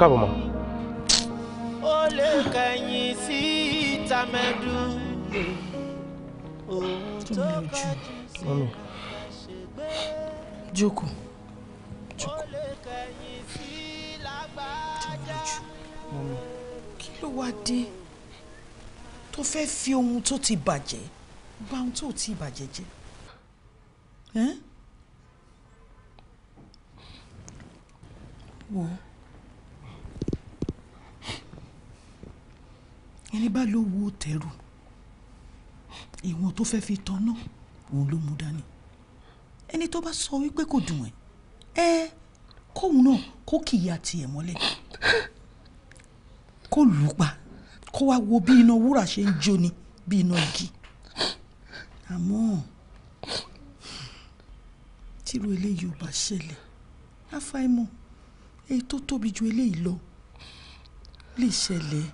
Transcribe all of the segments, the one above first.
káàbọ̀ mọ́. ó lè kẹ̀yìn sí ìtàmẹ́dù ohun tó kọjú sí jókòó jókòó jókòó kí ló wá dé tó fẹ́ fi ohun tó ti bàjẹ́ bà ohun tó ti bàjẹ́ jẹ́ wò bá lówó tẹrù ìwọ̀n tó fẹ́ fi tọ́nà òun ló mú dání ẹni tó bá sọ wípé kò dùn ẹ́ ẹ kóun náà kó kìyà tiẹ̀ mọ́lẹ̀ kó lù ú pa kó wá wo bí iná wúrà ṣe ń jóni bí iná igi àmọ́ tírú eléyìí ò bá ṣẹlẹ̀ àfàìmọ̀ èyí tó tóbi ju eléyìí lọ lè ṣẹlẹ̀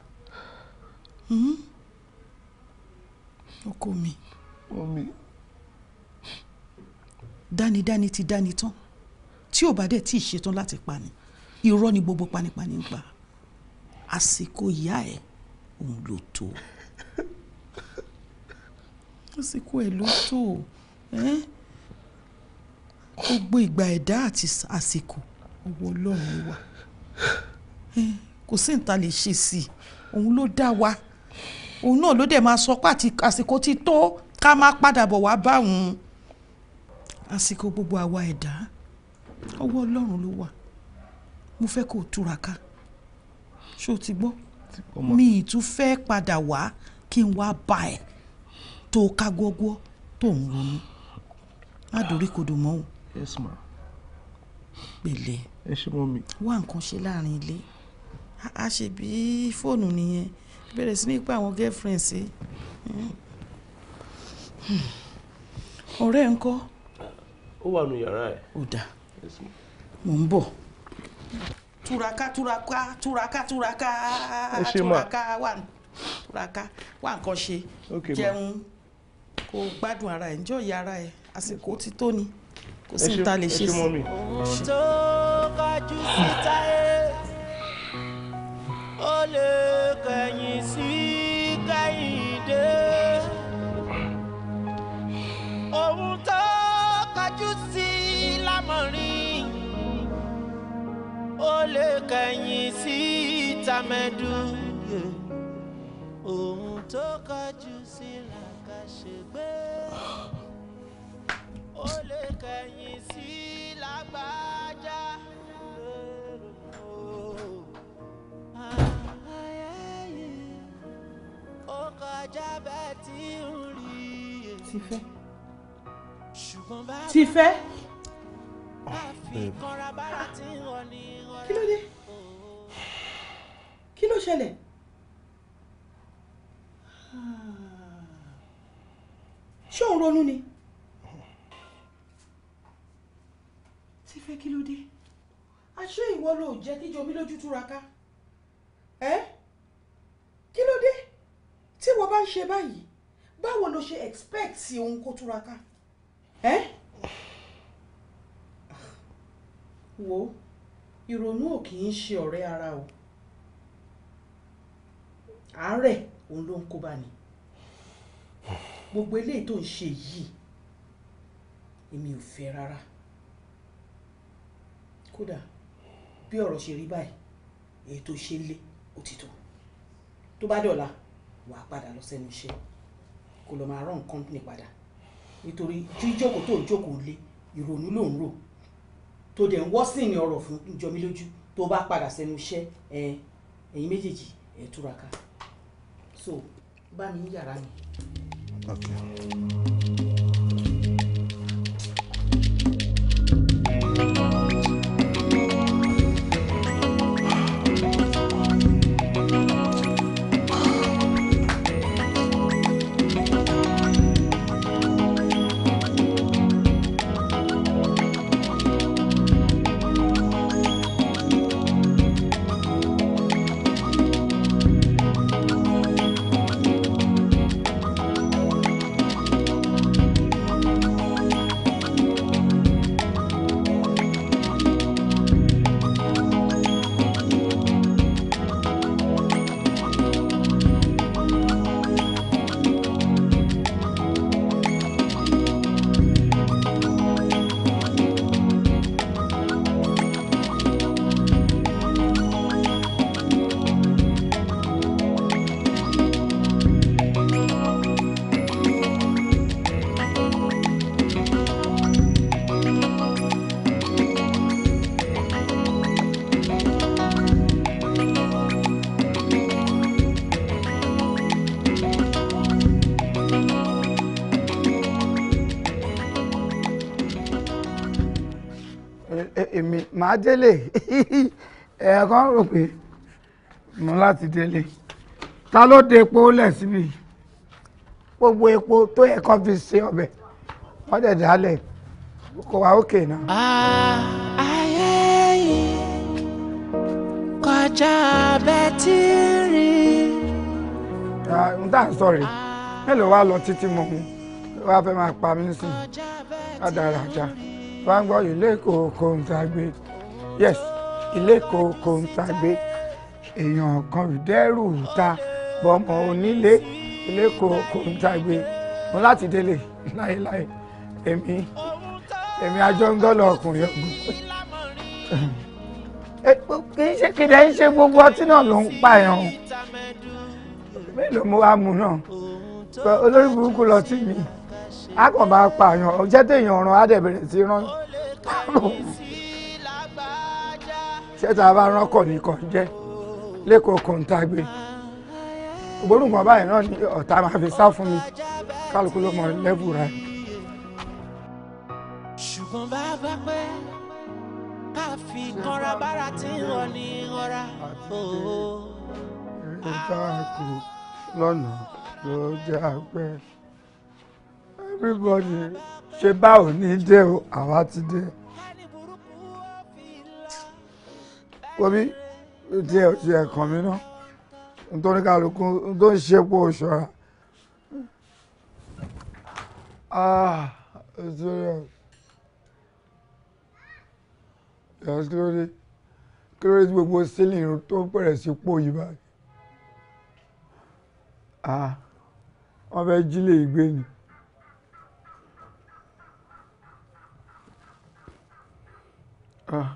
Mm-hmm. ọkọ mi. mọ́mí. dánidáni ti dáni tán tí ò bá dẹ̀ tí ì ṣetán láti pani irọ́ ni gbogbo panipani ń pa àsìkò ìyá ẹ̀ òun ló tó àsìkò ẹ̀ ló tó gbogbo ìgbà ẹ̀dá àti àsìkò ọwọ́ ọlọ́run wà kò sí ní ta lè ṣe sí òun ló dá wa òun náà ló dẹ̀ máa sọ pé àsìkò ti tó ká má padà bọ̀ wá bá òun àsìkò gbogbo àwa ẹ̀dá ọwọ́ ọlọ́run ló wà mo fẹ́ kó o túraká ṣó o ti gbọ́ mi ì tún fẹ́ padà wá kí n wá bá ẹ̀ tó o ká gbọ́gbọ́ tó ń ronú má dorí kodò mọ́ o. yes ma. pẹ̀lẹ́ ẹ ṣe mọ́ mi. wá nǹkan ṣe láàrin ilé a ṣe bí fóònù nìyẹn bẹ̀rẹ̀ sí ní pa àwọn girlfriend sí. Hmm. ọ̀rẹ́ ń kọ́. ó wà nù yàrá ẹ̀. ó dà mò ń bọ̀. túraká túraká túraká túraká túraká wà túraká wà nǹkan ṣe jẹun kó gbádùn ara ẹ̀ ǹjọ́ ìyá ẹ̀ àsìkò ti tó ni kò sí ní ta lè ṣe sí. ohun tó kájú síta ẹ̀ ó lè kẹ̀yìn sí kẹ́hìndé ohun tó kájú sí lámọ̀rin ó lè kẹ̀yìn sí tàmẹ́dù ohun tó kájú sí làkàṣègbè ó lè kẹ̀yìn sí lágbájá. ti fẹ́ ti fẹ́ ah, kí ló dé kí ló ṣẹlẹ̀ ṣé òun ronú ni ti fẹ́ kí ló dé aṣọ ìwọ ló jẹ́ kíjọ mi lójú túraká ẹ kí ló dé tí wọ́n bá ń ṣe báyìí báwo ló ṣe expect òun kó túraká ẹ wo ìrònú ò kì í ṣe ọ̀rẹ́ ara o àárẹ̀ òun ló ń kó bá ni gbogbo eléyìí tó ń ṣe yìí èmi ò fẹ́ rárá kódà bí ọ̀rọ̀ ṣe rí báyìí èyí tó ṣe lé òtítọ́ tó bá dọ̀la wàá padà lọ sẹ́nu iṣẹ́ kó lọ máa rán company padà nítorí jíjókòó tó jókòó lé ìrònú ló ń rò tó dẹ̀ ń wọ́sìn ní ọ̀rọ̀ fún jọmí lójú tó bá padà sẹ́nu iṣẹ́ ẹ̀yin méjèèjì ẹ̀ túraká so bá mi ní yàrá mi. Okay. màá délé ẹ̀ẹ̀kan rò pé mo láti délé ta ló de epo lẹ̀ síbi gbogbo epo tó ẹ̀kọ́ fi ṣe ọbẹ̀ wọ́n dẹ̀ dálẹ̀ kò wá òkè náà. ayé yìí kọjá bẹ́ẹ̀ tí rí. n tá à sọ rèé mélòó wá lọ títí mọ mu wá fẹ́ máa pa mí sùn ládàrájà wá ń gbọ́ ìlé kòkó ń ta gbé. yes ilé kòkó ń tagbé èèyàn kan ìdẹ́rù ta bọ́mọ onílé ilé kòkó ń tagbé mo láti délé láéláé èmi èmi ajọ́ ń dọ́lọ̀ ọkùnrin ọ̀gbìn kì í ṣe kìdẹ́ ń ṣe gbogbo ọtí náà ló ń pààyàn mélòó mo wá mu náà olórí burúkú lọ tí mi a kàn máa pààyàn ọjọ́ téèyàn ọ̀run á dẹ̀ bẹ̀rẹ̀ sí rán ṣẹ́ta bá ránkọ̀ nìkan jẹ́ lẹ́kọ̀ọ́ kòńtàgbé gbórùngbọ̀n báyìí náà ni ọ̀tá máa fi sá fún mi kálukú ló mọ lẹ́bù rẹ̀. ṣùgbọ́n bàbá pé ká fi kanra bára tí wọ́n ní ọ̀rá. ó dáàbò lọ́nà ló jẹ́ àgbẹ̀ everybody ṣe báwo ní dé o àwa ti dé. wọ́n bí tí ẹ̀ ṣe ẹ̀kan mi náà nítorí kálukú tó ń ṣe pò ṣọ́ra. Ah, kílódé kílódé tí gbogbo sílìn tó ń pẹ̀rẹ̀ sí pò yìí báyìí. Ah, wọ́n fẹ́ jí lè ni. Ah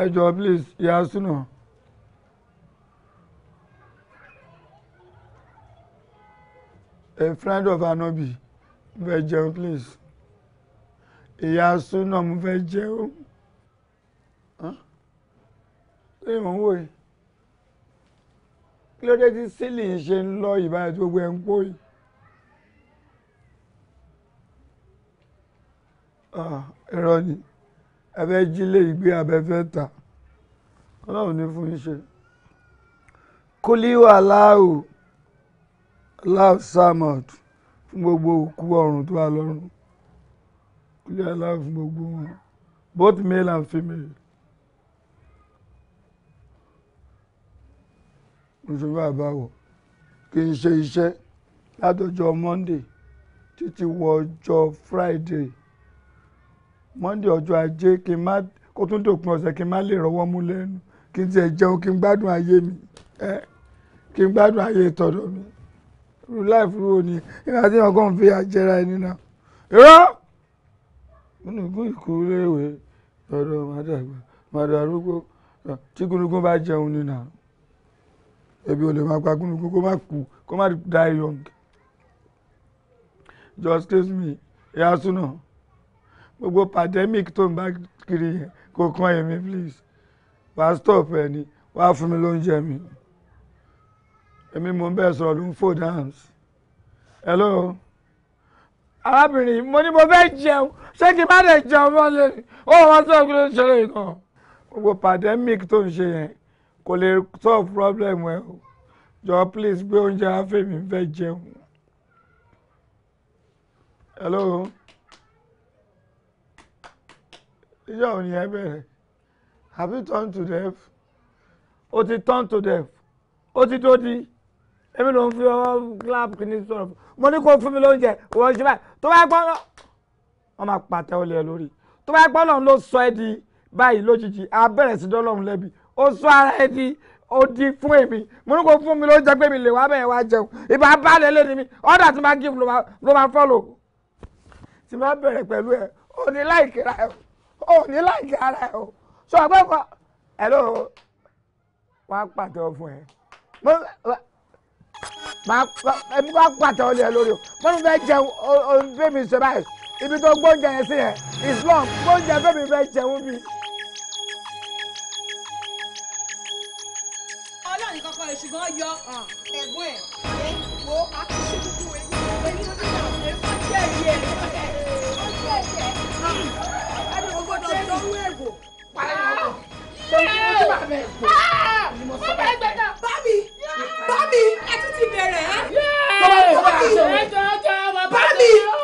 ẹ jọ please ìyá Sùnà. a friend of Anobi mo fẹ́ jẹun please ìyá Sùnà mo fẹ́ jẹun lè mọ̀ ń wò yìí kí ló dé tí sílì ń ṣe ń lọ ìbáyà tí gbogbo ẹ̀ ń pò yìí. Ah, irọ́ ni ẹfẹ́ jílé ìgbé abẹ́fẹ́ ta ọlọ́run ní fún yín ṣe kólíwà láàrú láàrú samad fún gbogbo òkú ọ̀run tó wà lọ́run kólíwà láàrú fún gbogbo wọn both male and female. mùsùlùmí àbáwọ̀ kì í ṣe iṣẹ́ látọjọ́ monday títí wọ ọjọ́ friday monday ọjọ́ ajé kí n má kó tún dòpin ọ̀sẹ̀ kí n má lè rọwọ́ mú lẹ́nu kí n tiẹ̀ jẹun kí n gbádùn ayé mi ẹ kí n gbádùn ayé tọ̀dọ̀ mi rú láìfú òní tí fi àjẹra ẹni náà irọ́ tọ̀dọ̀ tí bá jẹun nínà ò lè kó má kú kó má just me súnà. gbogbo pandemic tó ń bá kiri yẹn kò kan èmi please wàá stop ẹ ni wàá fún mi lóúnjẹ mi èmi mò ń bẹ́ẹ̀ sọ̀rọ̀ ló ń fold hands hello arábìnrin mo ní mo fẹ́ jẹun ṣé kí n má lè jẹun mọ́ lé ní ó wọ́n sọ kí ló ń ṣẹlẹ̀ nǹkan gbogbo pandemic tó ń ṣe yẹn kò lè solve problem ẹ o jọ please gbé oúnjẹ afẹ́mi fẹ́ jẹun hello ìjọ òní ẹ bẹ̀rẹ̀ have you turned to death ó ti turn to death ó ti tó di èmi ló ń fi ọwọ́ clap kìíní sọ̀rọ̀ mo ní kó fún mi lóúnjẹ wọ́n ṣe báyìí tó bá gbọ́ lọ wọ́n máa pàtẹ́ olè lórí tó bá gbọ́ lọ́n ló sọ ẹ́ di báyìí lójijì á bẹ̀rẹ̀ sí dọ́lọ́run lẹ́bi ó sọ ara ẹ di ó di fún èmi mo ní kó fún mi lóúnjẹ pé mi lè wá bẹ́ẹ̀ wá jẹun ìbá balẹ̀ lé ní mi ọ̀dà tí máa give ló máa follow tí máa bẹ̀rẹ̀ pẹ̀lú ẹ̀ ò ní láì kíra ẹ̀ ò ní láìkí ara ẹ o sọ àgbẹ̀kọ ẹ ló wá pàtó fún ẹ mo ẹbí wá pàtó lé ẹ lórí o mo ní fẹ́ jẹun ohun bí mi sọ báyìí ibi tó gbóúnjẹ yẹn sí yẹn Islam gbóúnjẹ bẹ́ẹ̀ mi fẹ́ jẹun bí. ọlọ́ọ̀ni kankan rẹ̀ ṣùgbọ́n yọ ah, ẹ̀gbọ́n ẹ̀ wo àti ṣùkùkù ẹ̀yìn ló ń bá ẹ̀fọ́ jẹ́ ẹ̀yẹ ẹ̀fọ́ jẹ́ ẹ̀yẹ lọ́wọ́ ẹ̀gbọ́ pààrọ̀ bábí bábí ẹ tún ti bẹ̀rẹ̀ ẹ́. bábí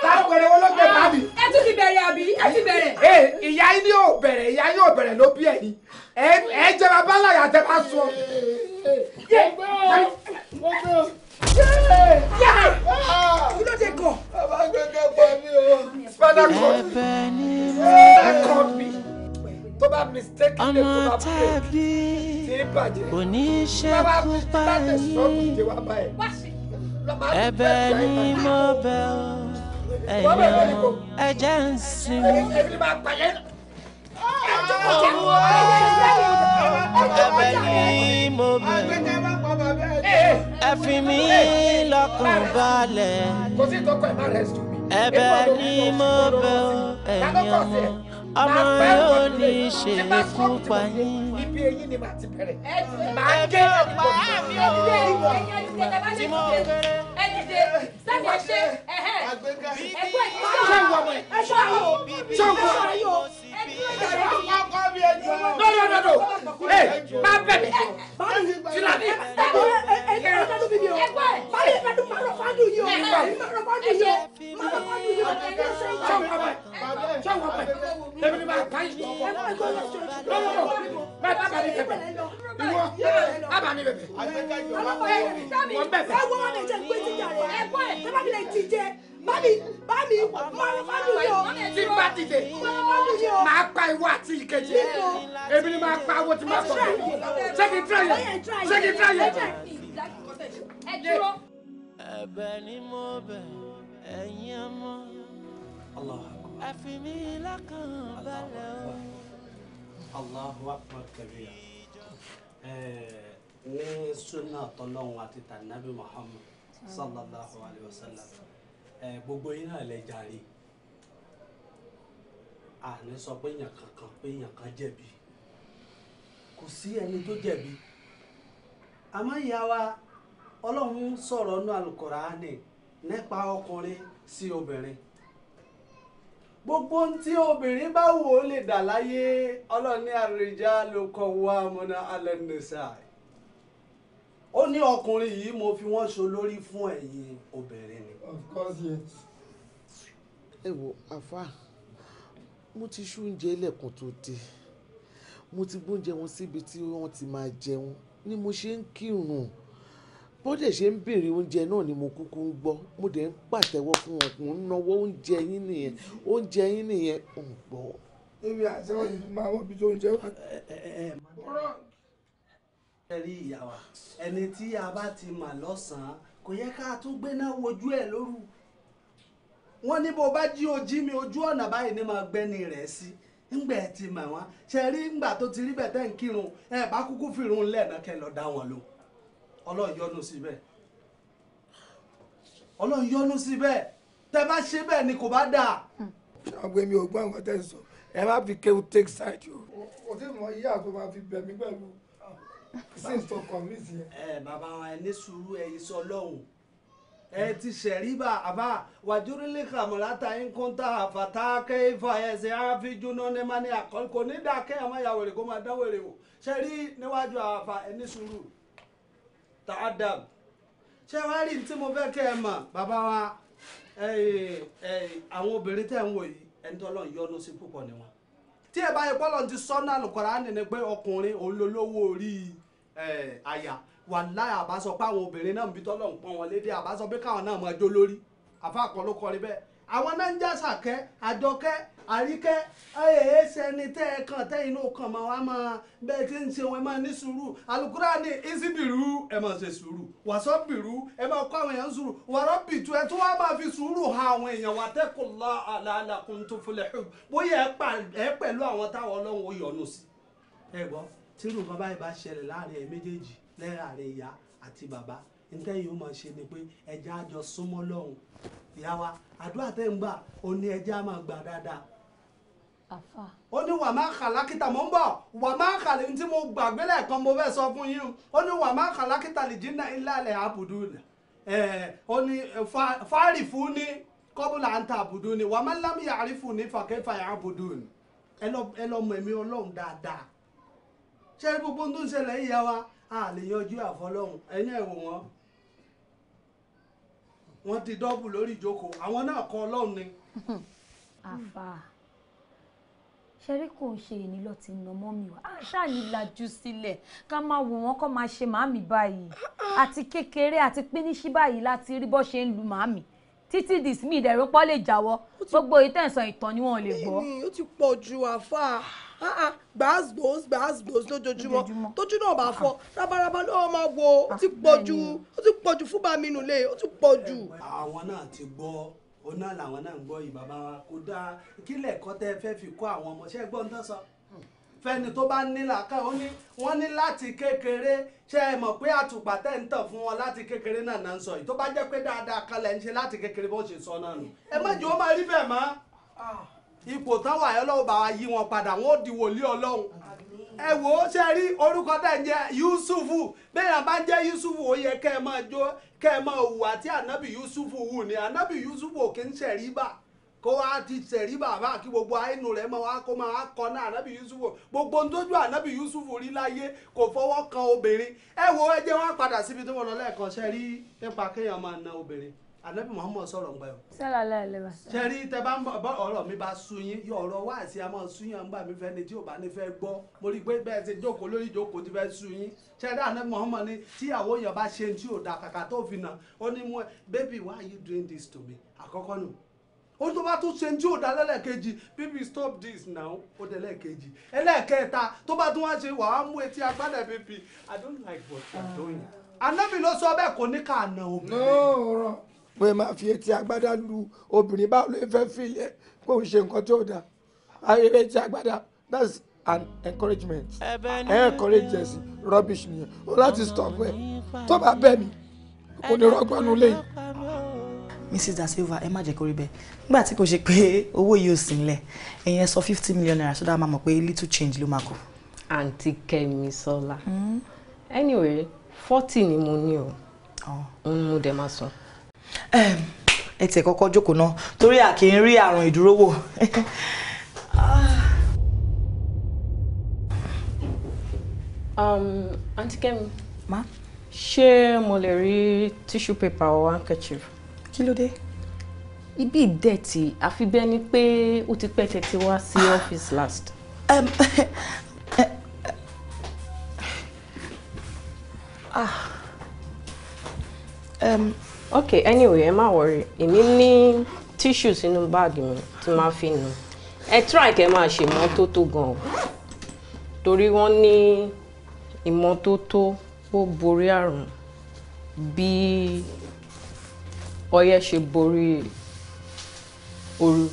táwọn ẹ̀rọ ló gbé bábí. ẹ tún ti bẹ̀rẹ̀ àbí ẹ ti bẹ̀rẹ̀. ee ìyá yín yóò bẹ̀rẹ̀ ìyá yín yóò bẹ̀rẹ̀ ló bí ẹ̀yin ẹ jẹ́ bàbá láyà tẹ́ bá sọ. tàbí oníṣẹ́kù báyìí ẹ̀bẹ̀ ni mo bẹ̀ ọ́ ẹ̀yàn ẹ̀jẹ̀ ń sinmi. ẹ̀bẹ̀ ni mo bẹ̀ ọ́ ẹ fi mí balẹ̀ ẹ̀bẹ̀ ni mo bẹ̀ ọ́ ẹ̀yàn ọmọ yóò ní ṣe kú pa ibi eyín ni màá ti bẹ̀rẹ̀. màá gé ọ̀pá mi ò ní ìwọ̀ tí mo kéré. ẹ dìde sábà ṣe ẹ̀hẹ́ ẹ̀gbọ́n yìí sọ̀rọ̀ ẹ̀ṣọ́ àwọn òbí bí sọ̀rọ̀ yóò ẹ̀dúró ìṣẹ̀lẹ̀ no no no no ẹ máa bẹ mi tìlà mi. ẹ ẹ dadu bibi o báyìí ẹ dadu máa lọ fàájú yìí o máa lọ fàájú yìí o máa lọ fàájú yìí o sọ wà pẹ sọ wà pẹ lẹbi ni máa ká yìí lọ́wọ́ lọ́wọ́ máa bá bàbí bẹ̀bẹ̀ ìwọ á bàbí bẹ̀bẹ̀ wọn bẹ̀bẹ̀. ẹ wọ́n mi jẹ́ pé jíjà rẹ̀ ẹ bọ́ ẹ̀ tẹ́lá mi lè ti jẹ́ mami mami mami mami yọ. tí bá ti dé máa pa ìwọ àti ìkejì ebi ni máa pa owó tí máa sọ fún mi ṣé try yẹn ṣé kí try yẹn. ẹ dúró. ẹ̀bẹ̀ ni mo bẹ̀ ẹ̀yin ọmọ ẹ fi mí lọ́kàn balẹ̀ o. Allahu akbar kabira ní sunna tọlọ́hun àti tànàbí Muhammad sallallahu alayhi wa sallam. Eh, gbogbo yín náà lẹ jàre àní sọ pé èèyàn kankan pé èèyàn kan jẹ̀bi kò sí ẹni tó jẹ̀bi àmọ́ ìyá wa ọlọ́run sọ̀rọ̀ nínú alukọ̀ránì nípa ọkùnrin sí obìnrin gbogbo ohun tí obìnrin bá wò ó lè dà láyé ọlọ́run ní àrèjà ló kọ́ wa mọ́nà alẹ́ nìṣà ó ní ọkùnrin yìí mo fi wọ́n ṣe olórí fún ẹ̀yin obìnrin Of course, yes. Ẹ wo àfa, mo ti ṣú oúnjẹ lẹ́ẹ̀kan tó dé. Mo ti gbóúnjẹ wọn síbi tí wọ́n ti máa jẹun ni mo ṣe ń kírun. Bọ́dẹ̀ ṣe ń bèrè oúnjẹ náà ni mo kúkú ń gbọ́. Mo dẹ̀ ń pàtẹ́wọ́ fún wọn, mò ń nawọ́ oúnjẹ yín nìyẹn, oúnjẹ yín nìyẹn, ò ń gbọ́. Ebi àti wọn ti máa wọ́n bí tó ń jẹ́ wá. Ẹ rí ẹni tí a bá ti mà lọ́sàn-án kò yẹ ká tún gbéná náà wojú ẹ̀ lóru wọ́n ní bó bá jí ojí mi ojú ọ̀nà báyìí ni màá gbẹ́ni rẹ̀ sí ńgbà ti mà wọ́n ṣe rí ńgbà tó ti rí bẹ̀ tẹ́ ń kírun ẹ̀ bá kúkú fìrun lẹ́ẹ̀nà lọ dá wọn lò ọlọ́run yọ́nú síbẹ̀ ọlọ́run síbẹ̀ tẹ́ bá ṣe bẹ́ẹ̀ ni kò bá dà. ṣàgbé mi ò gbọ́ nǹkan tẹ́ ń sọ ẹ má fi kéwù take side o. òtí mọ̀ yíyá tó máa fi bẹ̀ mí pẹ̀lú since to convince yẹn. ẹ bàbá wa ẹ ní sùúrù ẹ yìí sọ lọ́hùn ẹ ti ṣẹ̀ríbà àbá wàjúrílẹ̀ kàmúrátà ń kún tá a fàtà kẹ́fà ẹ̀sẹ̀ àfi jóná ní ma ní àkọ́kọ́ ní dákẹ́ àmọ́ ìyá wèrè kó máa dán wèrè wò ṣẹ́rí níwájú àfà ẹ ní sùúrù tààdàm ṣé wàá rí tí mo fẹ́ kẹ́ ẹ mọ̀ bàbá wa àwọn obìnrin tẹ̀ ń wò yìí ẹni tó lọ́n yọ́nú sí púpọ̀ ni wọn tí ẹ bá yẹ pọ́lọ́n ti sọ́nà lùkọ́ra á nìyẹn pé ọkùnrin òun lolówó orí yìí àyà eh, aya àbá sọ pé àwọn obìnrin náà ń bi tọ́lọ̀ ń wọn lédè àbá sọ pé káwọn náà máa jó lórí àfa àkọlù kọrí bẹ́ẹ̀ àwọn náà ń já sàkẹ́ àjọkẹ́ àríkẹ́ ni tẹ́ kàn tẹ́ inú kan máa bẹ́ẹ̀ tí ń ṣe wọn máa ní sùúrù ẹ máa ṣe sùúrù ẹ máa fi sùúrù ha àwọn èèyàn wà bóyá ẹ pẹ̀lú àwọn táwọn ọlọ́run ó tírù nǹkan báyìí bá ṣẹlẹ̀ láàrin ẹ̀ méjèèjì láàrin ìyá àti bàbá nǹkan yìí ó máa ṣe ni pé ẹja á jọ súnmọ́ lọ́hùn ìyá wa àdúrà tẹ́ ń gbà ó ní ẹja á máa gbà dáadáa. àfa. ó ní wà máa kà lákìtà mò ń bọ̀ wà máa kà lè tí mo gbàgbé lẹ́ẹ̀kan mo fẹ́ sọ fún yín ó ní wà máa kà lákìtà lè jìnnà ilé alẹ́ àbùdù ó ní fáàrì fún ní kọ́bùlà ń ta àbùdù ni wà máa lámìyà àrífù ní fàkẹ́fà àbùdù ni ẹ lọ ẹ̀mí ọlọ́run dáadáa ṣé gbogbo ohun tó ń ṣẹlẹ̀ yìí wa a lè yanjú àfọlọ́hún ẹ̀yin ẹ̀ wò wọ́n wọ́n ti dọ́bù lórí ìjókòó àwọn náà kọ ọlọ́run ni. àfà ṣẹ́rí kò ń ṣe ìnílọ tí ń nàmọ́ mi wá ṣáà ní lajú sílẹ̀ ká máa wò wọ́n kọ́ máa ṣe màámi báyìí àti kékeré àti pínísí báyìí láti rí bọ́ ṣe ń lu màámi títí dismi ìdẹ̀rùpọ̀ lè jáwọ́ gbogbo ìtẹ̀sán ìtàn ni wọ́n lè gbọ́. ó ti pọ̀ ju àfà. Ah, ah, gbàásgbòs gbàásgbòs lójoojúmọ́ tójú náà bá ah. fọ́ rabaraba ló máa wo ó ti pọ̀ jù ó ti pọ̀ jù fún bàmí nulẹ̀ ó ti pọ̀ jù. àwọn náà ti gbọ́ òun náà làwọn náà ń gbọ́ yìí bàbá wa kò dáa kí lẹ́ẹ̀kọ́ tẹ́ fẹ́ fi kọ́ àwọn ọmọ ṣẹ́ gbọ́n tán sọ fẹ́ni tó bá ní làákà ó ní wọ́n ní láti kékeré ṣe é mọ̀ pé àtùpà tẹ̀ ń tàn fún wọn láti kékeré náà náà ń sọ yìí tó bá jẹ́ pé dáadáa kan lẹ́ ipò tán wà yẹn lọ́wọ́ bá wa yí wọn padà wọn ó di wòlíì ọlọ́run ẹ wò ó ṣe rí orúkọ tẹ̀ ń jẹ́ yusufu bẹ́ẹ̀ yàn bá ń jẹ́ yusufu ó yẹ kẹ́ ẹ máa jó kẹ́ ẹ máa hùwà tí ànábì yusufu hù ní ànábì yusufu ò kí ń ṣẹ̀rí bá kó wá ti sẹ̀rí bàbá kí gbogbo àìnù rẹ̀ máa wá kó máa kọ́ náà ànábì yusufu gbogbo ntójú ànábì yusufu rí láyé kò fọwọ́ kan obìnrin ẹ wo ẹ jẹ́ wọ́n padà síbi tó wọ́n lọ lẹ́ẹ̀kan ṣe rí nípa kéèyàn máa na obìnrin anabi muhammed sọ̀rọ̀ ngbà yọ. sálàlá ẹ sẹ́rí tẹ bá ń bọ̀ ọ̀rọ̀ mi bá sun yọ ọ̀rọ̀ wá àti àmọ́ sun yín àgbà fẹ́ ni tí ò bá ní fẹ́ gbọ́ mo rí i pé bẹ́ẹ̀ ṣe jókòó lórí ìjókòó ti fẹ́ sun sẹ́rí anabi muhammed ni tíyàwó yẹn bá ṣe tí ò da kàkà tó fi nà ó ní mú ẹ baby why are you doing this to me àkọ́kọ́ nù ó tó bá tún ṣe tí ò da lẹ́lẹ́kejì baby stop this now ó dé lẹ́ẹ̀kejì i don't like what you doing anabi ah. ló sọ bẹ́ẹ̀ kò ní ká àna obìnrin. lóòrọ̀ mo yẹ máa fi etí agbada lu obìnrin báwo ló fẹ́ fi ilẹ̀ kó o ṣe nǹkan tó dáa ayẹyẹ etí agbada that's an encouragement courage ẹ̀sì rubbish nìyẹn o láti stop ẹ̀ tó bá bẹ́ẹ̀ ni kò ní rọ́gbọ́nú lẹ́yìn. Mrs. Da Silva ẹ má jẹ́ kó rí bẹ́ẹ̀ nígbà tí kò ṣe pé owó yìí ò sí nílẹ̀ ẹ̀yin ẹ sọ fifty million naira sódà máa mọ̀ pé little change ló máa kù. àǹtí Kẹ́mi Sọlá hmm? anyway forty ni mo ní o oh. òun mo dẹ̀ máa san. Ehm, ẹ tẹ̀ kọ́kọ́ jókòó náà torí a kì í rí àrùn ìdúró wò. àǹtí um, Kẹ́mi ṣé mo lè rí tissue paper or handkerchief. kí ló dé. ibi ìdẹ̀tì àfi bẹ́ẹ̀ ni pé ó ti pẹ́ tẹ̀tí wá sí ọ́fíìsì ah. last. Um, ah. Um, ok anyway ẹ má worry èmi ní tíṣù sínú báàgì mi tí máa fi nù ẹ try kẹ́ máa ṣe ìmọ́tótó gan o torí wọ́n ní ìmọ́tótó ó borí àrùn bí ọyẹ́ ṣe borí ooru.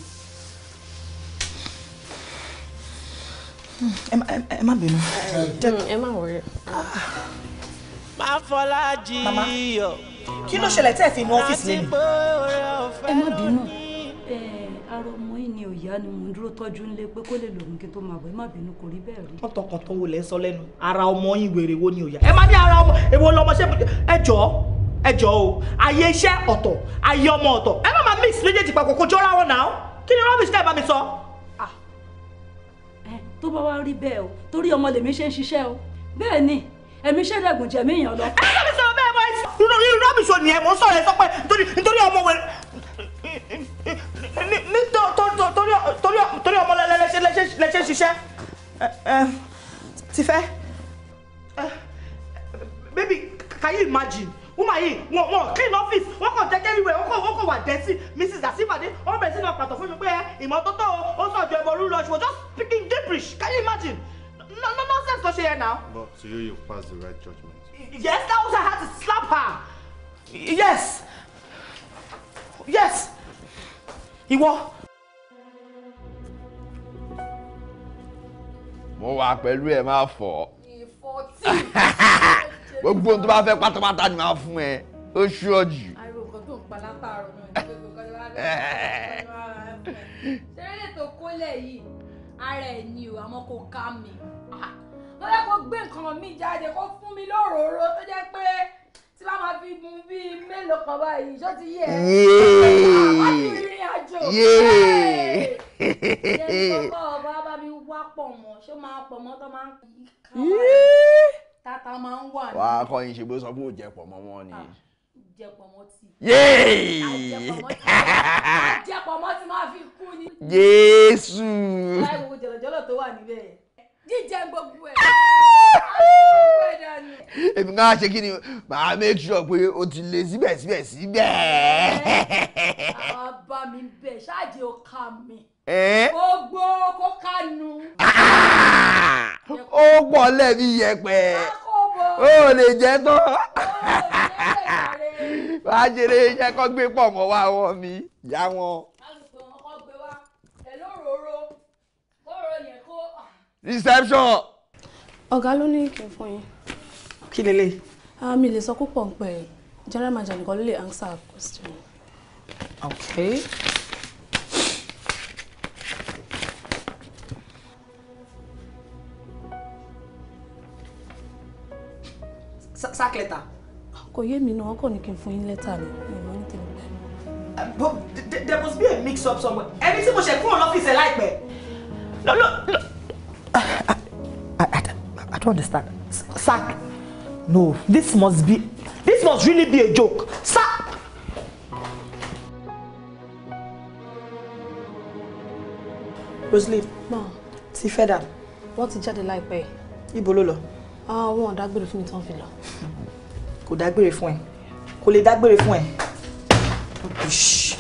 Hmm, ẹ má bínú. Hmm, ẹ má wọlé. Ah. má fọlá jí yọ kí ló ṣẹlẹ̀ tẹ́ ẹ fi inú ọ́fíìsì lẹ́nu. ẹ má bínú ara ọmọ yìí ni òyà ni mò ń dúró tọ́jú ńlé pé kó lè lòun kí n tó máa bọ̀ ẹ má bínú kò rí bẹ́ẹ̀ rí. wọ́n tọkàn tó wọlé sọ lẹ́nu ara ọmọ yìí wèrè wo ni òyà. ẹ má ní ara ọmọ èwo lọmọ ṣe ẹ jọ ẹ jọ o ayé iṣẹ́ ọ̀tọ̀ ayé ọmọ ọ̀tọ̀ ẹ má máa mix méjèèjì papọ̀ kó jọra wọn náà kí ni rọ́bìsì náà bá mi sọ. tó bá wá rí bẹ́ẹ̀ o torí ọmọ lèmi ṣe ń ṣiṣẹ́ o bẹ́ẹ̀ ni ẹ̀mí ṣẹ́dẹ̀gùn jẹ̀mí èèyàn lọ. ẹ irú irú rọ́bìṣọ nìyẹn mò ń sọ̀rọ̀ ẹ sọ pé nítorí nítorí ọmọ wẹ̀rẹ̀ nítorí ọmọ lẹ́sẹ̀ ṣiṣẹ́ ti fẹ́ baby can you imagine woman yìí wọn wọn clean office wọn kàn jẹ́ kẹ́rì rẹ̀ wọn kàn wọn kàn wà dẹ́sí mrs asifade wọn bẹ̀rẹ̀ sí náà pàtó fún mi pé ìmọ́tótó o ó sọ̀jọ̀ ẹ̀bọ̀ rú lọ ṣùgbọ́n just speaking gibberish can you imagine no no nonsense ló ṣe yẹn now. but to you you pass the right judgement. Yes, that was I had to slap her. Yes. Yes. Ìwọ. Mo wa pẹ̀lú ẹ̀ máa fọ̀. Gbogbo ohun tó bá fẹ́ pátápátá ni máa fún ẹ. Ó ṣú ọ̀jù. Ariwo nǹkan tó ń pa látàárọ̀ náà ni gbogbo Ṣé eré tó kólẹ̀ yìí? Ara ẹ̀ ni o, àmọ́ kò ká mi. Ah tó yẹ gbé nǹkan mi jáde kó fún mi lóròró tó jẹ́ pé tí bá máa fi mu bíi mélòó kan báyìí ṣó ti yẹ yéé ọba bá mi wá pọ̀ mọ́ ṣó máa pọ̀ mọ́ tó máa ń ká tata máa ń wà ní. wàá kọ́ yín ṣe bó sọ pé ò jẹ́ ni. jẹ́pọ̀ mọ́ ti. yéé mọ́ ti máa fi kú ni. Jésù. láì wo jọ̀lọ̀jọ̀lọ̀ tó wà níbẹ̀ jíjẹ gbogbo ẹ èmi náà ṣe kí ni màá make sure pé o ti lè síbẹ̀ síbẹ̀ síbẹ̀. àwọn bá mi bẹ̀ ṣáàjì ó ká mi. gbogbo kó kánu. ó pọ̀ lẹ́bi yẹpẹ̀ ó lè jẹ́ tán. wàá jèrè iṣẹ́ kan gbé pọ̀ mọ́ wá wọn mi yá reception. ọ̀gá ló ní kí n fún yín. kí lélẹ̀. Ah, mi lè sọ púpọ̀ ń pẹ́ general manager nìkan ló lè answer our question. okay. sack letter. kò yé mi náà kò ní kí n fún yín lẹ́tà ni eh, but there must be a mix up somewhere ẹni tí mo ṣe kúrò lọ́fíìsì ẹ̀ láìpẹ́. I, I, I, I don't understand. Sir, no, this must be, this must really be a joke. Sir! Rosalie, ma. See fẹ́ dà. Wọ́n ti like, láìpẹ́. Ibo ló Ah, wọn ò dágbére beautiful mi tán fi that Kò dágbére fún ẹ. Kò lè dágbére fún ẹ. Oh,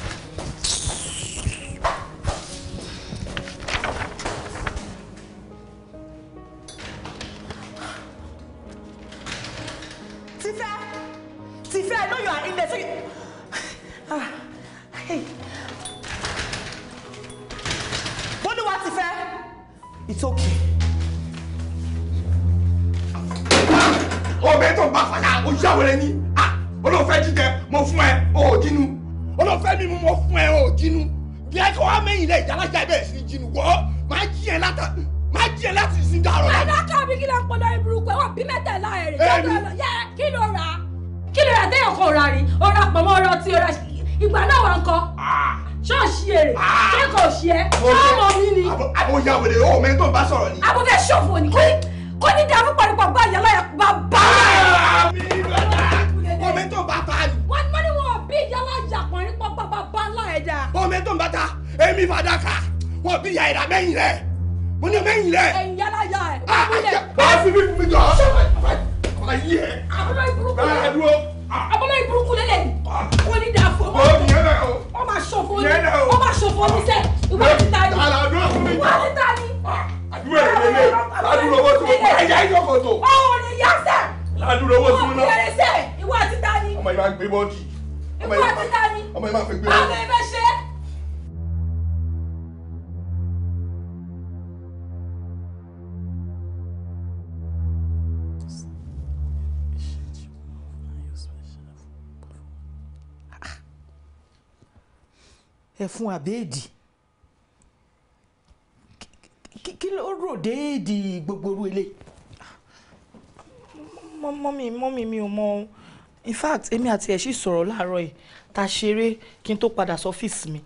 fact èmi àti ẹ̀ sì sọ̀rọ̀ láàárọ̀ yìí ta ṣeré kí n tó padà sọ́fíìsì mi.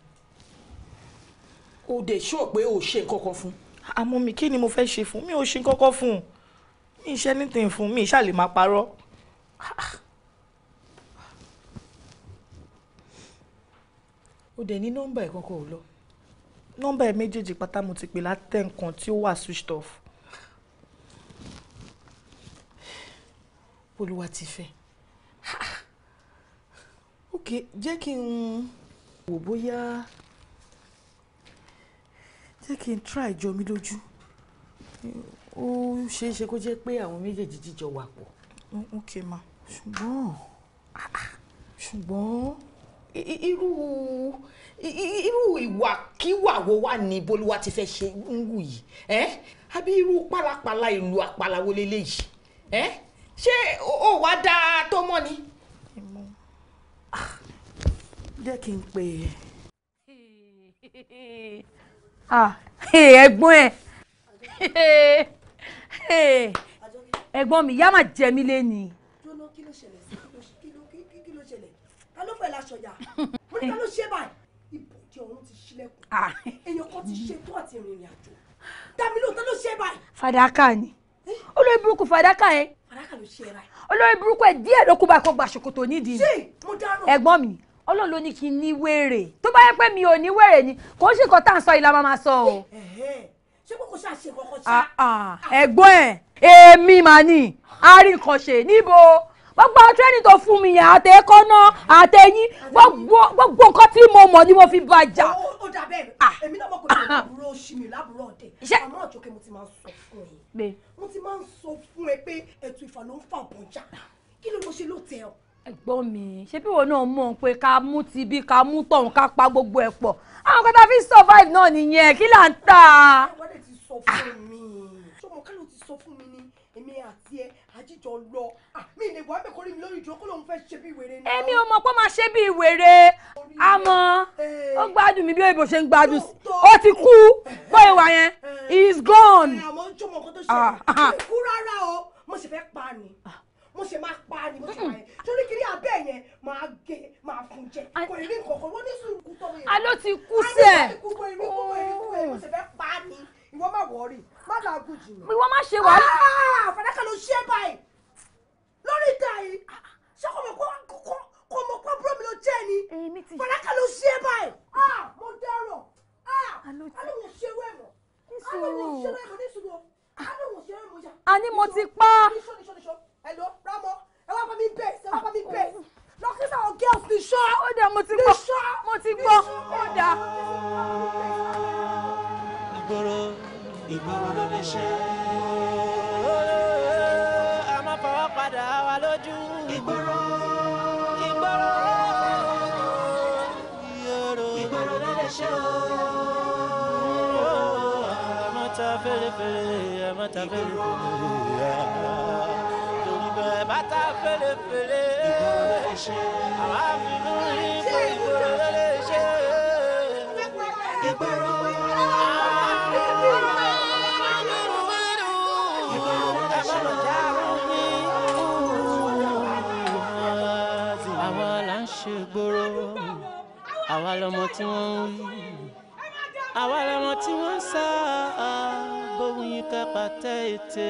o dẹ̀ ṣó pé o ṣe nǹkan kan fún. àmọ́ mi kí ni mo fẹ́ ṣe fún mi ò ṣe nǹkan kan fún un mi ṣe anything fún mi ṣáà lè máa parọ́. o dẹ̀ ní nọ́mbà ẹ̀ kankan ò lọ. nọ́mbà ẹ̀ méjèèjì pátá mo ti pè látẹ̀ nǹkan tí ó wà switched off. Olúwatífẹ́ jẹ́ kí n wò bóyá jẹ́ kí n try jọ mí lójú ó ṣeé ṣe kó jẹ́ pé àwọn méjèèjì jíjọ wà pọ̀. ok ma ṣùgbọ́n ṣùgbọ́n irú irú ìwàkíwà wo wà ní bolúwa ti fẹ́ ṣe ń wù yìí ẹ́ àbí irú pálapàla ìlú àpàlà wo leléyìí ẹ́ ṣé ó wàá dáa tó mọ́ ni jẹ́ kí n pè é. Ah, ẹ̀gbọ́n ẹ̀ ẹ̀gbọ́n mi yá máa jẹ mí lẹ́nìí. jóná kí ló ṣẹlẹ̀ sí kí ló ṣẹlẹ̀ ká ló fẹ́ láṣọjà mo ní ká ló ṣe báyìí ìbòjì ọ̀run ti ṣílẹ̀kùn ah. èèyàn kan ti ṣètò àti ìrìnrìn àjò dámilò tó ló ṣe báyìí. fàdákà ni eh? olórí burúkú fàdákà yẹn olórí burúkú ẹ díẹ̀ ló kú báyìí kó gba nídìí ẹ̀gbọ́n mi ọlọ́run ló ní kí n ní wèrè tó bá yẹ pé mi ò ní wèrè ni kò ń ṣe nǹkan tá à ń sọ ìlà máa máa sọ o. Eh, eh, eh. ṣé kò kò ṣáà ṣe kọ́kọ́ ṣá. Ah, ah. ẹ̀gbọ́n ẹ̀ èmi màá ní àríkànṣe níbo gbogbo tírẹ́nì tó fún mi yẹn àtẹ̀kọ́ náà àtẹ̀yìn gbogbo nǹkan tí mo mọ̀ ni mo fi bá jà. ó dà bẹ́ẹ̀ ah. èmi náà mọ̀ pé mo lábúrò ṣì mí lábúrò ọ̀dẹ̀ àmọ́ ọ̀jọ́ kí mo ti máa ń sọ fún ẹ mo ti máa ń sọ fún ẹ pé ẹ̀tù ìfà ló ń fà bọ́jà kí ló ló ṣe ló tẹ ọ ẹ̀gbọ́n mi ṣé bí wọn náà mọ̀ pé ká mú ti bí ká mú tọ̀hún ká pa gbogbo ẹ̀ pọ̀ àwọn kan tá a fi survive náà nìyẹn kí là ń tà. wọ́n lè ti sọ fún mi ṣọmọ kálọ̀ ti sọ fún mi ni èmi àti ẹ àjíjọ lọ mi ìlẹ̀ wàá bẹ̀ kórìí mi lórí ìjọ kó lóun fẹ́ ṣe bí wèrè náà. èmi ò mọ̀ máa ṣe bí wèrè àmọ́ ó gbádùn mi bí òyìnbó ṣe ń gbádùn sí ó ti kú bóyá yẹn he is gone. àmọ́ ṣọmọ kan tó ṣe ah, ah. kú rárá o mo sì fẹ́ pa ni. Ah mo ṣe máa pa ni mo ṣe máa yẹn torí kiri abẹ́ yẹn máa gé máa fún jẹ kò rí nǹkan kan wọ́n ní sùúrù kú tọ́wọ́ yẹn. alo ti kú sí ẹ. alo ti kú kò rí kú kò ẹ mo ṣe fẹ́ pa ni ìwọ má wọrí má làágùn jù mí. ìwọ má ṣe wàhálà. Ah, fàdákà ló ṣe báyìí lórí ìta yìí ṣé kò mọ̀ kó mọ̀ kó búrọ́ mi ló jẹ́ ni fàdákà ló ṣe báyìí ah, mo dẹ̀rọ̀ alo ah, ti ṣe wẹ̀ mọ́ alo ṣe wẹ̀ mọ́ ní hello Ramo ẹ wá bá mi bẹ́ẹ̀ ẹ wá bá mi bẹ́ẹ̀ lọ kí sáwọn girls ní ṣọ́ ó dà mo ti gbọ́ mo ti gbọ́ ó dà. ìgboro ìgboro ló lè ṣe a máa fọwọ́ padà wá lójú. ìgboro ìgboro ìgboro ló lè ṣe o mata fere fere mata fere fere bàtà fèlèfèlè. Ìgboro lè ṣe. Àwa mi mú ipò ìgboro lè ṣe. Ìgboro. Àwa là ń ṣe gbòòrò, àwa lọmọ tí wọ́n ń wí, àwa lọmọ tí wọ́n ń sá, bóun yín ká pàtẹ́ ètè.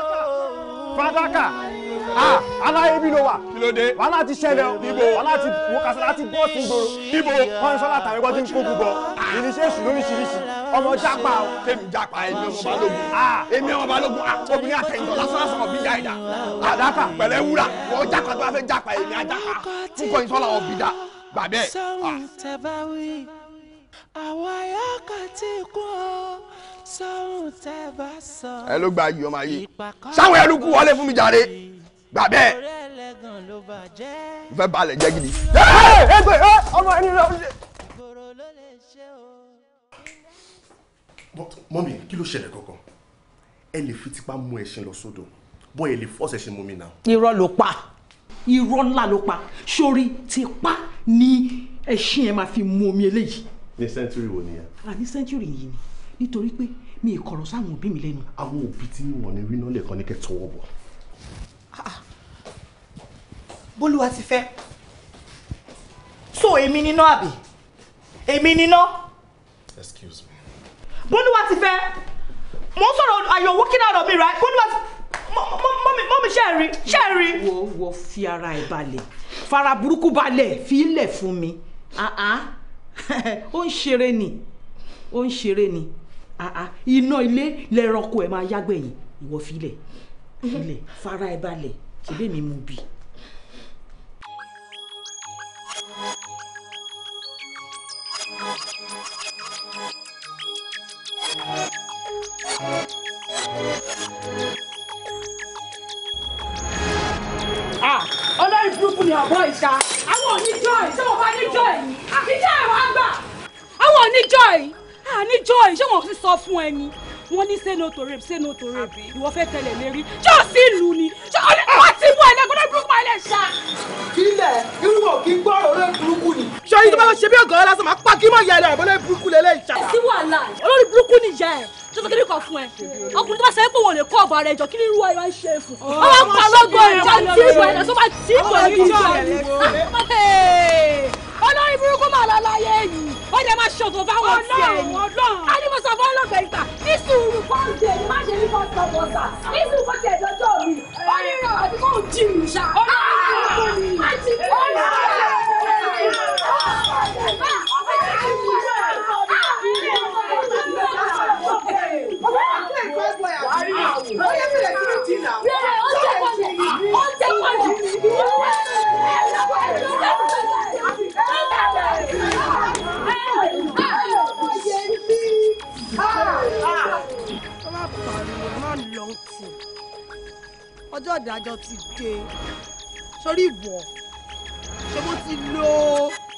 fadaka ah, aláyé bí ló wà wàhálà ti ṣẹlẹ̀ wàhálà ti wọkàsálà ti bọ́ sí ìgboro níbo wọn sọ látàrí wọn ti ń kó gbogbo ìníṣẹ́ èṣù lóríṣiríṣi ọmọ jápa o. kémi jápa èmi ọmọ balógun ah. èmi ọmọ balógun ah, obìnrin àtẹ̀yìntọ́ lásánlásán ọ̀bí ya ìdá fadaka pẹ̀lẹ́ wúrà wọn jápa tó bá fẹ́ jápa èmi ajápa fúnkọ́ ìtọ́lá ọ̀bí dá gbàgbẹ́. àwa yà ẹ ló gba ayé ọmọ ayé sáwọn ẹlùkù wọlé fún mi jàre gbà bẹ́ẹ̀ n fẹ́ balẹ̀ jẹ́ gidi. ẹ ẹ gbé ẹ ọmọ ẹni lọ. mọ́mí kí ló ṣẹlẹ̀ kankan ẹ lè fi tipa mú ẹṣin lọ sódò bọ́ ẹ lè fọ́ọ̀sì ẹṣin mú mi náà. irọ́ ló pa irọ́ ńlá ló pa sórí tipa ni ẹṣin ẹ máa fi mú omi eléyìí. ní sẹ́ńtúrì wo nìyẹn. àní sẹ́ńtúrì yìí ni nítorí pé mi ì kọ̀rọ̀ sáwọn òbí mi lẹ́nu. àwọn òbí tí wọn ní rí náà lè kàn ní kẹtọwọ bọ. Ah, ah. bólúwa ti fẹ́ so èmi níná àbí èmi níná. excuse me. bólúwa ti fẹ́ mo ń sọ̀rọ̀ ayọ̀ owó kíná ọ̀rọ̀ mi rà bólúwa ti mọ́mí ṣe rí ṣe rí. wo wo fi ara ẹ̀ balẹ̀ fara burúkú balẹ̀ fi fún mi ah, ó ń ṣeré ni ó ń ṣeré ni. Ah, ah, iná ilé lẹ́rọ̀kọ ẹ̀ máa yágbẹ̀ yìí ìwọ filẹ̀ filẹ̀ fara ẹ balẹ̀ ṣèlè mi mú bi. Ah, ọlọ́run burúkú ni ọ̀bọ ìta àwọn ò ní jọ́ọ̀ì tí mo bá ní jọ́ọ̀ì àti jọ́ọ̀ì wàá gbà. àwọn ò ní ní joy ṣé wọn ti sọ fún ẹ ni wọn ní say no to rape say no to rape ìwọ fẹ́ tẹ̀lé lérí ṣé o sí ìlú ni ṣé o ní wọn ti mú ẹlẹgùn náà burúkú ẹlẹ ṣá. kílẹ̀ irúgbọ̀n kí gbọ́rọ̀ rẹ̀ burúkú ni. ṣé yín tó bá lọ ṣe bí ọ̀gá lásán máa pa kí má yẹ ẹ̀rọ ìbọ̀lẹ̀ burúkú lẹ́lẹ́ ìṣá. ẹ sí wàhálà olórí burúkú ni ìyá ẹ tó tó kébì kan fún ẹ ọkùnrin tó bá sọ pé wọn lè kọ ọba rẹ jọ kí ni irú ẹ máa ń ṣe fún. ó máa ń pa ọlọ́gbọ̀n ẹ̀ wọ́n ti bọ̀ olórí burúkú máa lọ láyé yìí ó lè máa ṣòfò fáwọn tiẹ̀ ni alimọ̀sán fún ọlọ́gbẹ̀ ìta ìsúrù fọ́ọ̀dì èyí má ṣe ní fọ́ọ̀sán bọ́sà ìsúrù fọ́ọ̀dì ẹ̀ lọ́jọ́ mi onírọ̀ àti kò jí mi ṣá olórí burúkú ni àti kò jí mi ṣá. Ó yẹ kí lè kí ló ti nà. Ó tẹ̀ pọ̀ jù. Ó tẹ̀ pọ̀ jù. adájọ́ ti dé sórí ìwọ ṣé mo ti lo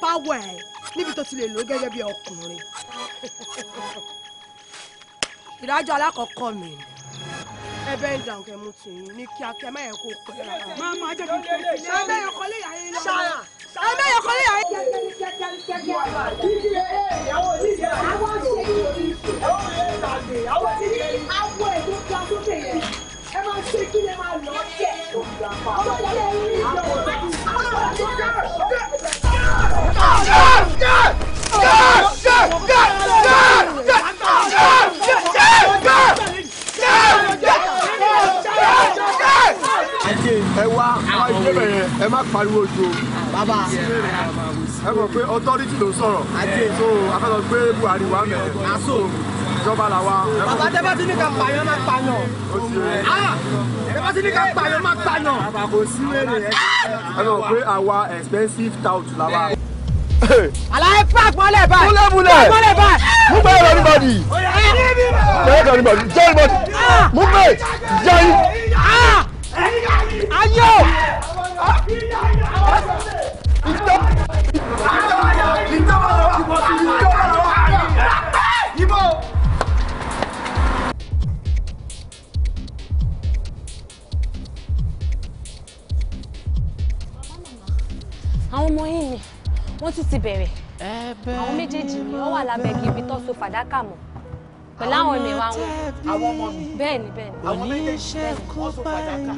power ẹ̀ níbi tó ti lè lò gẹ́gẹ́ bí ọkùnrin ìdájọ́ alákọ̀ọ́kọ́ mi ni ẹ bẹ́ẹ̀ ń dà ọ̀kẹ́ mu tì yín ní kíákíá má yẹ kó pẹ́ rárá. máa máa jẹ́ kí n tó ṣe. ṣé ẹ bẹ́ẹ̀ yọkọ lé yàrá yín lọ́wọ́. ṣáà ṣáà ẹ bẹ́ẹ̀ lé yàrá yín. kíkí ẹ ẹ ìyàwó oníṣẹ́ àwọn ṣe kí ìyàwó rẹ̀ tàgbé àwọn ti ní awọ ẹ̀ tó ga sókè yẹn ẹ máa ṣe kí lè máa lọ́ọ́ jẹ ẹ àwọn ìdílé bẹ̀rẹ̀ ẹ má pariwo jù bàbá ẹ mọ̀ pé authority ló sọ̀rọ̀ so afẹ́lọ́ gbé Buhari wà mẹ́rin ìjọba làwa. bàbá tẹ́ bá ti ní ká pààyàn máa pààyàn. Ah! tẹ́ bá ti ní ká pààyàn máa pààyàn. bàbá kò sí wèrè ẹ. Ah! ẹ lọ pé àwa expensive tout làwa. àlàyé park mọ́lẹ̀ báyìí. múlẹ̀ múlẹ̀ mọ́lẹ̀ báyìí. mú bẹ́ẹ̀ lọ níbàdí. bẹ́ẹ̀ lọ níbàdí jẹ́ níbàdí. Ah! mú bẹ́ẹ̀ jẹ́ yín. ayọ̀. ìjọba ìjọba ìjọba ìjọba. àwọn ọmọ yìí ni wọ́n tún ti bẹ̀rẹ̀ àwọn méjèèjì ni wọ́n wà lábẹ́ gíbi tó so fàdákà mọ́ pẹ̀lú àwọn ẹ̀mẹ̀wá wọn àwọn ọmọ mi bẹ́ẹ̀ ni bẹ́ẹ̀ ni àwọn méjèèjì bẹ́ẹ̀ ni wọ́n so fàdákà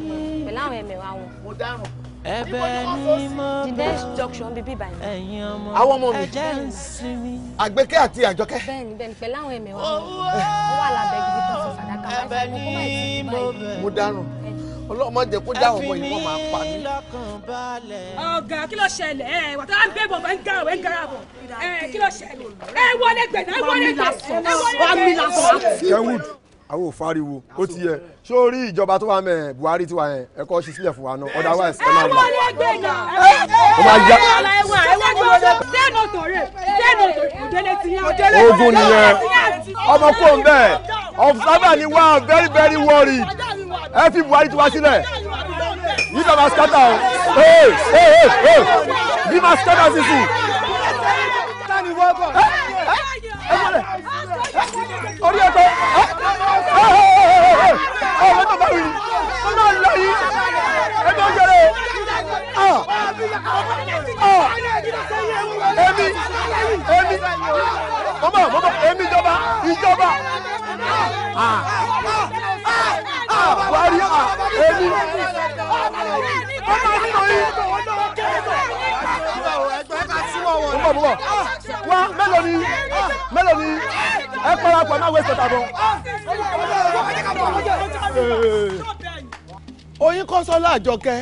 pẹ̀lú àwọn ẹ̀mẹ̀wá wọn. mo dárùn ẹ̀bẹ̀ ni mo bẹ ẹ̀yin ọmọ àwọn ọmọ mi àgbékẹ́ àti àjọkẹ́. bẹ́ẹ̀ni bẹ́ẹ̀ni pẹ̀lú àwọn ẹmẹ wa ó wà lábẹ́ gidi tó ti fàdákà wáyé ẹ̀bẹ̀ ni mo bẹ mo dárùn ọlọ́mọ jẹ́ kó já ọmọ yìí wọ́n máa pa mí. ọ̀gá kí ló ṣẹlẹ̀ ẹ wàtá à ń bẹ̀ bọ̀ ń ga ọ̀wẹ́ ń gara bọ̀ ẹ kí ló ṣẹlẹ̀ ẹ wọlé gbẹ̀dẹ̀ ẹ wọlé gbẹ̀dẹ̀ ẹ wọlé gbẹ̀dẹ̀ àwọn ò fariwo ó ti yẹ ṣé o rí ìjọba tó wà mẹ Buhari tiwa yẹn ẹ kọ́ ṣí sílẹ̀ fún wa náà otherwise ẹ máa lọ. ó máa ya ogun nìyẹn ọmọ kò ń bẹ́ẹ̀ observer ni wá very very worried ẹ fi Buhari tiwa sílẹ̀ yìí ká máa scatter o ee ee ee yìí máa scatter sísìn. orí ẹ̀kọ́ ọmọ tó bá wí tó náà lọ yìí ẹ tó ń jẹrẹ ọ ọ èmi èmi mọ́mọ́ mọ́mọ́ èmi ìjọba ìjọba ah, ah, wárí ah, èmi ọmọ nínú yìí. mọ́mọ́ mọ́mọ́ wá mélòó ni mélòó ni ẹ parapọ̀ náà wẹ́sẹ̀ tàbọ̀. oyin kọ́sọ́ láàjọ kẹ́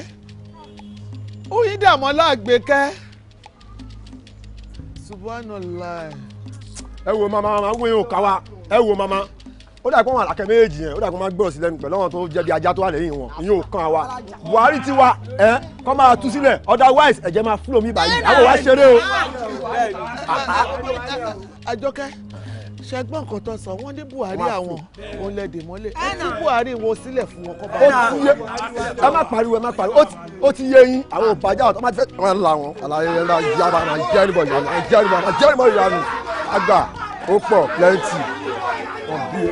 oyin dààmú láàgbé kẹ́ subhanallah. ẹ wo mama mama wo yín ò ká wa ẹ wo mama ó dà kó wọn àlàkẹ́ méjèèjì yẹn ó dà kó wọn gbọ́dọ̀ sí lẹ́nu pẹ̀lú tó jẹ́ ajá tó wà lẹ́yìn wọn ìyẹn ò kan wa Buhari ti wa ẹ kọ́ máa tú sílẹ̀ otherwise ẹ̀jẹ̀ máa flow mi báyìí àwọn wa ṣeré o. Àjọkẹ́ ṣẹgbọn nǹkan tó sọ wọn ní buhari àwọn òun lè dè mọ́lẹ̀ ẹ tí buhari wo sílẹ̀ fún wọn kọ bá wọn. ẹ má pariwo ẹ má pariwo ó ti yé yín àwọn òbájá ọtọ má ti fẹ́ ọmọ la wọn àlàyé ẹ la yára la jẹrìbọ yára la jẹrìbọ yára àgbà ó pọ̀ plenty ọbí.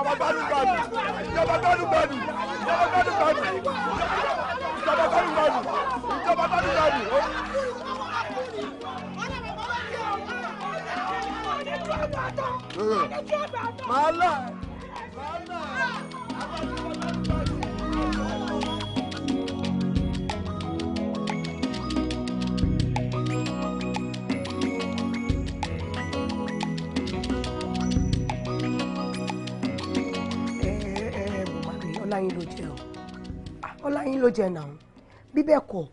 ìjọba gbádùn gbádùn ìjọba gbádùn gbádùn ìjọba gbádùn gbádùn ìjọba gbádùn gbádùn ìjọba gbádùn gbádùn. màálà màálà. ọláyín ló jẹ o ah, ọláyín ló jẹ náà bí bẹ́ẹ̀ kọ́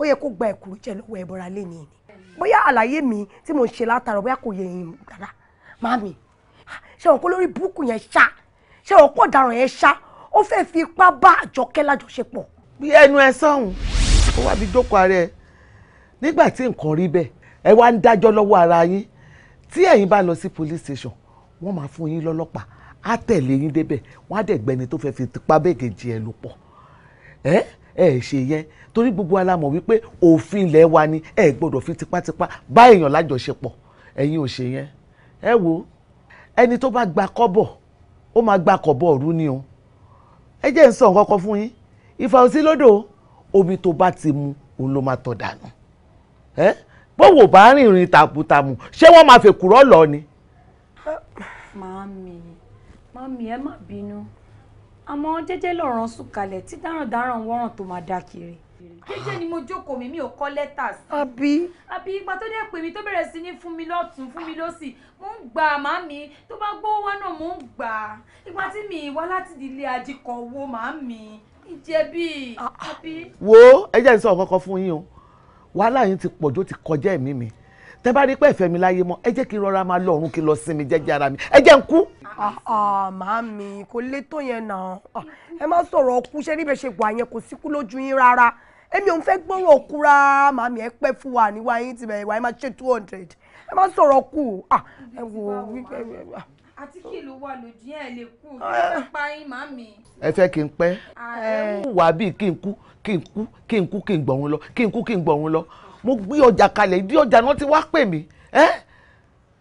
ó yẹ kó gba ẹ̀kúrú jẹ lọ́wọ́ ẹ̀bọra lẹ́ni ni bóyá àlàyé mi tí mo ṣe látara bóyá kò yẹ yín rárá màmí ah, ṣé òun kó lórí búùkù yẹn ṣá ṣé òun kó yẹn ṣá ó fẹ́ fi ipá bá àjọkẹ́ lájọṣepọ̀. bí ẹnu ẹ sọ̀hún ó wá bí jókòó ara ẹ nígbà tí nǹkan rí bẹ́ẹ̀ ẹ wá ń dájọ́ lọ́wọ́ ara yín tí ẹ̀yin bá lọ sí police station wọ́n máa fún yín lọ́lọ́pàá á tẹ̀lé yín débẹ̀ wọ́n á dẹ̀ gbẹni tó fẹ́ fi tipa bẹ́ẹ̀kejì ẹ lò pọ̀ ẹ ẹ ṣe yẹn torí gbogbo wa la mọ̀ wípé òfin ilẹ̀ wa ni ẹ gbọ́dọ̀ fi tipátipá bá èèyàn lájọṣepọ̀ ẹ̀yin ò ṣe yẹn ẹ wo ẹni tó bá gba kọ́bọ̀ ó máa gba kọ́bọ̀ ọ̀rú ni o ẹ jẹ́ ń sọ nǹkan kan fún yín ìfà òsí lódò omi tó bá ti mu òun ló máa tọ̀ dànù ẹ bówó bá rìnrìn tàbùtàmù ṣé wọ́n máa fèkúrọ́ lọ ni. màámi mami ẹ má bínú àmọ́ jẹ́jẹ́ lọ̀ràn sùn kalẹ̀ tí dáràndáràn wọ́ràn tó máa dá kiri. jẹ́jẹ́ ni mo jókòó mi mi ò kọ lẹ́tà sí. àbí. àbí ipa tó dé pè mí tó bẹ̀rẹ̀ sí ní fún mi lọ́tún fún mi lọ́sì mo ń gbà màámi tó bá gbówó wá náà mo ń gbà ipa tí mi wá láti ilé àjikọ̀ wo màámi ìjẹ̀bi àbí. wo ẹ jẹ́ n sọ fún yín o wàhálà yín ti pọ̀jù ó ti kọjá ẹ̀mí mi tẹ bá rí pé ìfẹ́ mi láyé mọ́ ẹ jẹ́ kí n rọra máa lọ ọ̀run kí n lọ sinmi jẹ́jẹ́ ara mi ẹ jẹ́ n kú Ah, ah, màámi kò lè tó yẹn náà ah, ẹ má sọ̀rọ̀ ọkú ṣé níbẹ̀ ṣe wà yẹn kò síkú lójú yín rárá èmi ò ń fẹ́ gbọ́rọ̀ ọkú rárá màámi ẹ pẹ́ fún wa níwá yín ti bẹ̀rẹ̀ wá máa ṣe two hundred ẹ má sọ̀rọ̀ ọkú ẹ wò ó wípé. àti kí ló wà lòdì ẹ lè kú ẹ pa yín màámi. ẹ fẹ́ kí n pẹ́ wà á bí kí n kú kí n kú kí n kú kí n gbọ̀run lọ kí n kú kí n gbọ̀run lọ mo gbé ọjà kalẹ̀ ìdí ọjà náà ti wá pè mí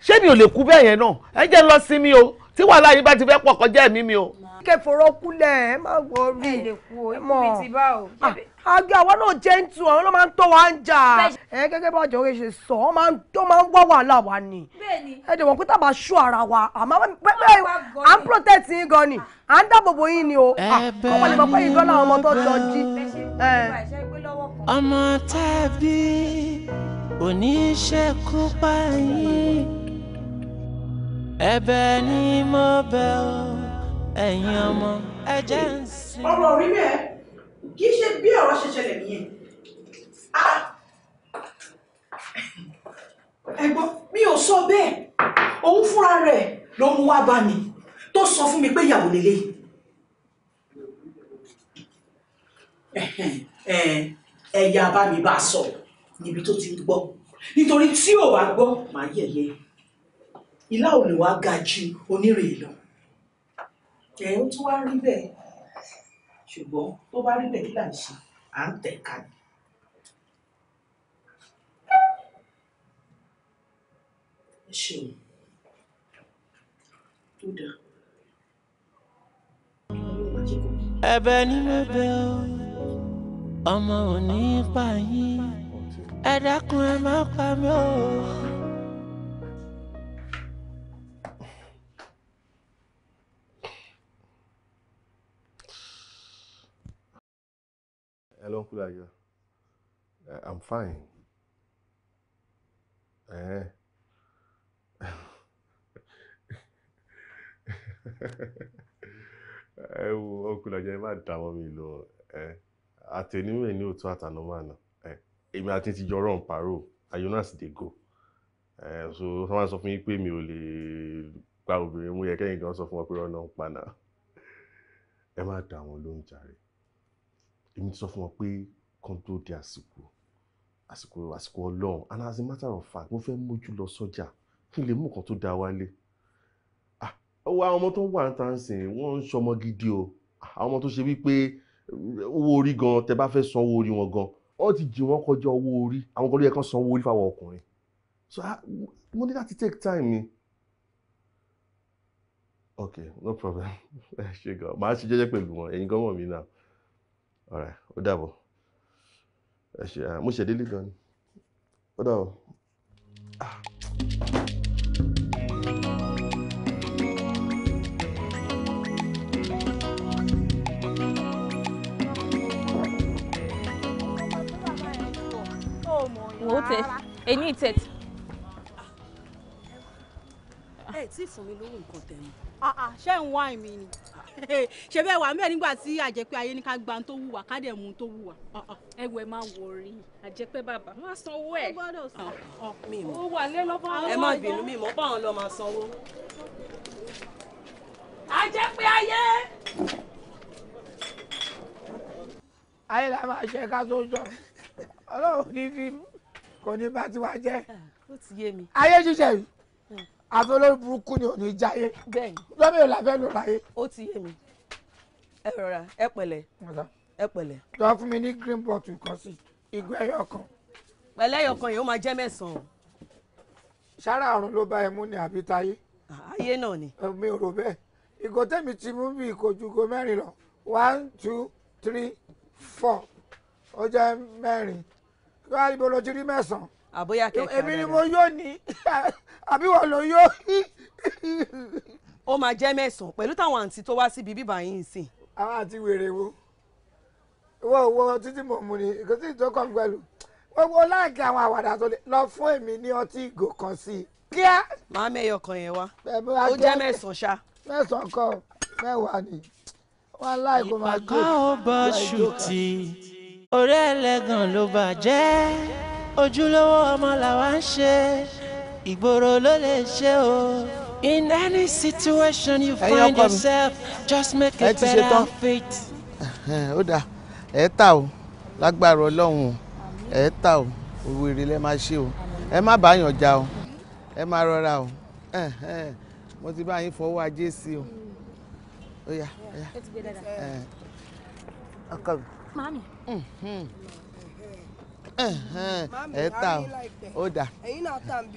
ṣé mi ò lè kú bẹ́ẹ̀ yẹn náà ẹ jẹ́ lọ sinmi o tí wàhálà yìí bá ti fẹ́ pọ̀ kọjá ẹ̀mí mi o. kẹfọrọ kúlẹ̀ ẹ má wọrí ẹ lè kú o ibi tí àwọn náà jẹ́ ń tu àwọn náà máa ń tọ́ wa ń jà. ẹ gẹ́gẹ́ bá ọjọ́ rẹ ṣe sọ ọ máa ń tọ́ máa ń wá wàhálà wa ni. ẹ dẹ̀ wọ́n pé tàbá ṣú ara wa àmọ́ pẹ́pẹ́ à ń protect yín gan ni à ń dáàbòbò yín ni o. Ah, ọmọ lè mọ pé yín gan náà ọmọ tó jọ jí. ọmọ tàbí oníṣẹ́kú pa yín ẹ̀bẹ̀ ni mo bẹ̀ ọ́ ẹ̀yin ọmọ ẹ̀jẹ̀ ń sìn. ọ̀rọ̀ rí bẹ́ẹ̀ kì í ṣe bí ọ̀rọ̀ ṣe ṣẹlẹ̀ nìyẹn ah! ẹ̀gbọ́n mi ò sọ bẹ́ẹ̀ òun fúnra rẹ̀ ló mú wá bá mi tó sọ fún mi pé ìyàwó lélẹ̀ ẹ̀yà bá mi bá sọ níbi tó ti gbọ́ nítorí tí ò wá gbọ́ màá yẹ̀yẹ́ ilá ò lè wá ga ju onírèé lọ ẹ ó tún wá rí bẹ́ẹ̀ ṣùgbọ́n tó bá rí bẹ́ẹ̀ kí là ń ṣe à ń tẹ̀ ká ni. ẹ ṣeun tó dáa. ẹ̀bẹ̀ ni mo bẹ̀ ọ́ ọmọ ò ní pa yín ẹ dákun ẹ má pa mí o. Hello, Uncle Ayo. Uh, eh, I'm fine. Eh? ẹ eh, wo Uncle Ayo ẹ má dààmú mi lọ ẹ eh, àtẹnumẹ ní òtún àtànọmọ àná ẹ èmi àti ti jọ rán pàrọ Ayonas dey go ẹ so wọn máa sọ fún yín pé mi ò lè gba obìnrin mú yẹ kẹ́yìn kan sọ fún wọn pé rán náà ń pa ẹ má dààmú ló ń èmi ti sọ fún wọn pé kan tó di àsìkò àsìkò àsìkò ọlọ́run and as a matter of fact mo fẹ́ mójú lọ sọ́jà kí n lè mú nǹkan tó dáa wálé ah, àwọn ọmọ tó wà ń tàǹsìn wọ́n ń ṣọmọ gidi o ah, àwọn ọmọ tó ṣe wípé eh, owó orí gan tẹ bá fẹ́ san owó orí wọn gan wọ́n ti jì wọ́n kọjá owó orí àwọn kan ló yẹ kán san owó orí fáwọn ọkùnrin so ah, mo ní láti take time mi. okay no problem ẹ ṣe gan màá ṣe jẹ́jẹ́ pẹ̀lú wọn ẹ̀yin gan mọ̀ mí náà ọ̀rẹ́ ó dàbọ̀ ẹ ṣe ah, mo ṣèdílé gan ni ó dàbọ̀. Ah. wò ó tẹ ẹni tẹ. ẹ tí fún mi lówó nǹkan tẹ̀ Ah, ah, ṣé ń wá mi ni ṣe bẹ́ẹ̀ wà mẹ́ẹ̀ nígbà tí àjẹpẹ́ ayé ní ká gba ohun tó wù wá ká dẹ̀ mú ohun tó wù wá. Ah, ẹ wẹ máa wọ orí àjẹpẹ́ bàbá máa sanwó ẹ. ó wà lé lọ́bọ̀ ẹ má bínú mi mọ́ báwọn lọ máa sanwó. àjẹpẹ́ ayé. ayé la máa ṣe ká tó jọ ọlọ́run ní fíìmù kò ní bá tiwa jẹ́. ayé jíjẹ yìí àfi olórí burúkú ni ò ní jáyé lọ́mọ ìlà fẹ́ ló láyé. ó ti yé mi ẹ rọra ẹ pẹ̀lẹ́ ẹ pẹ̀lẹ́. jọ fún mi ní green bottle kan sí ìgò ẹyọ kan. pẹ̀lẹ́ ẹyọ kan yìí ó máa jẹ́ mẹ́sàn-án. sára àrùn ló bá ẹ mú ni àbí táyé. ayé náà ni. mi ò rò bẹ́ẹ̀ ìgò tẹ́mi ti mú bí ìkojúgo mẹ́rin lọ one two three four ó jẹ́ mẹ́rin. ibo ló ti rí mẹ́sàn-án àbóyá ah, kẹkẹ èmi ni mo yóò ní àbí wọn ló yóò. ó máa jẹ́ mẹ́sàn-án pẹ̀lú táwọn àǹtí tó wá síbi bíbá yìí ń sìn. àwọn àti wèrè wo wọ́n wọ́n títí mọ̀ mú ni kò sí ìtọ́kọ̀ pẹ̀lú gbogbo láàkì àwọn àwàdà tó lè lọ fún èmi ní ọtí ìgò kan sí i kíá. màá mẹ́yọ kan yẹn wá ó jẹ́ mẹ́sàn-án ṣá. mẹ́sàn-án ni wọ́n láì kó máa gbé. ìpàgọ́ ò ṣùtì ọ̀rẹ́ ẹlẹ́gàn ló bàjẹ́ ojúlówó ọmọ làwa ń ṣe ìgboro ló lè ṣe o. in any situation you find yourself just make a better faith. ó dáa ẹ tà o lágbára ọlọ́run o ẹ tà o òwèrè lẹ máa ṣe o ẹ má báyàn já o ẹ má rọra o mo ti bá yín fọwọ́ ajé sí o ó yá ó yá ọkọ mi ẹ ta o ó dà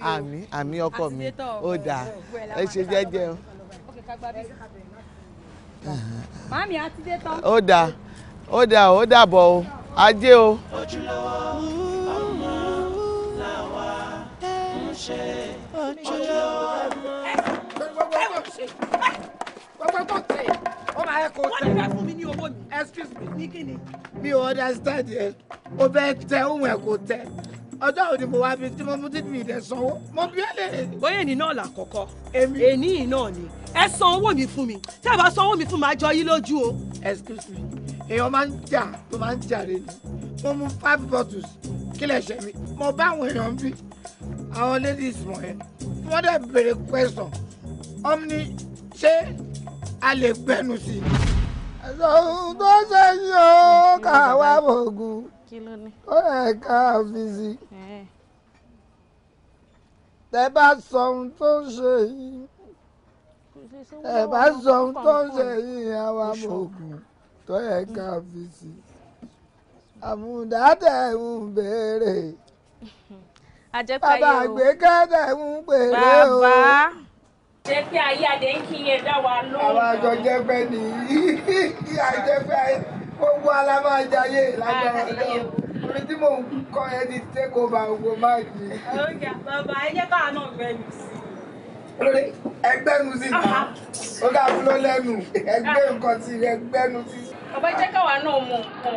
àmì àmì ọkọ mi ó dà ẹ ṣe jẹ́jẹ́ o. màmí àti dé tán. ó dà ó dà ó o ajé o. ojúlówó ọmọ làwa ń ṣe ojúlówó ọmọ gbogbo tó tẹ ó máa yẹ kó tẹ. mi excuse me ní kíni. mi ò understand yẹn o fẹ́ tẹ ohun ẹ̀ kó tẹ ọjọ́ òní mo wá bí tí mo mú títí mi ìdẹ sanwó mo bí ẹ lè. bóyá ènì náà là kọ́kọ́ ènì yìí náà ni ẹ san owó mi fún mi tí ẹ bá san owó mi fún mi àjọ yín lójú o. excuse me èèyàn máa ń jà tó máa ń jà rẹ ni mo mú five bottles kí ṣe mi mo bá àwọn èèyàn bí àwọn ladies wọ̀nyẹn wọ́n dẹ̀ béèrè question ọmọ ni ṣé a lè gbẹnu sí i. tó ṣẹ̀yìn o ká wá bògùn ó yẹ ká fi tẹ bá sọ ohun tó ṣe yìí ẹ bá sọ ohun tó ṣe yìí àwa bògùn tó yẹ ká fi sí i. àmùdá tẹ̀ ń béèrè. bàbá àgbékẹ́ tẹ̀ ń béèrè o. bàbá jẹ́ pé ayé adé ń kí yẹn dá wa lóhùn. àwọn àjọ jẹ́ pé nìyí kí àjẹ́ pé gbogbo alámájáyé lágbára lọ́wọ́ orí tí mò ń kọ́ ẹ ti take over gbogbo máàkì. ọjà bàbá ẹ jẹ́ káà náà bẹ́ẹ̀ nù sí. olórí ẹgbẹ́nu sí náà ó dà fún ló lẹ́nu ẹgbẹ́ nǹkan sí ẹgbẹ́nu sí. bàbá jẹ́ káwa náà mọ̀ nǹkan.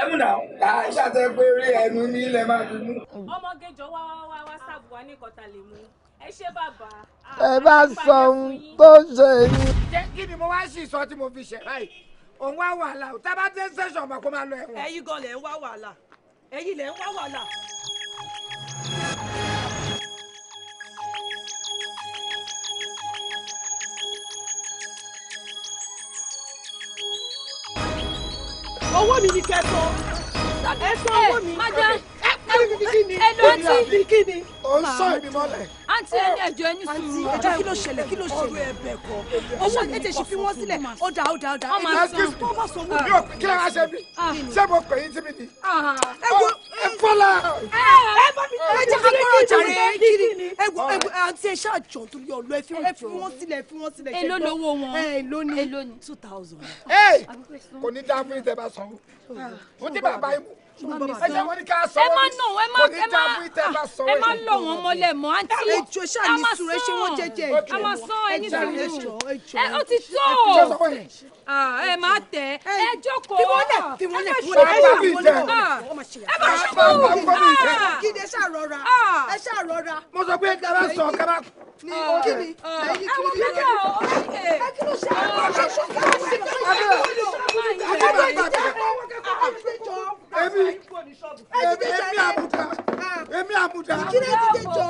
ẹmu náà àá ṣàtẹ pé orí ẹnu ní ilẹ̀ máa dùn mú. ọmọge jọ wá wá wá wá sáàbù wa ní ìkọta lè mú ẹ ṣe bàbá. ẹ bá sọ ohun tó ṣe yín. jẹ́ kí ni mo wá sì sọ tí mo fi ṣe báyìí òun wá wàhálà ò tá a bá dé sẹ́sọ̀n ọmọ kó máa lọ ẹ̀wọ̀n. ẹ̀yin gan lẹ ń wá wàhálà ẹ̀yin lẹ ń wá wàhálà. owó mi ni kẹsàn án owó mi. ẹ máa jẹ ẹ lọ sí. o ń sọ èmi mọ́lẹ̀ àǹtí ẹni ẹjọ́ ẹni sùúrù. ẹjọ́ kí ló ṣẹlẹ̀ kí ló ṣẹlẹ̀. ọ̀rọ̀ ẹ̀bẹ̀ kọ. owó ètè ṣì fi wọ́n sílẹ̀ ó dà ó dà ó dà. ọmọ àti sọ wọn bá sọ wọn. mi kí lára ṣe bí ah. ṣé mo pè yín sí mi ni. Ah. ẹ wo ẹ bá mi ẹ jẹ́ agbọ́rọ̀ ọjà rẹ̀ kiri. ẹ wo eh, eh, àǹtí ẹ ṣáà jọ torí ọ̀lọ́ eh, ẹ fi wọ́n sílẹ̀ fi wọ́n sílẹ̀. èló lówó wọn. èló ni two thousand. ẹ kò ní dáa fún ìtẹ̀ bá sanwó. Ah ẹ jẹ́ wọ́n ní ká sọ wọ́n ní kò ní ta fún ìtẹ́ bá sọ wọ́n. ẹ má lọ wọn mọ́lẹ̀ mọ́ àǹtí ẹ jọ ṣáà ní sùúrù ẹ ṣe wọ́n jẹ́jẹ́ ẹ jọ ẹ ó ti tó ẹ má tẹ ẹ jókòó ẹ má ṣubú ẹ má ṣubú gidi ẹ ṣáà rọra ẹ ṣáà mo sọ pé ẹ dára sọ ká bá. ni kí ni ẹyin kí ni ẹ kí ló ṣe àwọn èmi àbùdá èmi àbùdá. kílẹ̀ ti dé jọ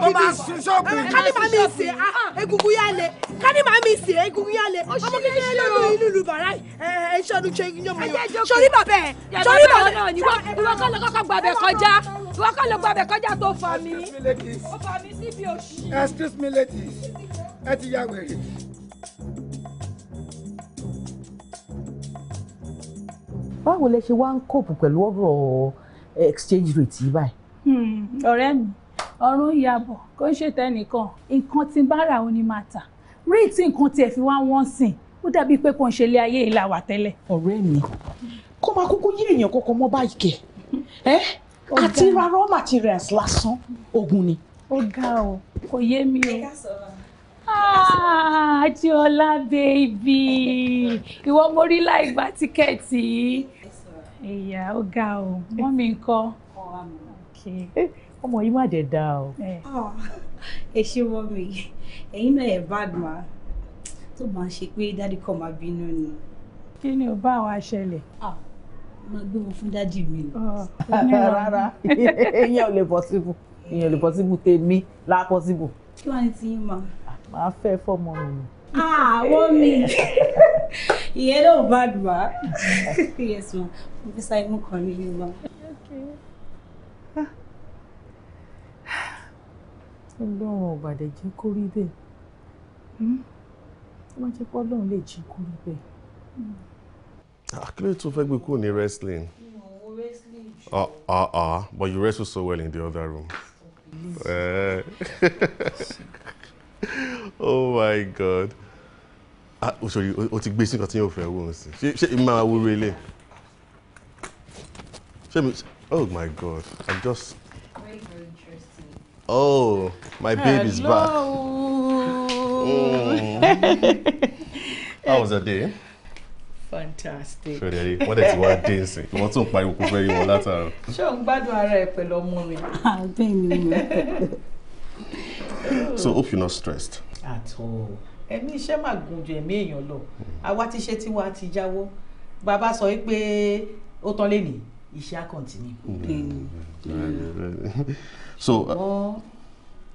mo máa sun ṣọ́ọ̀bù yìí. kání máa mi sè egungun yá le kání máa mi sè egungun yá le ọmọ kékeré lọ́dún inú ìlú bàrá ẹ̀ ṣọ́ọ̀dún ṣe yín yọmọ yọ sọ́rí bàbẹ̀ sọ́rí bàbẹ̀. ìwọ kọ́ ló kọ́kọ́ gbàbẹ̀ kọjá ìwọ kọ́ ló gbàbẹ̀ kọjá tó fà mí. excuse me ladies ẹ ti ya wèrè. báwo lẹ ṣe wá ń kóòpù pẹ̀lú ọ̀rọ̀ eh, exchange rate yìí báyìí. Hmm, ọ̀rẹ́ mi ọ̀run ìyàbọ̀ kò ń ṣètò ẹnìkan nǹkan tí bá rà ó ní máa tà réètì nǹkan tiẹ̀ fi wá wọ́n sìn ó dàbí pé kò ń ṣe ilé ayé ìlà wà tẹ́lẹ̀. ọ̀rẹ́ mi kó máa kúkú yí èèyàn kọ́kọ́ mọ́ báyìí kẹ̀ ẹ́ àti raw materials lásán ogun ni. ó ga ọ kò yé mi o. Ah, Jola baby ìwọ mo rí láì gba tíkẹ́ẹ̀tì yìí ìyá ó ga o wọ́n mi kọ́ ọmọ yìí má jẹ da o. ẹ ṣe wọ́n mi ẹ̀yin náà ẹ̀ bá dùn á tó bá ń ṣe pé dádì kọ́ máa bínú ni. kí ni ò bá wa ṣẹlẹ̀. Ah, máa gbé wọn fún dádì mi. rárá ìyẹn ò lè possible ìyẹn ò lè possible tèmi lá possible. kí wàá ní tí yín máa. màá fẹ́ fọ́mọ mi ah what me? ìyẹn náà bad ma yes ma mo fi sáré mú kan nínú ma. ọlọ́run ọ̀bàdẹ̀ jẹ́ kó rí bẹ́ẹ̀ hmm? ó máa jẹ́ pé ọlọ́run lè jí kó rí bẹ́ẹ̀. Hmm. akílẹ̀ ah, tó fẹ́ gbé kúrò ní wrestling. Ah, uh, ah, uh, ah, but you wrestle so well in the other room. Please. oh my god ah òṣèré oh, o ti gbé sí nǹkan tí yóò fẹ́ wò ó sí ṣé ṣé ìmọ̀ àwúrò ilé ṣé mi oh my god i'm just oh my baby's Hello. back. Mm. How was the day? fantastic. ṣọlẹ́rì wọ́n dẹ̀ ti wá dé nsìn ìwọ́n tún pariwo kó fẹ́ yí wọn látàrọ. ṣé o ń gbádùn ara ẹ pẹ̀lú ọmọ rẹ. Ah, bẹ́ẹ̀ ni mo so hope you're not stressed. at all ẹ̀mí iṣẹ́ máa gùn ju ẹ̀mí èèyàn lọ àwa ti ṣe tiwa ti jáwọ́ bàbá sọ pé ó tán lé ní iṣẹ́ á kọ̀ǹtínì. so. Uh,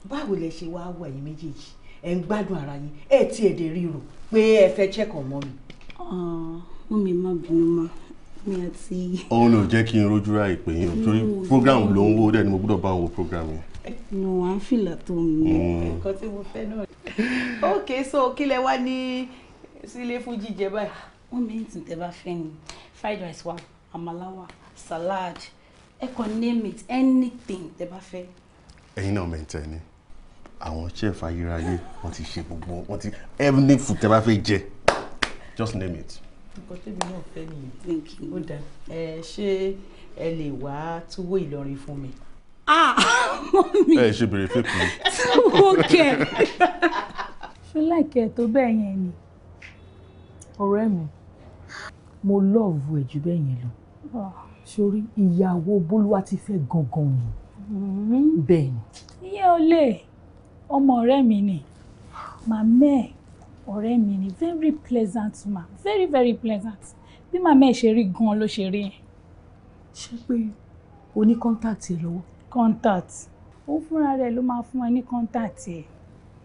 báwo lẹ ṣe wáá wà yín méjèèjì ẹ ń gbádùn ara yín ẹ tí ẹ dé ríro pé ẹ fẹ́ check mọ́ mi. mú mi má bínú mọ́ mi àti. òun ló jẹ́ kí n rojú ra ìpè yín o torí program ló ń wo dẹ́ni mo gbọ́dọ̀ bá wo program yẹn. No, wa ń fìlà tó ń mú mo fẹ́ náà. ok so kí lẹ wá ní sílé fún jíjẹ báyìí. one minute tẹ bá fẹ́ ni fried rice wa amalawa, salad ẹ kàn name it anything tẹ bá fẹ́. ẹ̀yin náà mẹ́tẹ́ ni àwọn chef ayérayé wọ́n ti ṣe gbogbo wọ́n ti every food tẹ bá fẹ́ jẹ just name it. nǹkan tóbi náà fẹ́ nìyí ó dáa ẹ ṣé ẹ lè wá túwó Ìlọrin fún mi ah mommy. ẹ ṣe bèrè fake mi. ókè ṣọláìkẹ́ tó bẹ́ẹ̀ yẹn ni ọ̀rẹ́ mi mo lọ́ọ̀vù ẹ̀ jù bẹ́ẹ̀ yẹn lọ sórí ìyàwó bólúwa ti fẹ́ gangan ni mm-hmm. bẹ́ẹ̀ ni. iye olè ọmọ ọ̀rẹ́ mi ni màmá ẹ̀ ọ̀rẹ́ mi ni very pleasant ma very very pleasant bí màmá ẹ̀ ṣe rí gan-an ló ṣe rí yẹn. ṣé pé o ní lọ́wọ́ contact òun fúnra rẹ̀ ló máa fún ẹ ní contact ẹ̀.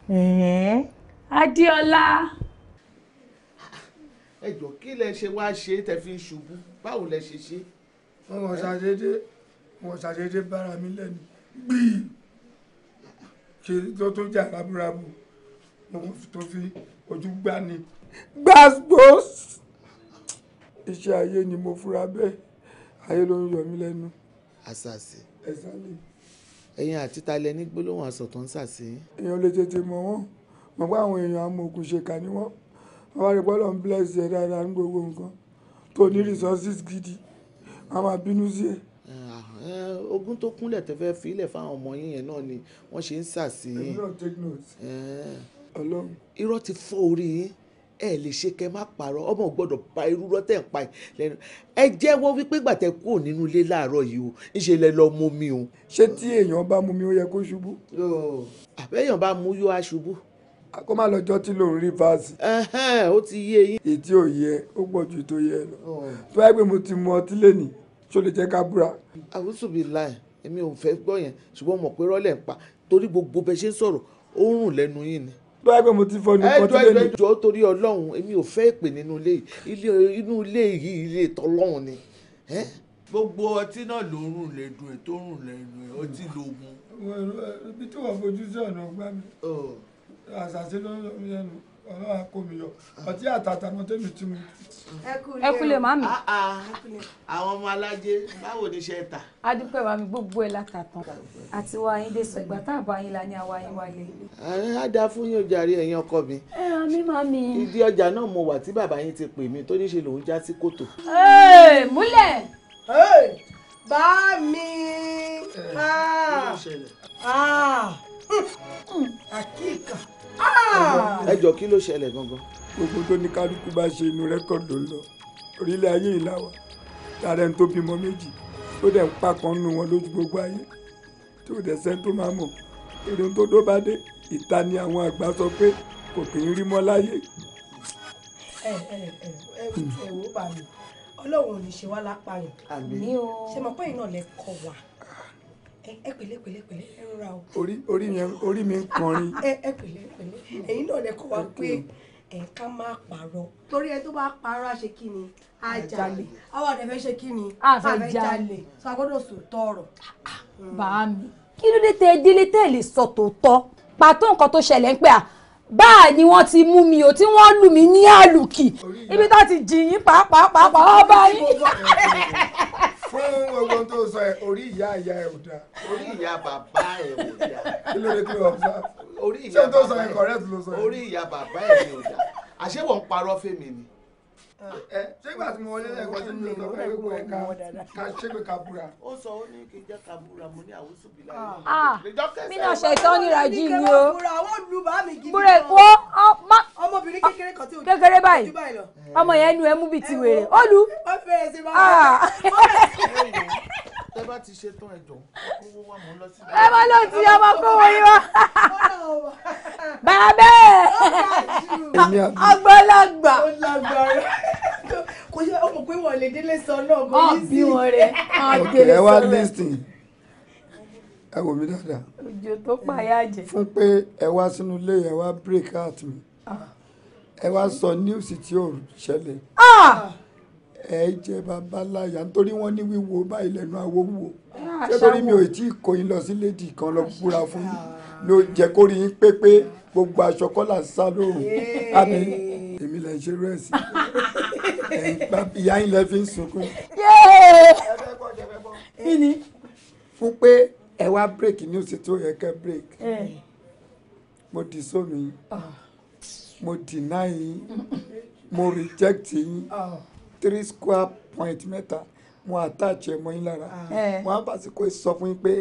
ẹ̀ẹ́. adéọlá. ẹ jọ kí lẹ ṣe wá ṣe tẹ fi ń ṣubú báwo lẹ ṣe ṣe. wọn wọ ṣàdédé wọn ṣàdédé bára mi lẹ́nu gbìyì kí ló tó jà rábúrábù mo tó fi ojú gbá ni. gbàgbós iṣẹ́ ayé ni mo fura bẹ́ẹ̀ ayé ló ń yọ mí lẹ́nu. àṣàṣe exactly. ẹ̀yin àti talẹ̀ ní gbólóhùn aṣọ tó ń sàṣe. èèyàn lè tètè mọ̀ wọ́n mọ̀ pé àwọn èèyàn amòòkùn ṣèkà ni wọ́n wọ́n bá rí bọ́lọ̀ ń bless ẹ dáadáa ní gbogbo nǹkan tó ní resources gidi wọ́n máa bínú sí ẹ. ogún tó kúnlẹ̀ tẹ́ fẹ́ fi ilẹ̀ fáwọn ọmọ yín náà ni wọ́n ṣe ń sàṣe. èmi náà take note. ọlọ́run irọ́ ti fọ́ orí yín ẹ lè ṣe kẹ má parọ́ ọmọ ò gbọ́dọ̀ pa irúrọ́ tẹ̀ ń pa lẹ́nu ẹ jẹ́wọ́ wípé gbàtẹ́ kúrò nínú ilé láàárọ̀ yìí o ńṣe lẹ lọ mú mi o. ṣé tí èèyàn bá mú mi ó yẹ kó ṣubú. àbẹ́yàn bá mú yóò á ṣubú. kó má lọ jọ tí lòun rí vaasi. ó ti yé yín. ètí ò yẹ ó pọ̀ ju tó yẹ lọ tó yẹ pé mo ti mu ọtí lẹ́nì ṣó lè jẹ́ ká búra. àwùsù bíi láì èmi ò fẹ́ gbọ́ yẹn ṣùgbọ́n mọ̀ pé rọ́lẹ̀ ń pa torí gbogbo bẹ ṣe ń sọ̀rọ̀ ó rùn lẹ́nu yín ni tó ẹgbẹ́ mo ti fọnù kọtí lẹ́nu. ẹjọ́ ẹjọ́ torí ọlọ́run èmi ò fẹ́ ìpè nínú ilé yìí inú ilé yìí ilé tọ́lọ́run ni. gbogbo ọtí náà ló ń rùn lẹ́dùn ẹ̀ rùn lẹ́nu ọtí lóògùn. ibi tí wọ́n fojú sí ọ̀nà ọgbà mi oh. àṣàṣe ló ń lọ mí lẹ́nu ọlọ́run kò mí yọ ọtí àtàtà wọn tẹ́mi tí mo. ẹ kúlẹ̀ màmí. Ah, ah, àwọn ọmọ alájẹ báwo ni iṣẹ́ ta. adúpẹ́ wa mi gbogbo ẹ̀ látàtàn àti wa yín dé sọ ìgbà tá a bá yín la ní àwa yín wálé. a dá fún yín ojàre ẹ̀yin ọkọ mi. ẹ ẹ mi máa mi. ìdí ọjà náà mo wà tí bàbá yín ti pè mí tó ní ṣe lòun já sí kòtò. múlẹ̀. bá mi. Eh, ah àkíkà. Ah! ẹ jọ kí ló ṣẹlẹ̀ gangan. gbogbo tó ní kálukú bá ṣe inú rẹ́kọ̀dù lọ orílẹ̀ ayé yìí láwa tààrẹ ń tó bímọ méjì ó dẹ̀ ń pa kan nù wọn lójú gbogbo ayé tí ò dẹ̀ sẹ́ni tó máa mọ̀ èrè tó dó bá dé ìta ni àwọn àgbà sọ pé kò kì í rí mọ́ láyé. ẹ ẹ ẹ ẹ wò bá mi ọlọ́run ò ní ṣe wá lápá yẹn ṣe mọ̀ pé iná lẹ kọ wà ẹ pẹ̀lẹ́ pẹ̀lẹ́ pẹ̀lẹ́ ẹ rọra o. orí orí mi orí mi ń kọrin. ẹ ẹ pẹ̀lẹ́ pẹ̀lẹ́ ẹ̀yin náà lẹ kọ́ wa pé ẹ ká máa pààrọ̀. torí ẹ tó bá pààrọ̀ àṣẹ kí ni àjàlè àwọn ọ̀dẹ̀ fẹ́ ṣe kí ni àfẹ́jàlè sọ agbọ́dọ̀ sòótọ́ ọ̀rọ̀. bàá mi kí ló dé tẹ délé tẹ lè sọ tòótọ́ pàtó nǹkan tó ṣẹlẹ̀ ń pẹ́ à báà ni wọ́n ti mú mi ò tí wọ́n lù mí ní àlùkì ibi tá ti jì yín pàápàá pàápàá ọba yín gbogbo tó sọ ẹ orí ìyá ìyá ẹ ò dáa. orí ìyá bàbá ẹ ò dáa. kí ló dé kí ló sọ. orí ìyá bàbá ẹ ṣé tó sọ ẹ correct ló sọ. orí ìyá bàbá ẹ ò dáa. àṣé wọ́n ń parọ́ fèmí ni ẹ eh, ṣé ìgbà tí mo wọlé lẹ́kọ̀ọ́ tí mo lọ fẹ́ wípé ẹ̀ka ká ṣégbé kabura. ó sọ ó ní kí n jẹ́ kabura mo ní àwùsù bílá yìí. mi náà ṣètò nira jí ni o búrẹ̀ wo ọmọbìnrin kékeré kan tí o kékeré báyìí ọmọ yẹn nu ẹ mú bìtì wèrè ó lu. ó sí i ah. tẹ bá ti ṣe tán ẹjọ owó wa mò ń lọ sí. ẹ má lọ sí ọmọ kó wọlé wa. bàbá ẹ ọgbọ́lágbà. kò yẹ ọmọ pé wọn lè délé sọ náà kò ní sí. ọ bí wọn rẹ ọ ẹ wá listing ẹ wò mí dáadáa. òjò tó pààyà jẹ. fún pé ẹ wá sínú ilé ẹ wá break out mi ah. ẹ wá sọ news tí Ah. ṣẹlẹ̀ ẹ jẹ babaláya nítorí wọ́n ní wíwo báyìí lẹ́nu awo wò nítorí mi ò tí ì kó lọ sí lédi kan lọ búra fún yín ah. ló jẹ kó rí yín pé gbogbo aṣọ kọ́là sá lóòrùn àmì èmi lè ṣe rẹ́ẹ̀sì ìyá yín lè fi ń sunkún. kí ni. fún pé ẹ wá break news tó yẹ kẹ́ break mo dì sómi ah. mo deny mo reject yín. Oh three square point mẹ́ta wọn attach ẹ̀ mọ́ yín lára wọn á fàsìkò sọ fún yín pé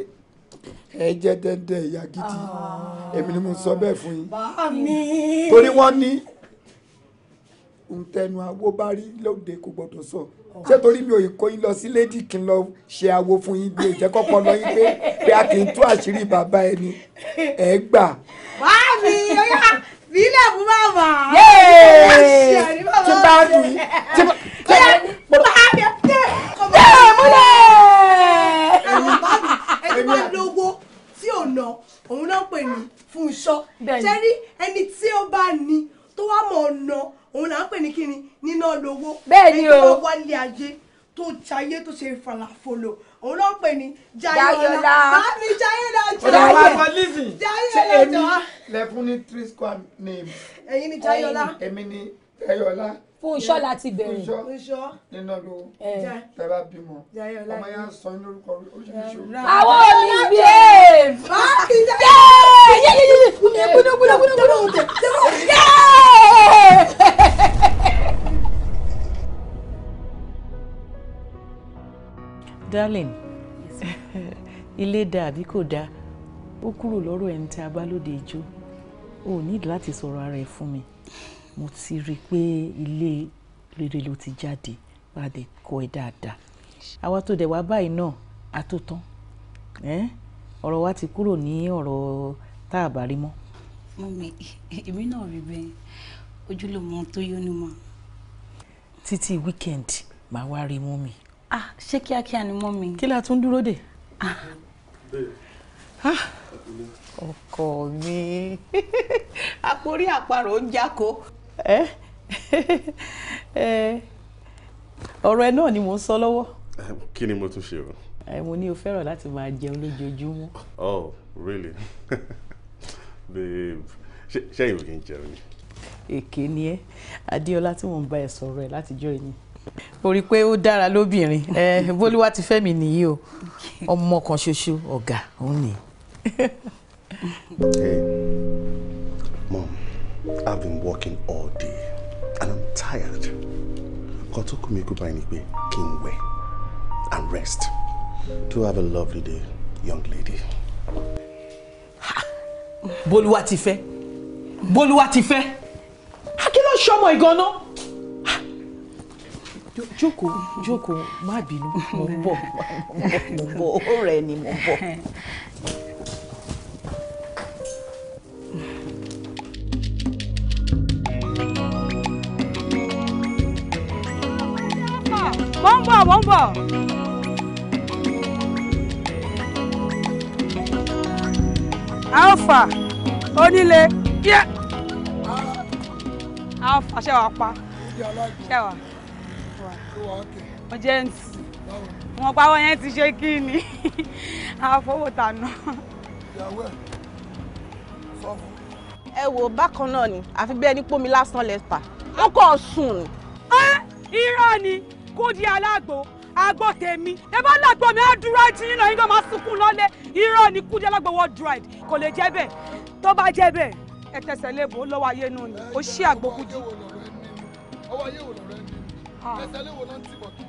ẹ jẹ́ dẹ́ndẹ́ ìyá gidi ah. èmi ni mo sọ bẹ́ẹ̀ fún yín torí wọ́n ní ntẹnu awo bá rí lóde kò gbọdọ̀ sọ ṣé torí mi ò kó yín lọ sí lady kí n lọ ṣe awo fún yín bí ìjẹ́ kọ́kọ́ lọ yín pé pé a kì í tú àṣírí bàbá ẹni ẹ gbà. báàmì ọyá bílẹ̀ fún bàbá. tí bá dùn yín òun náà pè ní Fúnṣọ́ ṣẹ́rí ẹni tí ó bá ní tó wá mọ̀ ọ̀nà òun là ń pè ní kíni níná lówó ẹni tó bá wálé ayé tó jayé tó ṣe falafolo òun náà pè ní jayola bámi jayola jayola jayola. ẹ̀yin ni jayola. èmi ni jayola fún iṣọ́ láti bẹ̀rẹ̀. fún iṣọ́ nínú ọdún tẹ́lá bímọ ọmọ yẹn ń sọ inú orúkọ oríṣiríṣi. àwọn omi bí e. yé yé yé yé kúndé kúndé kúndé kúndé kúndé yé. darling ilé dà àbí kò dá ó kúrò lọ́rọ̀ ẹni tí a bá lóde ijó o ò nídìí láti sọ̀rọ̀ ara ẹ̀ fún mi mo ti rí i pé ilé rere ló ti jáde wà á dé kọ́ ẹ dáadáa àwa tó dẹ̀ wá báyìí náà a tó tán ọ̀rọ̀ wa ti kúrò ní ọ̀rọ̀ tá a bá rí mọ́. èmi náà rí bẹ́ẹ̀ ojúlówó tó yó ni mọ́. títí wíkẹ́ndì màá wá rí mọ́mi. ah ṣé kíákíá ni mọ́mi. kí la tún dúró dè. Ah. Ah! ọkọ mi àpòrí àparò ń jáko. Eh? Eh? ọ̀rọ̀ ẹ náà ni mò ń sọ lọ́wọ́. kí ni mo tún ṣe o. Eh, mo ní o fẹ́ràn láti máa jẹun lójoojúmọ́. oh really babe ṣé ìwé kì í jẹun ni. èké ni ẹ adéọlá tí mò ń bá ẹ sọ̀rọ̀ ẹ látijọ́ yìí ni o rí i pé ó dára lóbìnrin bólúwá ti fẹ́mi nìyí o ọmọ kan ṣoṣo ọ̀gá òun ni. hey mom. I've been working all day and I'm tired. Nǹkan tó kù mí kú báyìí and rest. Do have a lovely day, young lady. Bolúwa ti fẹ́. Bolúwa ti fẹ́. I ló ṣọmọ ìgànná? Jókòó, jókòó, má bínú, mo ń bọ̀, mo ń bọ̀, ó rẹ̀ ni mo ń mò ń bọ̀ mò ń bọ̀. alpha onílé yẹ alpha ṣe wàá pa ṣe wàá mo jẹ́ ń tì wọn pàwọ́ yẹn ti ṣe kí ni àfọwọ́ tà náà. ẹ sọ bákan náà ni àfi bí ẹni pómi lásán lẹ́ta wọn kò sùn. Ah, irọ́ ni kó di alágbo agbó tèmi ẹ bá lágbo mi á dúró ẹ ti yín náà yín náà máa sunkún lọ́lẹ̀ irọ́ ni kúdí alágbo wọ́n dried kò lè jẹ́ bẹ́ẹ̀ tó bá jẹ́ bẹ́ẹ̀ ẹ tẹsẹ̀ lébo lọ́wọ́ ayé nù ni ó ṣí àgbo Kúdí. ọwọ́ ayé wò lọ́rọ̀ ẹni tẹsẹ̀ lébo náà ń tìbọ̀ kí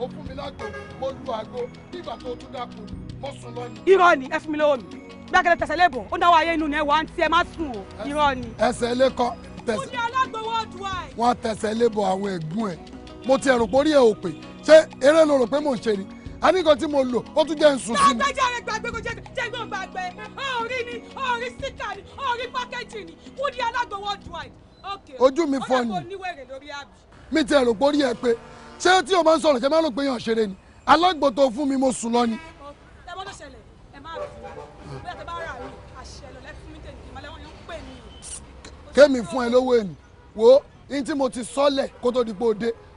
o fún mi lágbo mo lu àgbo nígbà tó tún dákú mo sùn lọ ni. irọ́ ni ẹ fún mi lọ́wọ́ mi gbàgede tẹsẹ̀ lébo ó náwó ayé nù ni ẹ wà á ń tiẹ̀ má sùn o irọ́ ni. ẹsẹ̀ lé kọ́ tẹsẹ̀ wọ́n tẹsẹ̀ lébo àwọn ẹ̀gbọ́n ẹ̀ mo ti ẹ̀rù borí ẹ̀ ò pé ṣé eré ló rò pé mò ń ṣe ni a ní nǹkan tí mo lò ó tún jẹ́ ń sùn sí mi. gbàgbé jẹ́rẹ̀ gbàgbé kò jẹ́ gbọ́n gbàgbé ọ̀rí ni ọ̀rí síkà ni ọ̀rí pákẹ́jì ni kú di alágbó worldwide. ojú mi fọ́ ni mi ti ẹ̀rù borí ẹ pé ṣé tí o máa ń sọ̀rọ̀ ṣe máa ń lò pé yàn ṣeré ni alágbó tó fún mi mo sùn lọ ni. ẹ mọ́ tó ṣẹlẹ̀ ẹ máa fi bóyá tẹ bá rà mí àṣẹ lọ lẹ́fún mi tèmi kémi fún ẹ lówó èmi wo ní tí mo ti sọ́lẹ̀ kó tó di pé o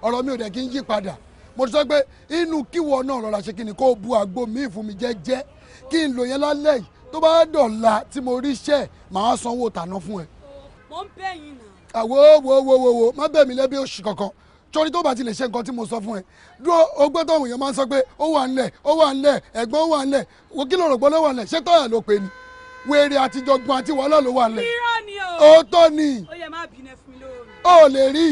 ọ̀rọ̀ mi ò dẹ̀ kí n yí padà mo ti sọ pé inú kíwọ náà rọra ṣe kí ni kó bu àgbo míì fún mi jẹ́jẹ́ kí n lò yẹn lálẹ́ yìí tó bá dọ̀la tí mo rí iṣẹ́ màá sanwó tàná fún ẹ. mo ń bẹ̀ yín náà. àwo wo wo wo wo má bẹ̀ mí lẹ́bí oṣù kankan torí tó bá ti ṣe nǹkan tí mo sọ fún ẹ dúró ogbẹ́ tó àwọn èèyàn máa ń sọ pé ó wà ńlẹ̀ ó wà ńlẹ̀ ẹ̀gbọ́n wà ńlẹ̀ wò kí lóòrò gbọ́dọ̀ wà ńlẹ̀ ṣé tọ́yà ló pe ni wèrè àtijọ́ gun àti wàhálà ló wà ńlẹ̀. irọ́ òótọ́ ni. ó yẹ má bínú ẹ fún ó lè rí.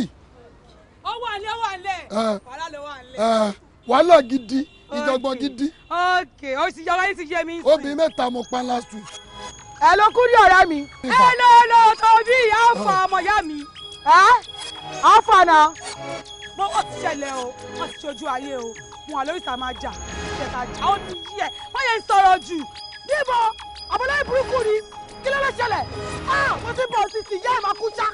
ó wà ní ó wà lẹ̀ wàhálà ló wà lẹ̀. wàhálà gidi ìjọgbọ́n gidi. ok ó sì yọrọ yìí ti yé mi. obìnrin mẹ́ta mo pa last week. ẹ ló kú ní ọ̀rẹ́ mi. ẹ ló lọ tóbi àfọ ọmọ ìyá mi. àfọ náà mo wọ́n ti ṣẹlẹ̀ o wọ́n ti ṣojú ayé o wọn àlọ́ ìta máa jà ìjẹta jà ó ní yí ẹ wọ́n yẹn ń sọ̀rọ̀ jù níbo ọ̀bọ̀lẹ́ burúkú ni kí ló lè ṣẹlẹ̀ ah mo ti bọ̀ sí ti yá ẹ̀ máa kú ṣá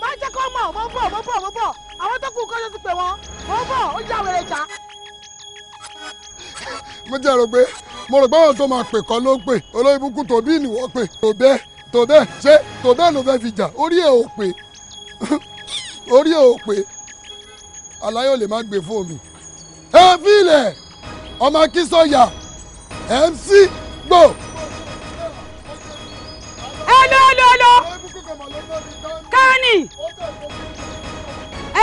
má jẹ́ kó mọ̀ mo ń bọ̀ mo ń bọ̀ mo ń bọ̀ àwọn tó kù kọ́jọ́ ti pè wọ́n mo ń bọ̀ ó já wèrè jà. mo jẹ́ rò pé mo rò pé àwọn tó máa pè kọ́ ló ń pè olóyún ibùkún tòbí ìnìwọ́ pè tòbẹ́ tòbẹ́ ṣé tòbẹ́ ló fẹ́ fi jà orí ẹ̀ ò pé orí ẹ̀ ò pé aláyọ̀ lè má gbé fóònù ẹ fi ilẹ̀ ọmọ akínsọ̀yà MC gbò. ẹ lọ́ọ́ lọ́ọ́ lọ́ọ́ kẹ́ni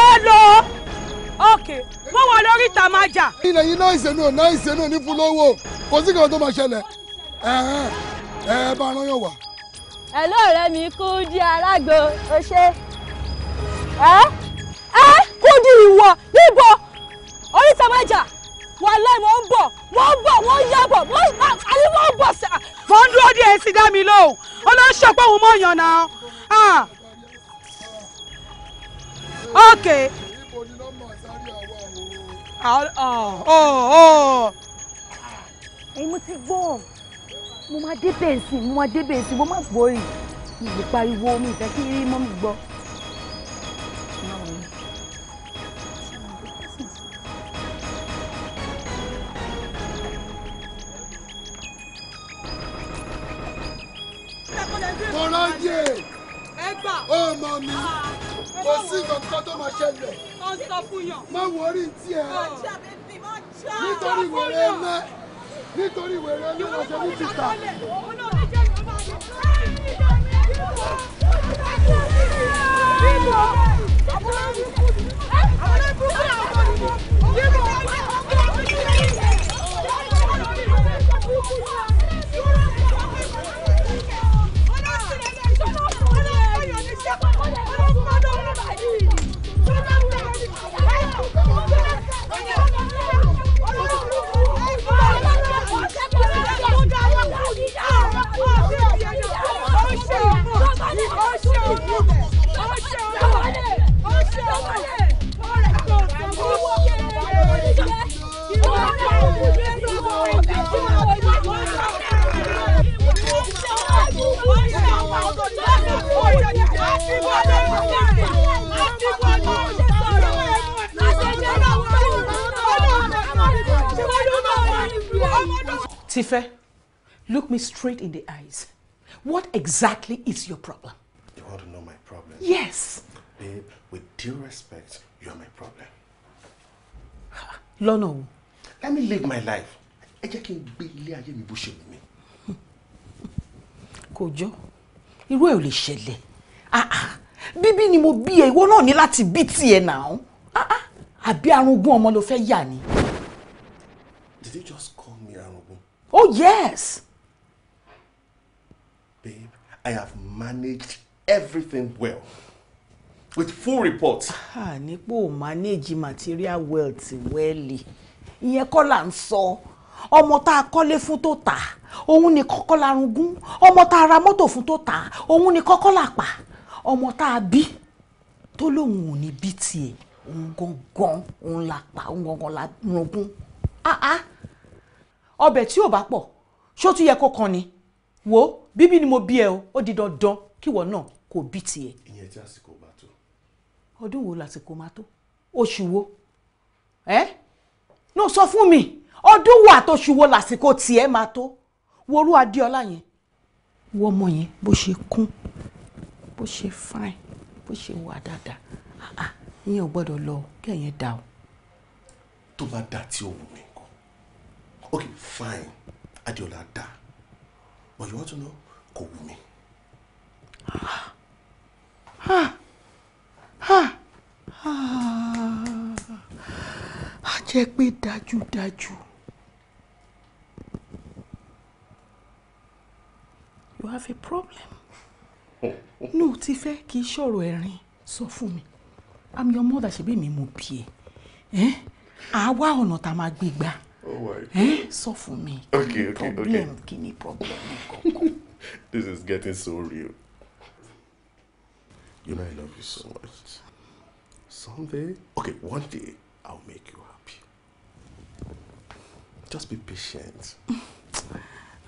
ẹ lọ òkè wọ́n wọ lórí ìta máa jà. ilẹ̀ yìí náà ìṣẹ́nu náà ìṣẹ́nu ní fún lówó kò sí kan tó máa ṣẹlẹ̀ ẹ ẹ bá aráyàn wà. ẹ lóore mi kú di alágbo o ṣe ẹ ẹ kú di ìwọ níbo oríta máa jà wàláì mò ń bọ̀ mò ń bọ̀ wọ́n yá bọ̀ àní mò ń bọ̀ sẹ́. mo ń dúró díẹ̀ sí dá mi lóhùn olóṣèpé òun mọ̀ náà. ok. èyí mo ti gbọ́ mo máa dé sí mo máa dé sí mo máa gbọ́ rí ìgbè pariwo mi ìfẹ́ kí rí mi gbọ́. tọrọ yé ọmọ mi ah, kò sí nǹkan tó máa ṣẹlẹ̀ má wọrí tiẹ̀ ah. nítorí wèrè ńlẹ nítorí wèrè ńlẹ lọ ṣe ní títà. Thank Oh, fẹ́. Look me straight in the eyes. What exactly is your problem? You want to know my problem? Yes. Babe, with due respect, you are my problem. Lono, Let me live my life. Ẹ jẹ́ kí n gbé ilé ayé mi bó ṣe wù mí. Kò jọ, irú ẹ̀ ò lè ṣẹlẹ̀. ni mo bí ẹ, ìwọ náà ní láti bí tiẹ̀ náà. Àbí arúgbó ọmọ ló fẹ́ ni. Did you just Oh, yes. Babe, I have managed everything well. With full reports. Ah, nipo manage material wealth wẹ́ẹ̀lì. Iye kọ́ là ń sọ. Ọmọ tá a kọ́lé fún tó tà, òun ni kọ́kọ́ la rungún. Ọmọ tá a ra mọ́tò fún tó tà, òun ni kọ́kọ́ la pa. Ọmọ tá a bí tó lóun ò ní bí tiẹ̀, gangan òun la pa, òun gangan la rungún. Ah ah! ọbẹ̀ tí ò bá pọ̀ ṣó tún yẹ kó kan ni wo bíbí ni mo bí ẹ o ó di dandan kíwọ náà kò bí tiẹ̀. ìyẹn tí àsìkò bá tó. ọdún wo làsìkò máa tó oṣù wo ẹ no sọ fún mi ọdún wo àtọṣù wo làsìkò tiẹ̀ máa tó worú adéọlá yẹn wo ọmọ yẹn bó ṣe kún bó ṣe fine bó ṣe wà dáadáa ah, ah, ìyẹn ò gbọ́dọ̀ lọ kẹyìn dà o. tó bá dà tí òun mi okay fine Adéọlá da but you want to know kò wù mí. a jẹ́ pé dájúdájú you have a problem no ti fẹ́ kí sọ̀rọ̀ ẹ̀rín sọ fún mi i'm your mother ṣebí mi mo bí ẹ àá wá ọ̀nà tá a máa gbé gbà ẹ oh eh? sọ fún mi okay, okay. problem kí ni problem this is getting so real you know i love you so much someday okay one day I'll make you happy just be patient.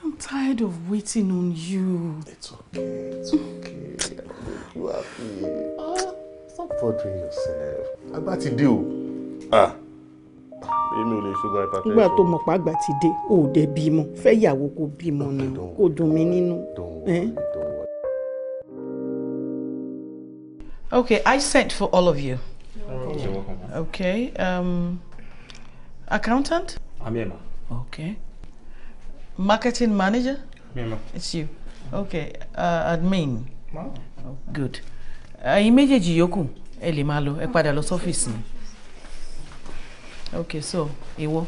I'm tired of waiting on you. It's okay, it's okay. I'll make you happy. Ah, stop bothering yourself. Agbátidé do. Ah èmi ò lè ṣògùn hypertension. nígbà tó mọ̀ pàgbà ti dé ò dẹ̀ bímọ fẹ́ ìyàwó kò bímọ náà kò dùn mí nínú. Okay, I sent for all of you. Okay. Um, accountant? I'm Okay. Marketing manager? Emma. It's you. Okay. Uh, admin? Ma. good. Ẹ̀yin uh, méjèèjì yòókù ẹ lè máa lọ ẹ padà lọ sọ́fíìsì mi okay so ìwọ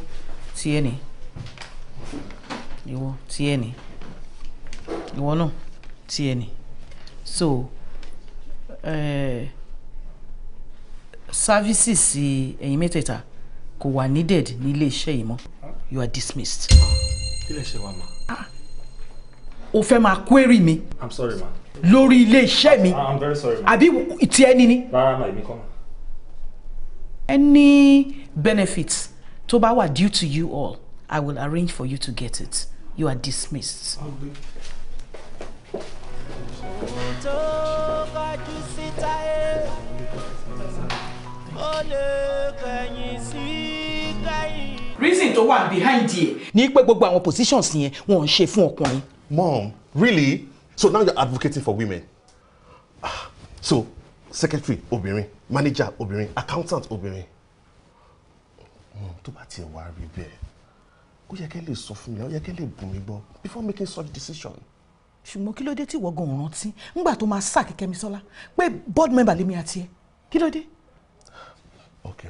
tiẹ̀ ni ìwọ tiẹ̀ ni ìwọ náà tiẹ̀ ni so uh, services ẹ̀yin mẹ́tẹ̀ẹ̀ta kò wà needed ní iléeṣẹ́ yìí mọ́ you are dismissed. iléeṣẹ́ wa ma. ah o fẹ́ máa query mi. i'm sorry ma. lórí iléeṣẹ́ mi. Ah, i'm very sorry ma. àbí ti ẹni ni. rárá ma èmi kọ́ ma. ẹni benefits tó bá due to you all i will arrange for you to get it you are dismissed. reason to one behind there. Ni pé gbogbo àwọn positions yẹn wọn ò ń ṣe mom really so now you're advocating for women ah, so secretary obìnrin manager obìnrin accountant obìnrin tó bá tiẹ̀ wá rí bẹ́ẹ̀ ó yẹ kẹ́ lè sọ fún mi ó yẹ kẹ́ lè bù mí gbọ́ before making such decision. ṣùgbọ́n kí ló dé tí ìwọ gan rántí ńgbà tó máa sá kíkẹ́ mi sọ́lá pé board member lèmi àti ẹ kí ló dé. ok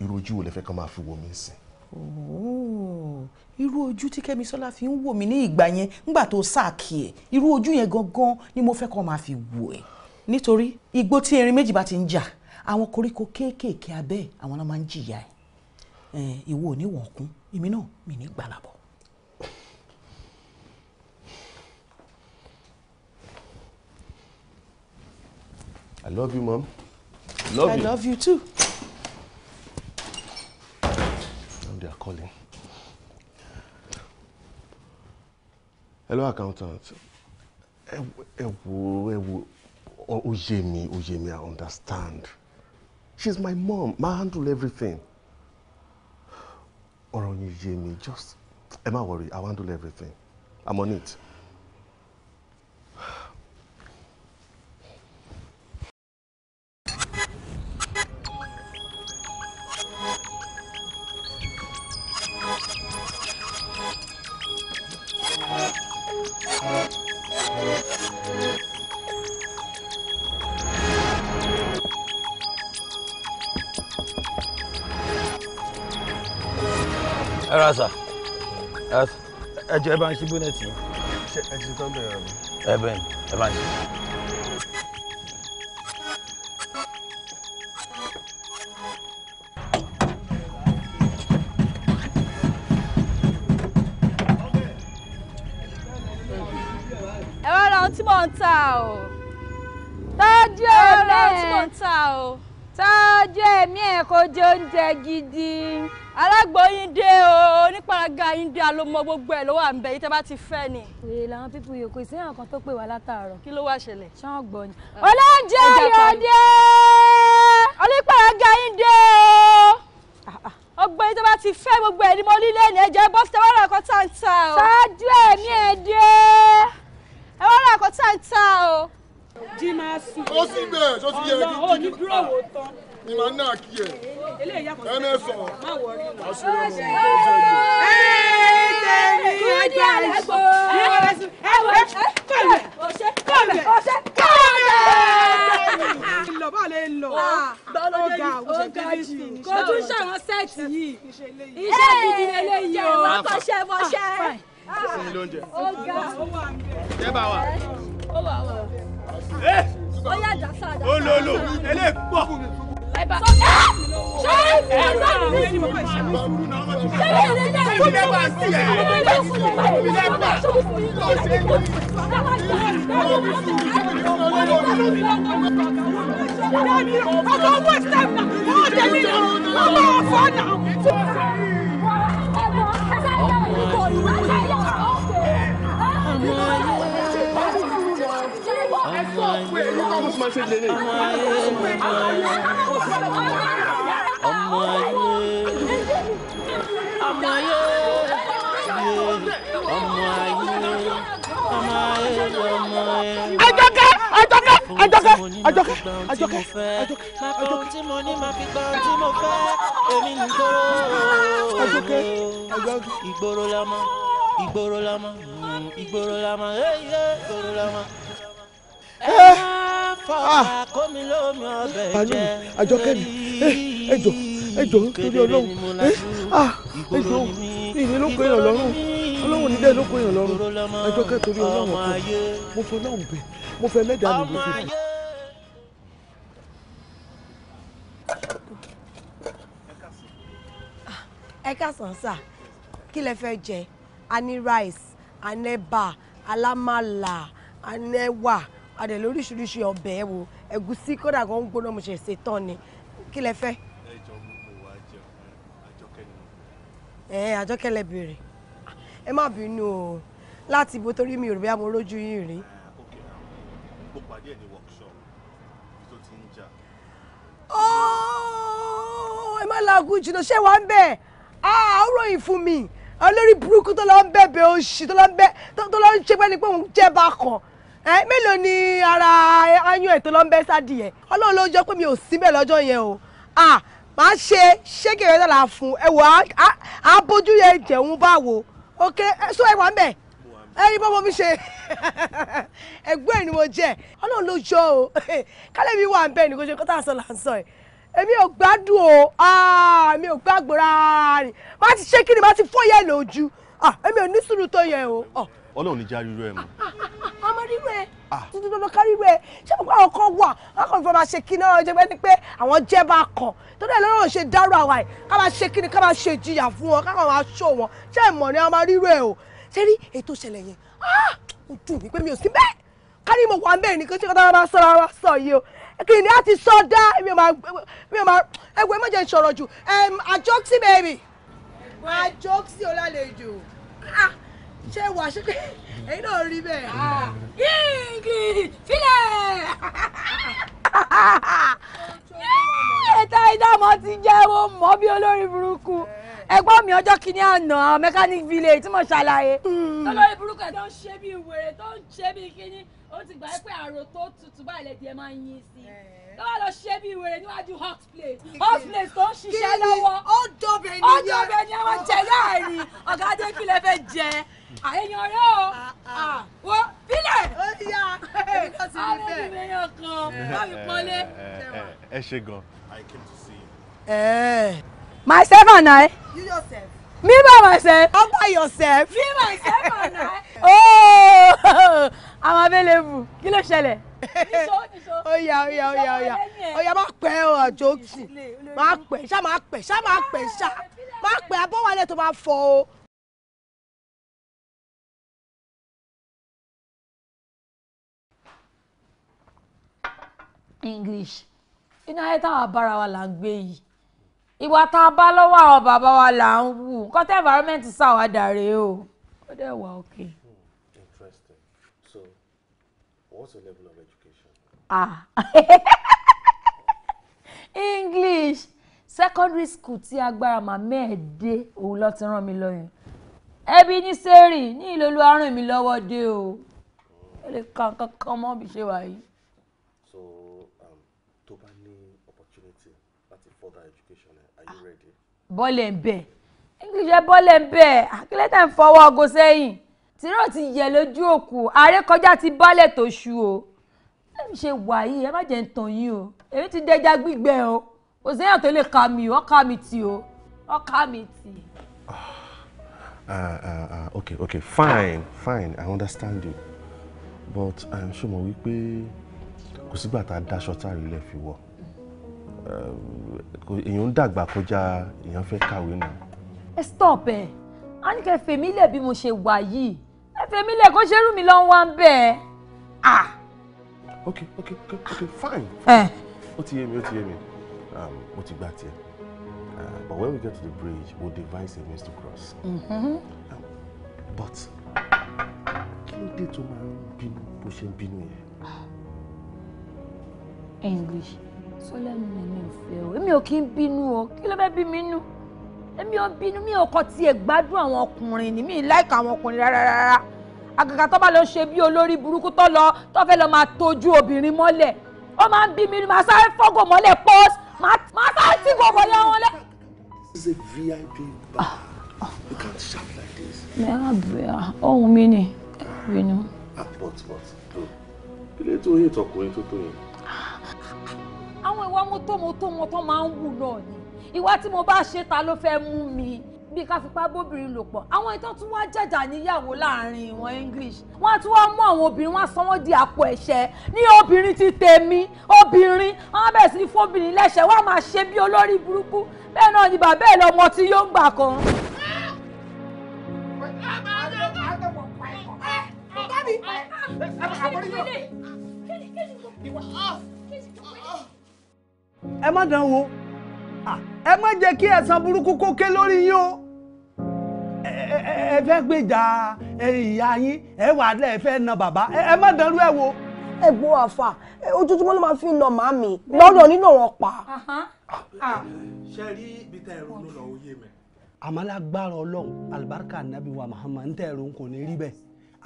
irú ojú wo lẹ fẹ́ kàn máa fi wo mi sí. Oh, irú ojú tí kẹ́mi sọ́lá fi ń wò mí ní ìgbà yẹn ńgbà tó sáàkì ẹ̀ irú ojú yẹn gangan ni mo fẹ́ kàn máa fi wò ẹ̀ nítorí igbó tí erin méjì bá ti ń jà àwọn koríko kéékèèké abẹ́ àwọn náà máa ń jìyà ẹ̀ ìwọ ní wọ̀n kún èmi náà mi ní gbàlàbọ̀. I love you, mom. Love I you. love you too. Now they are calling. Hello, accountant. Ẹ wo, ẹ wo, ó yé mi, ó mi, I understand. She's my mom. Ma handle everything ọ̀rọ̀ yìí yé mi just ẹ má worry i wan do everything i'm on it. ẹjọ ẹ ń ṣí bọ́nẹ̀tì yìí. ẹ ti tán bẹ̀rẹ̀ mi. ẹ bẹ́ẹ̀ ẹ bá ń ṣe. ẹ wá ra ohun tí mò ń tà o. tọ́jú ọ̀rẹ́ ohun tí mò ń tà o tọ́jú ẹ̀mí ẹ̀ kó jẹ oúnjẹ gidi alágbóyíndé o oníparaga yíndé alómọ gbogbo ẹ̀ ló wà ń bẹ yìí tẹ́ bá ti fẹ́ ni. èyí làwọn pípù yòókù ìsìn àwọn kan tó pè wá látàárọ̀. kí ló wá ṣẹlẹ̀. ṣán gbọ́ ni. olóúnjẹ ah, ìyọ̀dé oníparaga o ọgbọ́n ah, ah. yìí tẹ́ bá ti fẹ́ gbogbo ẹ̀ ni mo lílé ní ẹ̀jẹ̀ bọ́ fi tẹ́wọ́ rà kọ́ tàǹtà o. tọ́jú ẹ̀mí ẹ̀ dé ẹ̀wọ́ rà o jí máa sùn. ó sì bẹ́ẹ̀ tó ti yẹ kí jí máa ní dúró wò tán. ni màá náà kí ẹ. eléyìí yàtọ̀ sí ẹ sọ. má wọrí lọ. àṣírí ọmọ mi ló jẹ jù. tèmi ẹgbẹ́ ẹ̀ṣọ́. ẹ wọ ẹ kọ́lẹ̀ kọ́lẹ̀ kọ́lẹ̀. lọ bá lè lọ. Ah, ọgá ọgá jù kó tún ṣàwọn sẹ́ẹ̀tì yìí. iṣẹ́ gidi eléyìí o. jẹ̀wọ́ kọ́ṣẹ́ mọ́ṣẹ́. ó ga ó wà ń bẹ̀. jẹ́ bá wa. ó wà wà. Oh ó yà dá sáadá. ó lò lò eléyìí pọ̀. ṣé ẹ bá mi ní ìmọ̀ ṣe mí fún mi bá sí ẹ̀ fún mi bá sí ẹ̀ ó ṣe é lórí ọkọ̀ ọmọ ìsẹ́mi náà ọmọ ọ̀dẹ́ni náà ọmọ ọ̀fọ́ náà. bó ti máa ṣe lélẹ̀. ọmọ ayé ọmọ ayé ọmọ ayé ọmọ ayé ọmọ ayé. Àjọkẹ́ Àjọkẹ́ Àjọkẹ́ àánú ah. àjọkẹ́ mi eh, ẹjọ ẹjọ nítorí ọlọ́run eh, ah, ẹjọ ìní ló kọ èèyàn lọ́rùn ọlọ́run nílẹ̀ ló kọ èèyàn lọ́rùn àjọkẹ́ torí ọlọ́run ọkọ mo fọ ọlọ́run bẹ mo fẹ mẹ́ta mi lójú mi. ẹ káàsán sà kí lẹ fẹ́ jẹ a ní rice a ní ẹ̀bà alámàlà a ní ẹ̀wà adẹ̀ lóríṣiríṣi ọbẹ̀ ẹ wo ẹ̀gúsí kódà kan ń gbóná mo ṣe ṣe tán ni kí lẹ fẹ́. ẹjọ gbogbo wa jẹ àjọkẹ́ ni mo fẹ́. ẹ àjọkẹ́ lẹ béèrè ẹ má bínú o láti ibo torí mi ò rí bí amọ̀ lójú yìí rí. Ah, mo pàdé ẹ̀ ní workshop ibi tó ti ń jà. ẹ má laagun jùlọ ṣé wàá ń bẹ̀ á ah, ròyìn fún mi olórí burúkú tó lọ ń bẹ̀bẹ̀ oṣù tó lọ ń ṣe pé ní pé òun jẹ́ bá kàn ẹ mélòó ni ara ayún ẹ̀ tó lọ ń bẹ́ sádìyẹ ọlọ́run ló jọ pé mi ò síbẹ̀ lọ́jọ́ yẹn o máa ṣe ṣégèrè náà la fún ẹ wò á bójú yẹn jẹun báwo ok so ẹ wà ń bẹ̀ ẹyin bọ́ bọ́ mi ṣe ẹgbẹ́ ẹ̀ ni mo jẹ́ ọlọ́run ló jọ o kálẹ̀ mi wà ń bẹ̀ ni kò ṣe kó tá a sọ là ń sọ ẹ̀ èmi ò gbádùn o èmi ò gbàgbọ́ rárá ni má ti ṣé kí ni má ti fọ́ yẹ̀ lójú èmi ò ní sùúrù tó yẹ o ọlọ́run ní já rírọ ẹ̀ mọ́. ọmọ rírọ ẹ tuntun dandan ká rírọ ẹ ṣé mo pa àwọn kan wà wọn kàn fẹ́ máa ṣe kí náà jẹ́ pẹ́ni pé àwọn jẹ́ bá kàn tó dẹ̀ lọ́rọ̀ ṣe dárò àwa ẹ̀ ká máa ṣe kí ni ká máa ṣe ìjìyà fún wọn ká máa ṣọ́ wọn ṣé ìmọ̀ ni ọmọ rírọ ẹ o ṣé rí ètò ìṣẹ̀lẹ̀ yẹn ó dùn mí pé mi ò sí bẹ́ẹ̀ kárí mo wà mẹ́rin nìkan ṣé kí wọ́n bá sọ̀rọ̀ wa sọ yìí o kì ní àti sọ́dá mi ò máa mi ò máa ẹgbẹ́ jù àjọksí bẹ́ẹ̀ mi àjọksí ọlálejò ah ṣé wà ṣe pé ẹ̀yin náà rí bẹ́ẹ̀ yíngì sílẹ̀ ẹ̀ta ìdámọ̀ ti jẹ́ wọ́n mọ́ bí olórí burúkú ẹ̀gbọ́n mi ọjọ́ kìíní àná mechanic village tí mo ṣàlàyé. tọ́lọ́ mm. ìburúkú ẹ̀ tó ń ṣe bí wèrè tó ń ṣe bí kíní ó ti gbà pé àrò tó tutù báyìí lè díẹ̀ máa ń yin sí i eh. lọ́wọ́ lọ ṣe bí wèrè níwájú hot plate hot plate tó ń ṣiṣẹ́ lọ́wọ́ ó dọ̀bẹ̀ ni ó jẹ láàrin ọ̀gá dé kí lè fẹ́ jẹ àyẹ̀yàn rẹ̀ o ah, ah. Ah, wo bílẹ̀ ọ̀rẹ́ mi mẹ́yàn kan eh, báyìí pọ́nlé. Eh, ẹ ṣe gan. to see you myself and I. You yourself. Me by myself. All by yourself. Me myself and I. Oh, I'm available. Kí ló ṣẹlẹ̀? Oya oya oya oya oya má pẹ́ o àjòkì má pẹ́ ṣá má pẹ́ ṣá má pẹ́ ṣá ah, má pẹ́ abọ́wálé tó máa fọ o. English iná ayé táwọn abára wa là ń gbé yìí ìwà tá a bá lọ́wọ́ àwọn bàbá wa là ń wù nǹkan tẹ́ environment ṣàwádà rèé o ó dẹ̀ wà òkè. Hmm, interesting so what's your level of education. ah english secondary school tí agbára màmá ẹ̀ dé òun ló ti rán mi lọ yẹn ẹbí ní sẹ́rì ní ìlú olúwa ràn mí lọ́wọ́ dé o ó lè ka nǹkan mọ́ bí ṣe wà yìí. bọ́ọ̀lẹ̀ ń bẹ̀ english ẹ bọ́ọ̀lẹ̀ ń bẹ̀ àkílẹ̀ tẹ̀ ń fọwọ́ ọgọ sẹ́yìn tìrọ̀ ti yẹ lójú òkú ààrẹ kọjá ti bọ́ọ̀lẹ̀ tó ṣu o ẹ ń ṣe wàyí ẹ má jẹ́ ń tàn yín o èmi ti dẹja gbígbẹ o kò séyàn tó lè ka mi o ọkà mi tì o ọkà mi tì. Ah, ah, ah, okay okay fine fine i understand you but um, ṣùgbọ́n wípé kò sígbà tá a dáṣọ tá a rí lẹ́ fi wọ̀ èèyàn ń dàgbà kọjá èèyàn fẹ́ kàwé náà. ẹ stop ẹ a ní kẹ́ fèmí lẹ̀ bí mo ṣe wà yìí ẹ fèmí lẹ̀ kó ṣerú mi lọ́n wá ń bẹ̀ ẹ́ ok ok ok ok fine. ó ti yé mi ó ti yé mi um, mo ti gbà tiẹ̀ uh, but when we get to the bridge we'll devise a means to cross. Mm-hmm. um, but kí ló dé tó máa ń bínú bó ṣe ń bínú yẹn. English sọlẹ́nu mi mi ò fẹ́ o èmi ò kí ń bínú o kí ló fẹ́ bí mi nú èmi ò bínú mi ò kọ́ tiẹ̀ gbádùn àwọn ọkùnrin ni mi ì láìka àwọn ọkùnrin rárá àgàgà tó bá lọ ṣe bí olórí burúkú tó lọ tó fẹ́ lọ máa tọ́jú obìnrin mọ́lẹ̀ ó máa ń bí mi máa sáré fọ́gò mọ́lẹ̀ pọ́s máa sáré tí kò kò wọn lẹ. This is a VIP bar. You can't shout like this. mẹ́rà bẹ́ẹ̀ ohun mi ni. bínú. Ah, but but kí lè tó yé ìtọkùnrin tó tó yẹn àwọn ìwà mọ́tòmọ́tò wọn tó máa ń wù náà ni ìwà tí mo bá ṣe ta ló fẹ́ mú mi bí ká fipá bóbìnrin lò pọ̀ àwọn ìtàn tún wá jàjà níyàwó láàrin ìwọ̀n English wọ́n á tún wá mú àwọn obìnrin wọ́n á sanwó di àpò ẹ̀ṣẹ̀ ní obìnrin ti tèmi obìnrin wọ́n bẹ̀rẹ̀ sí fóbìnrin lẹ́sẹ̀ wọ́n á máa ṣe bí olórí burúkú bẹ́ẹ̀ náà ni bàbá ẹ̀ lọ́mọ tí yóò gbà kan. ìwà ọ̀f. ẹ má dán wo ẹ má jẹ́ kí ẹ̀san burúkú kókè lórí yín o ẹ fẹ́ gbèjà ìyá yín ẹ wà lẹ́ fẹ́ na bàbá ẹ má dánrú ẹ wo. ẹ gbọ́ àfà ojoojúmọ́ ló máa fi nà màá ah. mi lọ́dọ̀ nínú wọn pa. ṣe rí ibi tá ẹ̀rọ ló lọ oyè mẹ́. àmọ́ lágbára alibarika anabi wa Muhammad ń tẹ̀rù kò ní rí bẹ́ẹ̀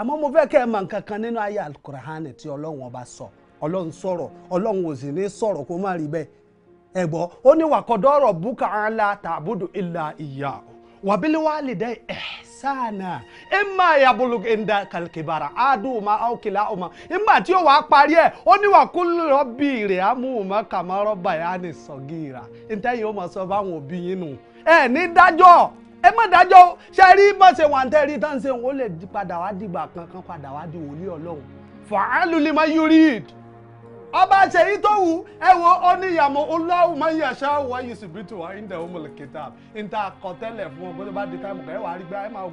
àmọ́ mo fẹ́ kẹ́ ẹ mọ nǹkan kan nínú ayé alukurahani tí ọlọ́run ọba sọ ọlọ́run sọrọ ọlọ́run ò sì ní sọ̀rọ̀ kó má rí bẹ́ẹ̀ ẹ̀gbọ́ ó ní wàkọ̀dọ́rọ̀ búkà ńlá tàbúdù ìlà ìyá wàbílí wàlì dẹ́ ẹ̀sánà ẹ máa yàbùlù ẹ̀ńdà kàlkìbàrà àdùnmá àwòkìlà ọmọ ìgbà tí ó wàá parí ẹ̀ ó ní wàkúlù rọ́bì rẹ̀ amúhùnmá kàmárọ̀ bàyánì sọ̀gìrà ntẹ́yìn ó mọ̀ sọ fáwọn òbí yín nù ẹ ní dájọ́ ẹ má dájọ́ ṣe rí bọ́sẹ̀ wà ń tẹ́ rí tán ṣe òun ó lè padà wá dìgbà kankan padà wá di wòlíì ọlọ́run fàálù lè má yúrìd ọba ṣèyí tó wù ẹ wo oníyàmó Allahu man yasha wa yusbitu wa inda umul kitab níta àkọtẹ́lẹ̀ fún ọgbọ́n tó bá di táìmù kan ẹ wàá rí gbá ẹ máa wọ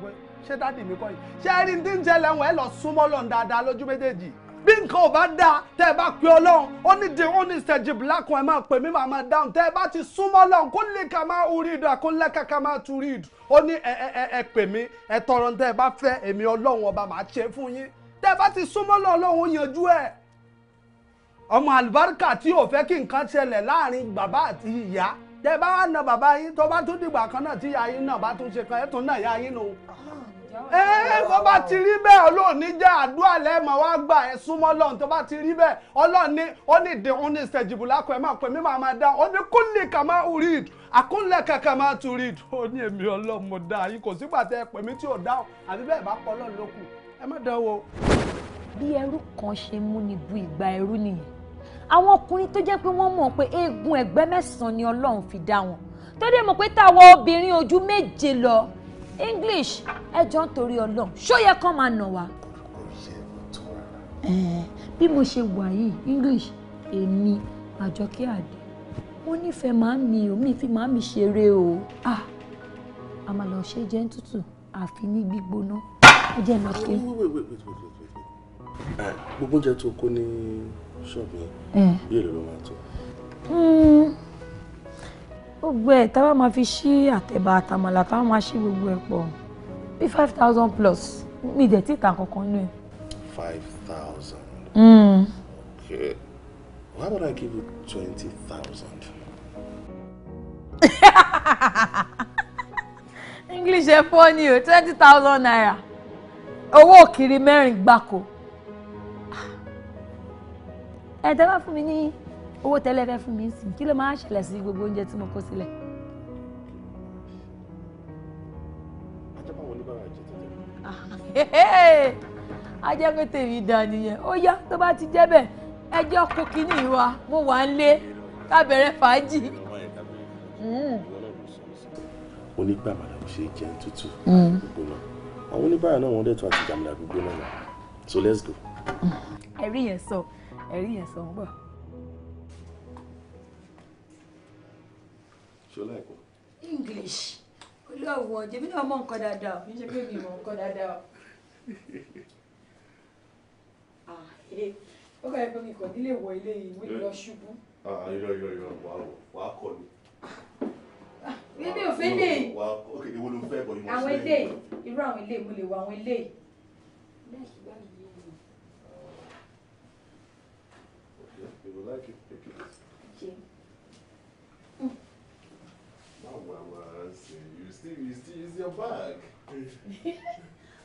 ṣé dáàdì mi kọ́ yìí ṣé ẹni tí ń jẹlẹ̀ wọn ẹ lọ súnmọ́ lọ́n dáadáa lójú méjèèjì bí nǹkan ò bá dáa tẹ́ ẹ bá pe ọlọ́run ó ní di ó ní ìṣẹ̀jìbì lákùn ẹ máa pè mí màá máa dáhùn tẹ́ ẹ bá ti súnmọ́ ọlọ́run kó lè ká máa orí ìdù àkólẹ́ kàkà máa tu rí ìdù ó ní ẹ ẹ ẹ pè mí ẹ tọrọ tẹ́ ẹ bá fẹ́ èmi ọlọ́run ọba màá ṣe fún yín tẹ́ ẹ bá ti súnmọ́ ọlọ́run ó yanjú ẹ̀ ọmọ àlùbáríkà tí ò fẹ́ kí nǹkan ṣẹlẹ̀ láàrin bàbá àti ìyá tẹ bá wà ná bàbá yín tó bá tún dìgbà kan náà tí ìyá yín náà bá tún ṣe kan ẹ tún náà ìyá yín nù. ẹ kó bá ti rí bẹ́ẹ̀ ọlọ́run ní jẹ́ àdúrà lẹ́ẹ̀mọ́ wá gbà ẹ súnmọ́ ọlọ́run tó bá ti rí bẹ́ẹ̀ ọlọ́run ní ó ní ìdè òun ní ìṣẹ̀jìbù lákọ̀ ẹ máa pè mí màá máa dá ó ní kúnlẹ̀ kà máa ń rí àkúnlẹ̀ kankan máa tún rí ó ní èmi ọlọ́run dá yín kò sígbà tẹ ẹ pè mí tí ò dáhùn àbí bẹ́ẹ̀ bá pọ̀ ọlọ́run lókù ẹ má dánwò. bí ẹrú kan ṣe múni bu ìgbà ẹrú nìyẹn àwọn ọkùnrin tó jẹ́ pé wọ́n mọ̀ pé eegun ẹ̀gbẹ́ mẹ́sàn-án ni ọlọ́run fi dá wọn tó dé mọ̀ pé táwọn obìnrin ojú méje lọ english ẹjọ́ nítorí ọlọ́run ṣó yẹ kán máa nà wá. bí mo ṣe wà yìí english èmi àjọkẹ́ àdé mo nífẹ̀ẹ́ màámi o mi fi màámi ṣeré o ah àmàlà ọ̀ṣẹ́ jẹ́ ń tútù àfi ní gbígbóná ẹ jẹ́ lọ sí. Eh, gbogbo oúnjẹ tó kó ní ṣọ́ọ̀bù yẹn yóò lọ hmm. gbogbo ẹ̀ tá a bá máa fi ṣí àtẹ̀bà àtàmàlà tá a máa ṣí gbogbo ẹ̀ pọ̀ bí five thousand plus mi dẹ̀ tí ìta kankan nù five thousand. Hmm. okay why would I give you twenty thousand. English ẹ̀ fọ́ ni o twenty thousand naira owó òkiri mẹ́rin gbáko ẹ tẹ́ bá fún mi ní owó tẹ́lẹ̀ fẹ́ fún mi sí kí ló máa ṣẹlẹ̀ sí gbogbo oúnjẹ tí mo kó sílẹ̀. ajẹ́pẹ́ ah, tèmi dà nìyẹn ó yá tó bá ti jẹ́ bẹ́ẹ̀ ẹjọ́ kó kínní wa mo wà ń lé ká bẹ̀rẹ̀ fàájì. Hmm. onígbàmọ̀lá ò ṣe jẹun tútù hmm. gbígbóná àwọn oníbàárà náà wọ́n dẹ̀ tún àti jàmùlà gbígbóná náà so let's go. Hmm. ẹ̀rí yẹn sọ. So ẹ̀rí yẹn sọ ń gbọ́. ṣọlá ẹ̀kọ́. English olóòwò jèmi náà mọ nǹkan dáadáa kì í ṣe pé mi mọ nǹkan dáadáa. Ah, ó kọ́ ẹ pé mi kò nílé wọ ilé ìwé lọ ṣubú. Ah, irọ́ irọ́ irọ́ wà á wọ̀ wà á kọ́ ni. Bébí ah, ò fẹ́ lè. Àwọn ilé irú àwọn ilé mo lè wọ àwọn ilé. Bẹ́ẹ̀ ṣùgbọ́n mi. would like it because okay. mm. Mama, say you still you still use your bag.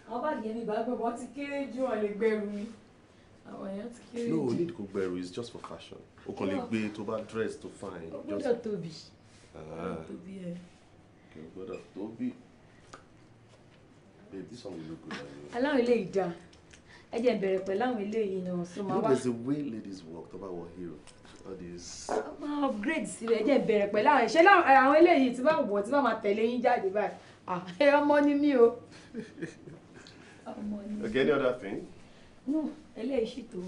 Àwọn báàgì yẹn ni ìbá gbẹ̀bọ̀ ti kéré jù ọ̀ lè gbẹ̀rù mi. Àwọn èèyàn ti need to gbẹ̀rù is just for fashion. We kàn lè gbé tó bá dress to find. O gbọ́dọ̀ tóbi. Tóbi ẹ̀. O gbọ́dọ̀ tóbi. Babe, this one will look good on you. Aláwọ̀ ilé ìdá ẹ jẹ́ bẹ̀rẹ̀ pẹ̀lú àwọn eléyìí náà so máa wá. there's a way ladies work tó bá wọ hero all these. máa upgrade sílẹ̀ ẹ jẹ́ bẹ̀rẹ̀ pẹ̀lú àwọn ìṣe àwọn eléyìí tí bá wọ̀ tí bá máa tẹ̀lé yín jáde báyìí ah, ọmọ ni mí o. ọmọ ni mí. okay any other thing. no eléyìí ṣì tó.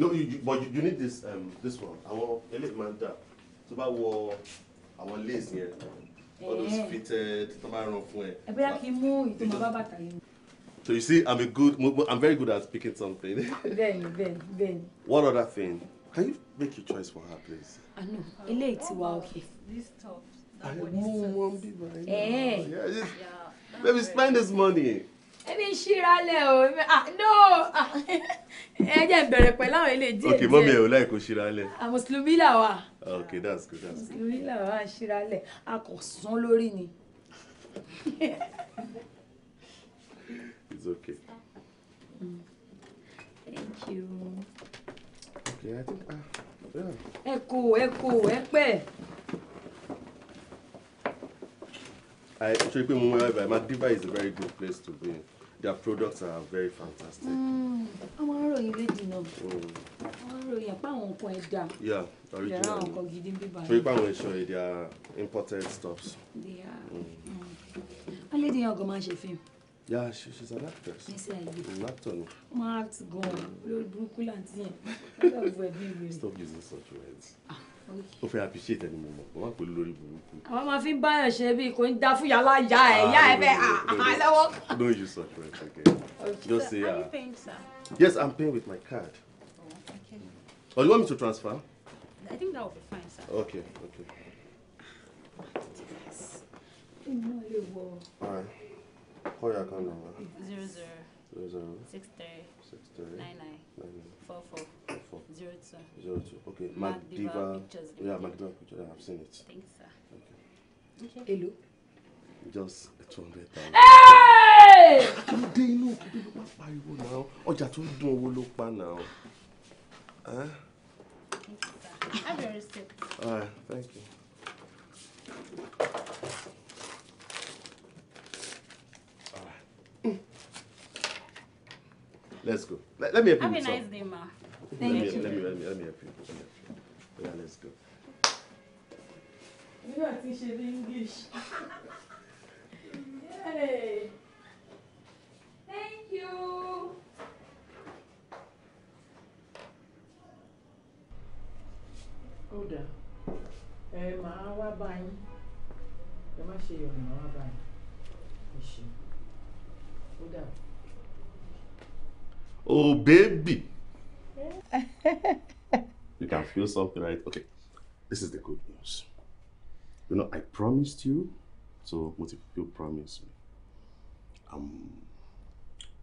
no you, you but you, you need this um, this one àwọn eléyìí máa ń dà tó bá wọ àwọn lace yẹn all those fitted tó bá rán fún ẹ. ẹ bóyá kí n mú ìtumọ̀ bá bàtà yẹn. So you see, I'm a good, I'm very good at picking something. Bẹ́ẹ̀ni, bẹ́ẹ̀ni, bẹ́ẹ̀ni. One other thing, can you make your choice for her, please? I know. Eléyìí ti wà okay. This top. Baby, eh. spend this money. Èmi ń ṣíralẹ̀ o, ah, no, ah, ẹ jẹ́ bẹ̀rẹ̀ pẹ̀lú àwọn ilé díẹ̀ Okay, mommy, ẹ̀ like láì kó ṣíralẹ̀. À ah, Mùsùlùmí là Okay, that's good, that's good. Mùsùlùmí là wà ṣíralẹ̀, a kò sán lórí ni. It's okay. Thank you. Okay, I think. Uh, yeah. Ẹ kú, ẹ I actually pé mo Madiba is a very good place to be. Their products are very fantastic. Àwọn hmm, aròyìn lédi náà. Àwọn hmm. aròyìn àpá àwọn nǹkan ẹ̀dá. Yeah, original. Yàrá àwọn nǹkan gidi ń bíbá. Torí pé àwọn ẹ̀ṣọ́ yìí they are imported stuffs. They are. Alédè yẹn ọgọ́ máa Yeah, she, she's an actress. Yes, I am. An actor, no? My heart's gone. Lord Brooklyn, and Stop using such words. o fẹ́ appreciate ẹni mo mọ̀ o wá pẹ̀lú lórí burúkú. àwọn máa fi ń báyọ̀ ṣe bí kò ń dá fún yàrá ìyá ẹ̀ ìyá ẹ̀ bẹ́ẹ̀ àmà lọ́wọ́. no use such words okay. okay. just say. Uh, are paying sir. yes i'm paying with my card. oh okay. oh you want me to transfer. i think that will be fine sir. okay okay. Ah, All right. Call your account number. Zero zero. Zero zero. Six three. Six three. Nine nine. Nine nine. Four four. Four Zero two. Zero two. Okay. Magdiva. Pictures. Yeah, Magdiva pictures. I've seen it. Thanks, sir. Okay. Hello. Just two hundred thousand. Hey! Dé inú òkúté ló máa pariwo náà. Ọjà tó ń dún owó ló pa náà. Have your receipt. All right, thank you. Let's go. Let, let me help you. Have a nice day, ma. Thank let you. Me, let, me, let, me, let me help you. Let me help you. Yeah, let's go. You are teaching English. Yay. Thank you. Kódà, ẹ máa wá You must má your ìrìn àwọn báyìí, ẹ ṣe, kódà. Oh, baby. you can feel something, right? Okay, this is the good news. You know, I promised you, so what if you promise me? Um,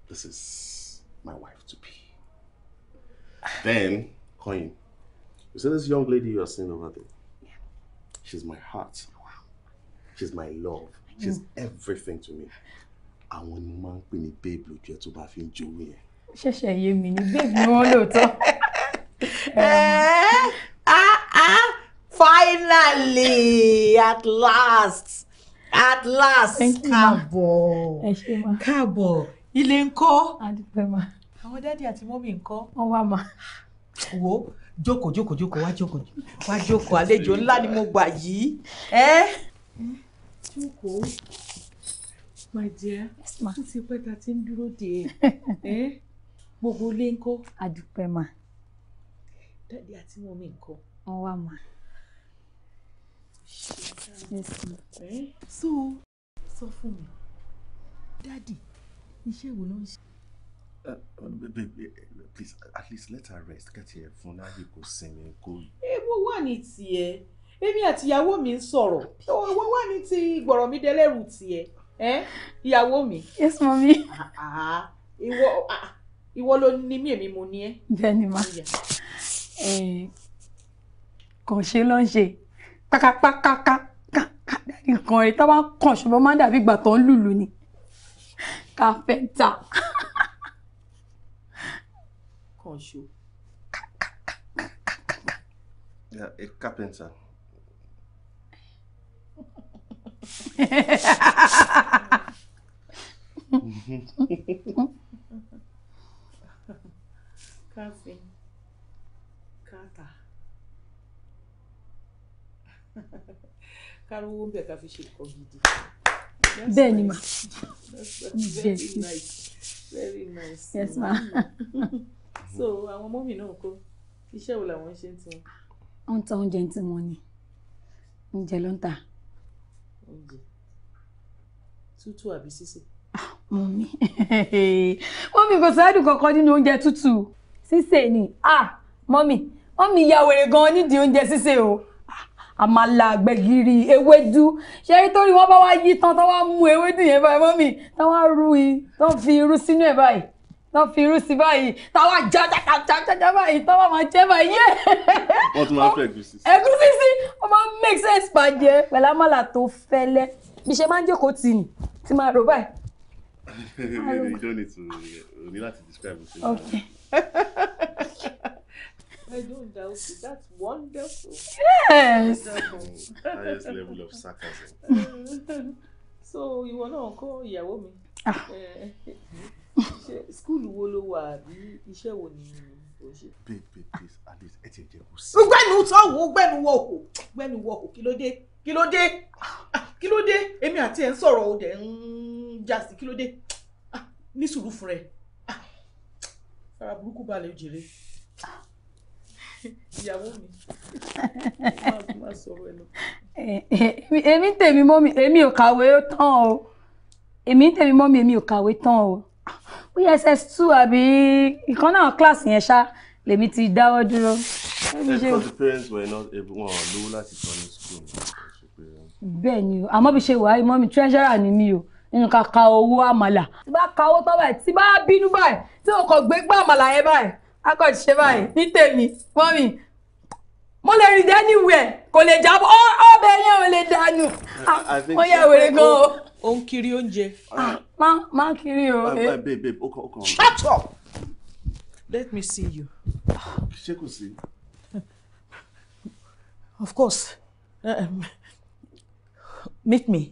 this is my wife to be. then, Coin, you see this young lady you are seeing over there? Yeah. She's my heart. Wow. She's my love. She's mm. everything to me. Àwọn ni mo máa ń pè ní babe to ẹ tó bá fi ń ṣẹ̀ṣẹ̀ yé mi ní bébì wọn lóòótọ́. Eh, ah, ah, finally at last at last káàbọ̀ káàbọ̀ ilé ńkọ́ àwọn dádì àti mọ́mì ńkọ́. wọ́n wá ma. wo jókòó jókòó jókòó wá jókòó wá jókòó àlejò ńlá ni mo gbà yìí. jókòó my dear yes ma ó ti pẹ́ ta ti ń dúró dè é. gbogbo ilé ńkọ́. àdùpẹ́ mà. dáàdi àti mọ́mí ńkọ́. wọ́n wà mà. Eh, so sọ fún mi dáàdi iṣẹ́ wo ló ń ṣe. Uh, please at least let her rest kẹ́tì ẹ̀ fún láàyè kó sinmi kó. èwo eh, wà ní tiẹ̀ èmi àti ìyàwó mi ń sọ̀rọ̀ ìwọ wà ní ti gbọ̀rọ̀ mi dẹlẹ́rù tiẹ̀ ìyàwó mi. yes mami. Ah, ah, ìwọ ah, ìwọ ló ní mí èmi mo ní ẹ. bẹ́ẹ̀ni ma eh, kàn ṣe ló ń ṣe kákákákáká nǹkan ẹ tá bá kàn ṣùgbọ́n máa ń dàbí ìgbà tó ń lùlù ni káfẹ́ńtà. kàn ṣo. kápẹ́ńtà. Mm-hmm. Kafin, kátà. Ká rówó ń bẹ̀ ká fi ṣe nǹkan gidi. Bẹ́ẹ̀ ma. Very nice. Very nice. Yes ma. So àwọn mọ́mì náà kọ́ iṣẹ́ wo làwọn ṣe ń tiwọn? Wọ́n ń ta oúnjẹ ń tiwọn ni. Oúnjẹ ló ń tà. Oúnjẹ. Tútù àbí sísè? Mọ̀mí. Ah, Mọ̀mí kò sáádùn kankan nínú oúnjẹ tútù sísè ni ah mọ́mì mọ́mì ya wèrè gan-an nídìí oúnjẹ sísè o ah, àmàlà gbẹ̀gìrì ewédú ṣé rí torí wọ́n bá wá yí tán tán wá mú ewédú yẹn báyìí mọ́mì tán wá rú i tán fi irú sínú ẹ̀ báyìí tán fi irú sí báyìí táwa já jájájájá báyìí tán wà máa jẹ báyìí yé. wọ́n tún máa fẹ́ ẹ̀gúsí. ẹ̀gúsí sí wọ́n máa make sense bàjẹ́ pẹ̀lú àmàlà tó fẹ́lẹ́ bí ṣe máa ń jókòó tì ní tí máa rò báyìí. you don't need to describe okay. I don't doubt it. That's wonderful. Yes. Wonderful. Highest level of sarcasm. so ìwọ náà kọ́ ìyàwó mi. Ah. Eh, Skúlù wo ló wa àbí iṣẹ́ wo ni o ṣe? Babe babe please at least ẹ ti jẹ kó sí. Gbẹ́nu sọ́wọ́ gbẹ́nu wọ òkò gbẹ́nu wọ òkò kí ló dé kí ló dé kí ló dé èmi àti ẹ̀ o dẹ̀ ń jà sí kí ló dé ah, ní sùúrù fún fara burúkú balẹ̀ jèrè ìyàwó mi má sọ̀rọ̀ ẹ lọ. èmi tèmi mọ́mi èmi ò kàwé tán o èmi tèmi mọ́mi èmi ò kàwé tán o ess two àbí ìkan náà kíláàsì yẹn ṣá lèmi ti dáwọ́ dúró. because the parents were not able wọn lówó láti tọ́ ní school. bẹ́ẹ̀ ni o àmọ́ bí ṣe wà á mọ́mi treasurer ni mi o nínú ká ka owó àmàlà tí bá ka owó tán báyìí tí bá bínú báyìí tí o kò gbé gbá àmàlà yẹn báyìí a kò ṣe báyìí ní tèmi mọ́mì mo lè rìn dé anywhere kò lè jábọ́ ọbẹ̀ yẹn ò lè dànù ah, ó yẹ wèrè gan o. ó ń kiri oúnjẹ. Ah, má má kiri o. babe babe ó kàn ó kàn. shut up let me see you. of course um, meet me.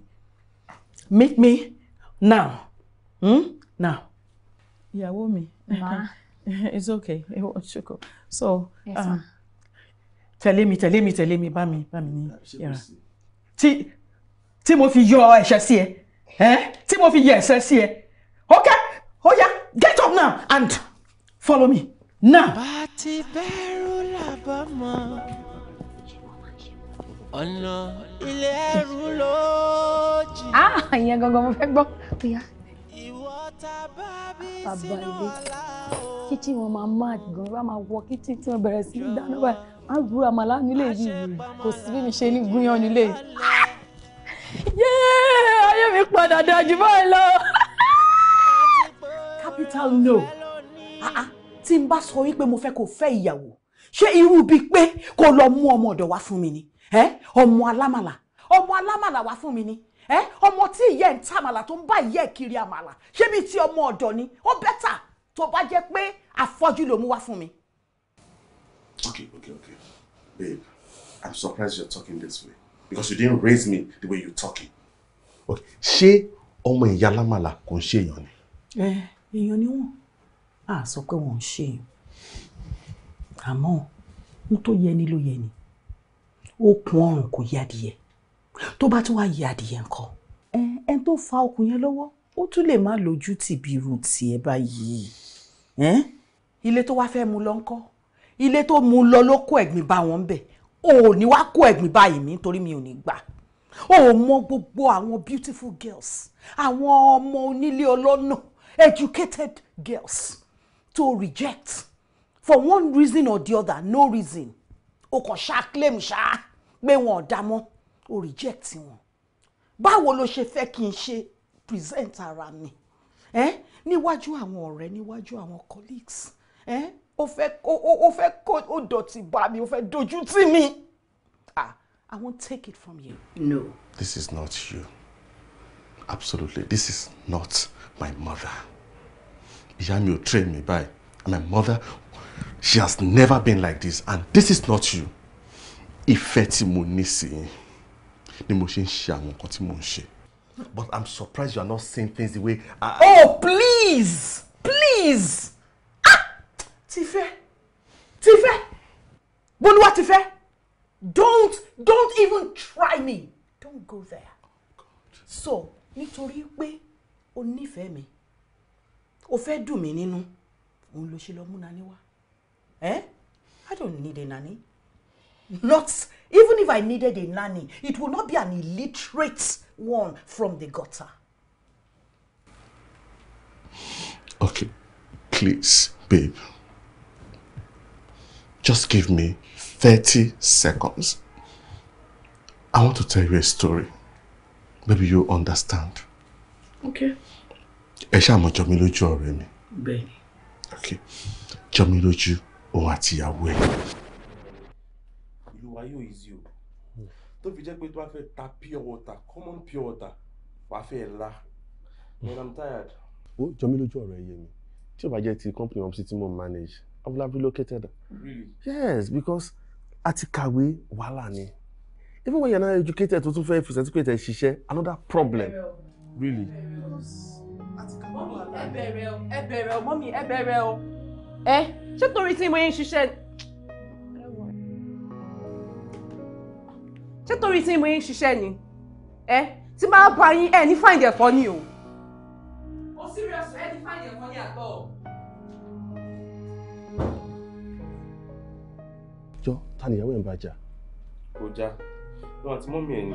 Meet me now hmm? now. Yeah, ìyàwó mi it's okay ẹ wọ ṣoko so tell me, tell me, tell me, bá me, bá me. ní ah, yàrá tí tí mo fi yọ ẹ̀ṣẹ̀ sí ẹ ẹ tí mo fi yọ ẹ̀ṣẹ̀ sí ẹ ok ó get up now and follow me now. bá a ti bẹ̀rù làbámọ̀ ọ̀nà ilé ẹ̀rù lóò. Ah, gangan mo fẹ́ gbọ́ tó yá. bàbá ilé kíchì wọn máa mad gan wọn máa wọ kíchì tí wọn bẹ̀rẹ̀ sí dáná báyìí wọn á gbúra màlá nílé yìí kò sí bí mi ṣe ní gúnyán nílé yìí. yéé capital no ah, ah, tí n bá sọ wípé mo fẹ́ kó fẹ́ ìyàwó ṣé irú bíi pé kó lọ mú ọmọ ọ̀dọ̀ wá fún mi ni ọmọ alámàlà ọmọ alámàlà wá fún mi ni ẹ ọmọ tí ìyá ẹ̀ ń ta àmàlà tó ń bá ìyá ẹ̀ kiri àmàlà ṣé bíi ti ọmọ ọ̀dọ̀ ni ó bẹ́tà tó bá jẹ́ pé àfọ́jú ló mú wá fún mi. okay okay okay babe i'm surprised you're talking this way because you didn't raise me the way you're talking. okay ṣé ọmọ ìyá lámàlà kò ń ṣe èèyàn ni. ẹ èèyàn ni wọn á sọ pé wọn ń ṣe èèyàn àmọ́ n tó yẹ ni ló yẹ ni okùn ọrùn kò yá adìyẹ tó bá tún wá yẹ adìyẹ ńkọ́. ẹ ẹ tó fa okùn yẹn lọ́wọ́ ó tún lè má lójú tìbí irú tiẹ̀ báyìí. ilé tó wá fẹ́ mu lọ ńkọ́ ilé tó mu lọ ló kó ẹ̀gbìn bá wọn bẹ̀ ò ní wá kó ẹ̀gbìn báyìí mi torí mi ò ní gbà ó mọ gbogbo àwọn beautiful girls àwọn ọmọ onílé ọlọ́nà educated girls to reject for one reason or the other no reason o kàn ṣáà claim ṣáà pé wọn ò dá mọ́ o reject wọn báwo ló ṣe fẹ́ kí n ṣe present ara mi eh? níwájú àwọn ọ̀rẹ́ níwájú àwọn colleagues eh? o fẹ́ o o fẹ́ kó o dọ̀tí bá mi o fẹ́ dojú tì mí ah I won't take it from you. No. This is not you. Absolutely, this is not my mother. Ìyá mi ò train mi báyìí my mother she has never been like this and this is not you. Ìfẹ́ tí ni mo ṣe ń ṣe àwọn nǹkan tí mo ń ṣe. But I'm surprised you are not seeing things the way I. Oh please please ah Tife Tife Boluwa Tife don't don't even try me don't go there. So nítorí pé o nífẹ̀ẹ́ mi o fẹ́ dùn mí nínú òun ló ṣe lọ mú nani wá. Eh? I don't need a nanny. Not Even if I needed a nanny, it would not be an illiterate one from the gutter. Okay, please, babe. Just give me 30 seconds. I want to tell you a story. Maybe you understand. Okay. Esha, mo mọ̀ jọ mí lójú ọ̀rẹ́ Okay. Jọ mí lójú òun àti ayé ò easy o tó fi jẹ́ pé tó bá fẹ́ ta pure water common pure water wà á fẹ́ la man i'm tired. ó jọ mí lójú ọ̀rọ̀ ẹyẹ mi tí o bá jẹ́ ti company wọn sí tí mo manage i would have relocated. really yes because àti kàwé wàhálà ni even when you're not educated tó tún fẹ́ fi certificate ṣiṣẹ́ another problem really. mọ́mí ẹ bẹ̀rẹ̀ o mọ́mí ẹ bẹ̀rẹ̀ o ẹ ṣé torí tí mo yẹn ń ṣiṣẹ́ ṣé torí tí mo yín ṣiṣẹ́ ni ẹ tí máa bá yín ẹ ní fáìndì ẹ̀fọ́ ni o. o serious ẹ ní fáìndì ẹ̀fọ́ ni àgbọ̀. jọ ta ni ìyàwó ẹ̀ ń bá jà. kò já lóun àti mọ́mí ẹ̀ ni.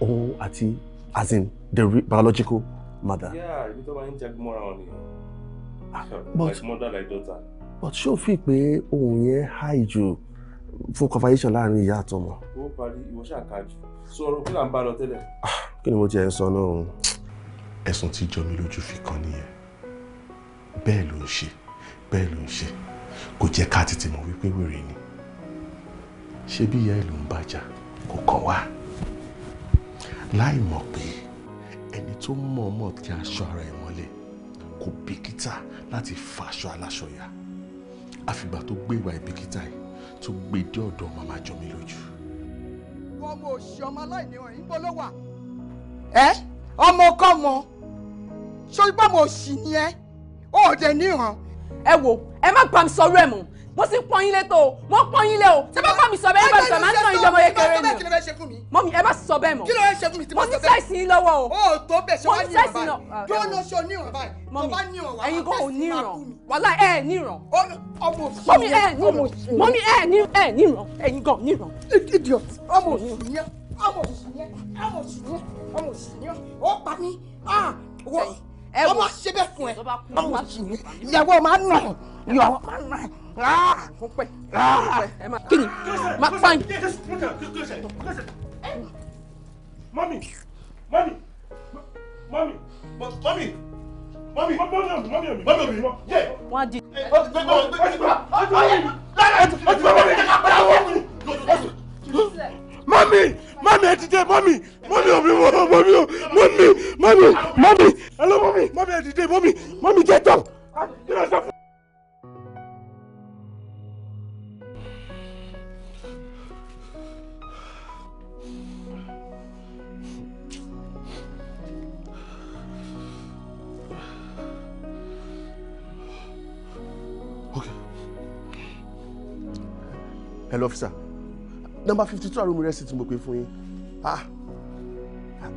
òun àti as in the biological mother. yeah ibi tó máa ń jagun mọ́ra wọn nìyẹn. like ah, mother like daughter. but ṣé o fi pé ohun yẹn high jù fún conversation láàrin ìyá àtọmọ. ó parí ìwọ ṣàkájù sọ ọ̀rọ̀ kí là ń bá lọ tẹ́lẹ̀. Ah, kí ni mo tiẹ̀ ń sọ náà. ẹ̀sùn tí jọmi lójú fi kàn nìyẹn bẹ́ẹ̀ ló ń ṣe bẹ́ẹ̀ ló ń ṣe kò jẹ́ ká tètè mọ̀ wípé wèrè ni ṣé bí ìyá ẹ̀ ló ń bàjá kò kàn wá láì mọ̀ pé ẹni tó mọ̀ọ́mọ̀ kí aṣọ ara ẹ̀ mọ́lẹ̀ kò bìkítà láti fa aláṣọ ya àfìgbà tó gbé ìwà ìbìkítà yìí tó gbé dé ọ̀dọ̀ màmá jọ mi lójú. ọmọ òṣì ọmọ aláìní ọ̀rìn bó ló wà. ẹ ọmọ kọ́mọ ṣó ipá mo òṣì ni ẹ ó dẹ níhàn. ẹ wo ẹ má bá mi sọ ọ̀rọ̀ ẹ mo sì pọ́n yín létò o pọ́n yín lé o ṣé bá bá mi sọ bẹ́ẹ̀ bá sọ máa ń nà ìjọba yẹn kéré ni mọ mi ẹ bá sọ bẹ́ẹ̀ mọ́ mo ti sẹ́ẹ̀sì yín lọ́wọ́ o o tó bẹ̀ ṣe wá ní ìrànbá yìí ah, yóò lọ ṣe oníran báyìí tó bá ní ìrànwá ẹ̀yin kò níran wàhálà ẹ̀ níran mọ mi ẹ̀ níran mọ mi ẹ̀ níran ẹ̀yin kò níran idiot ọmọ òṣìyàn ọmọ òṣìyàn ọmọ òṣìyàn ọmọ òṣìyàn ó pa mí ah wọ ọmọ ṣe bẹ́ẹ̀ fún ẹ ọmọ òṣìyàn ìyàwó máa ń nà ìyàwó máa ń nà kí ni ma pa yín. mami mami mami mami mami mami mami mami yẹ. wọ́n á di. o ti gbẹ gbẹ o ti gbẹ o ti gbẹ lára o ti gbẹ mami ká padà wọ. mami mami ẹ ti dé mami mami o mi wọ mami o mami mami mami hello mami mami ẹ ti dé mami mami jẹ tọ. hello officer number fifty two àrùn rẹ́sì tí mo pè fún yín ah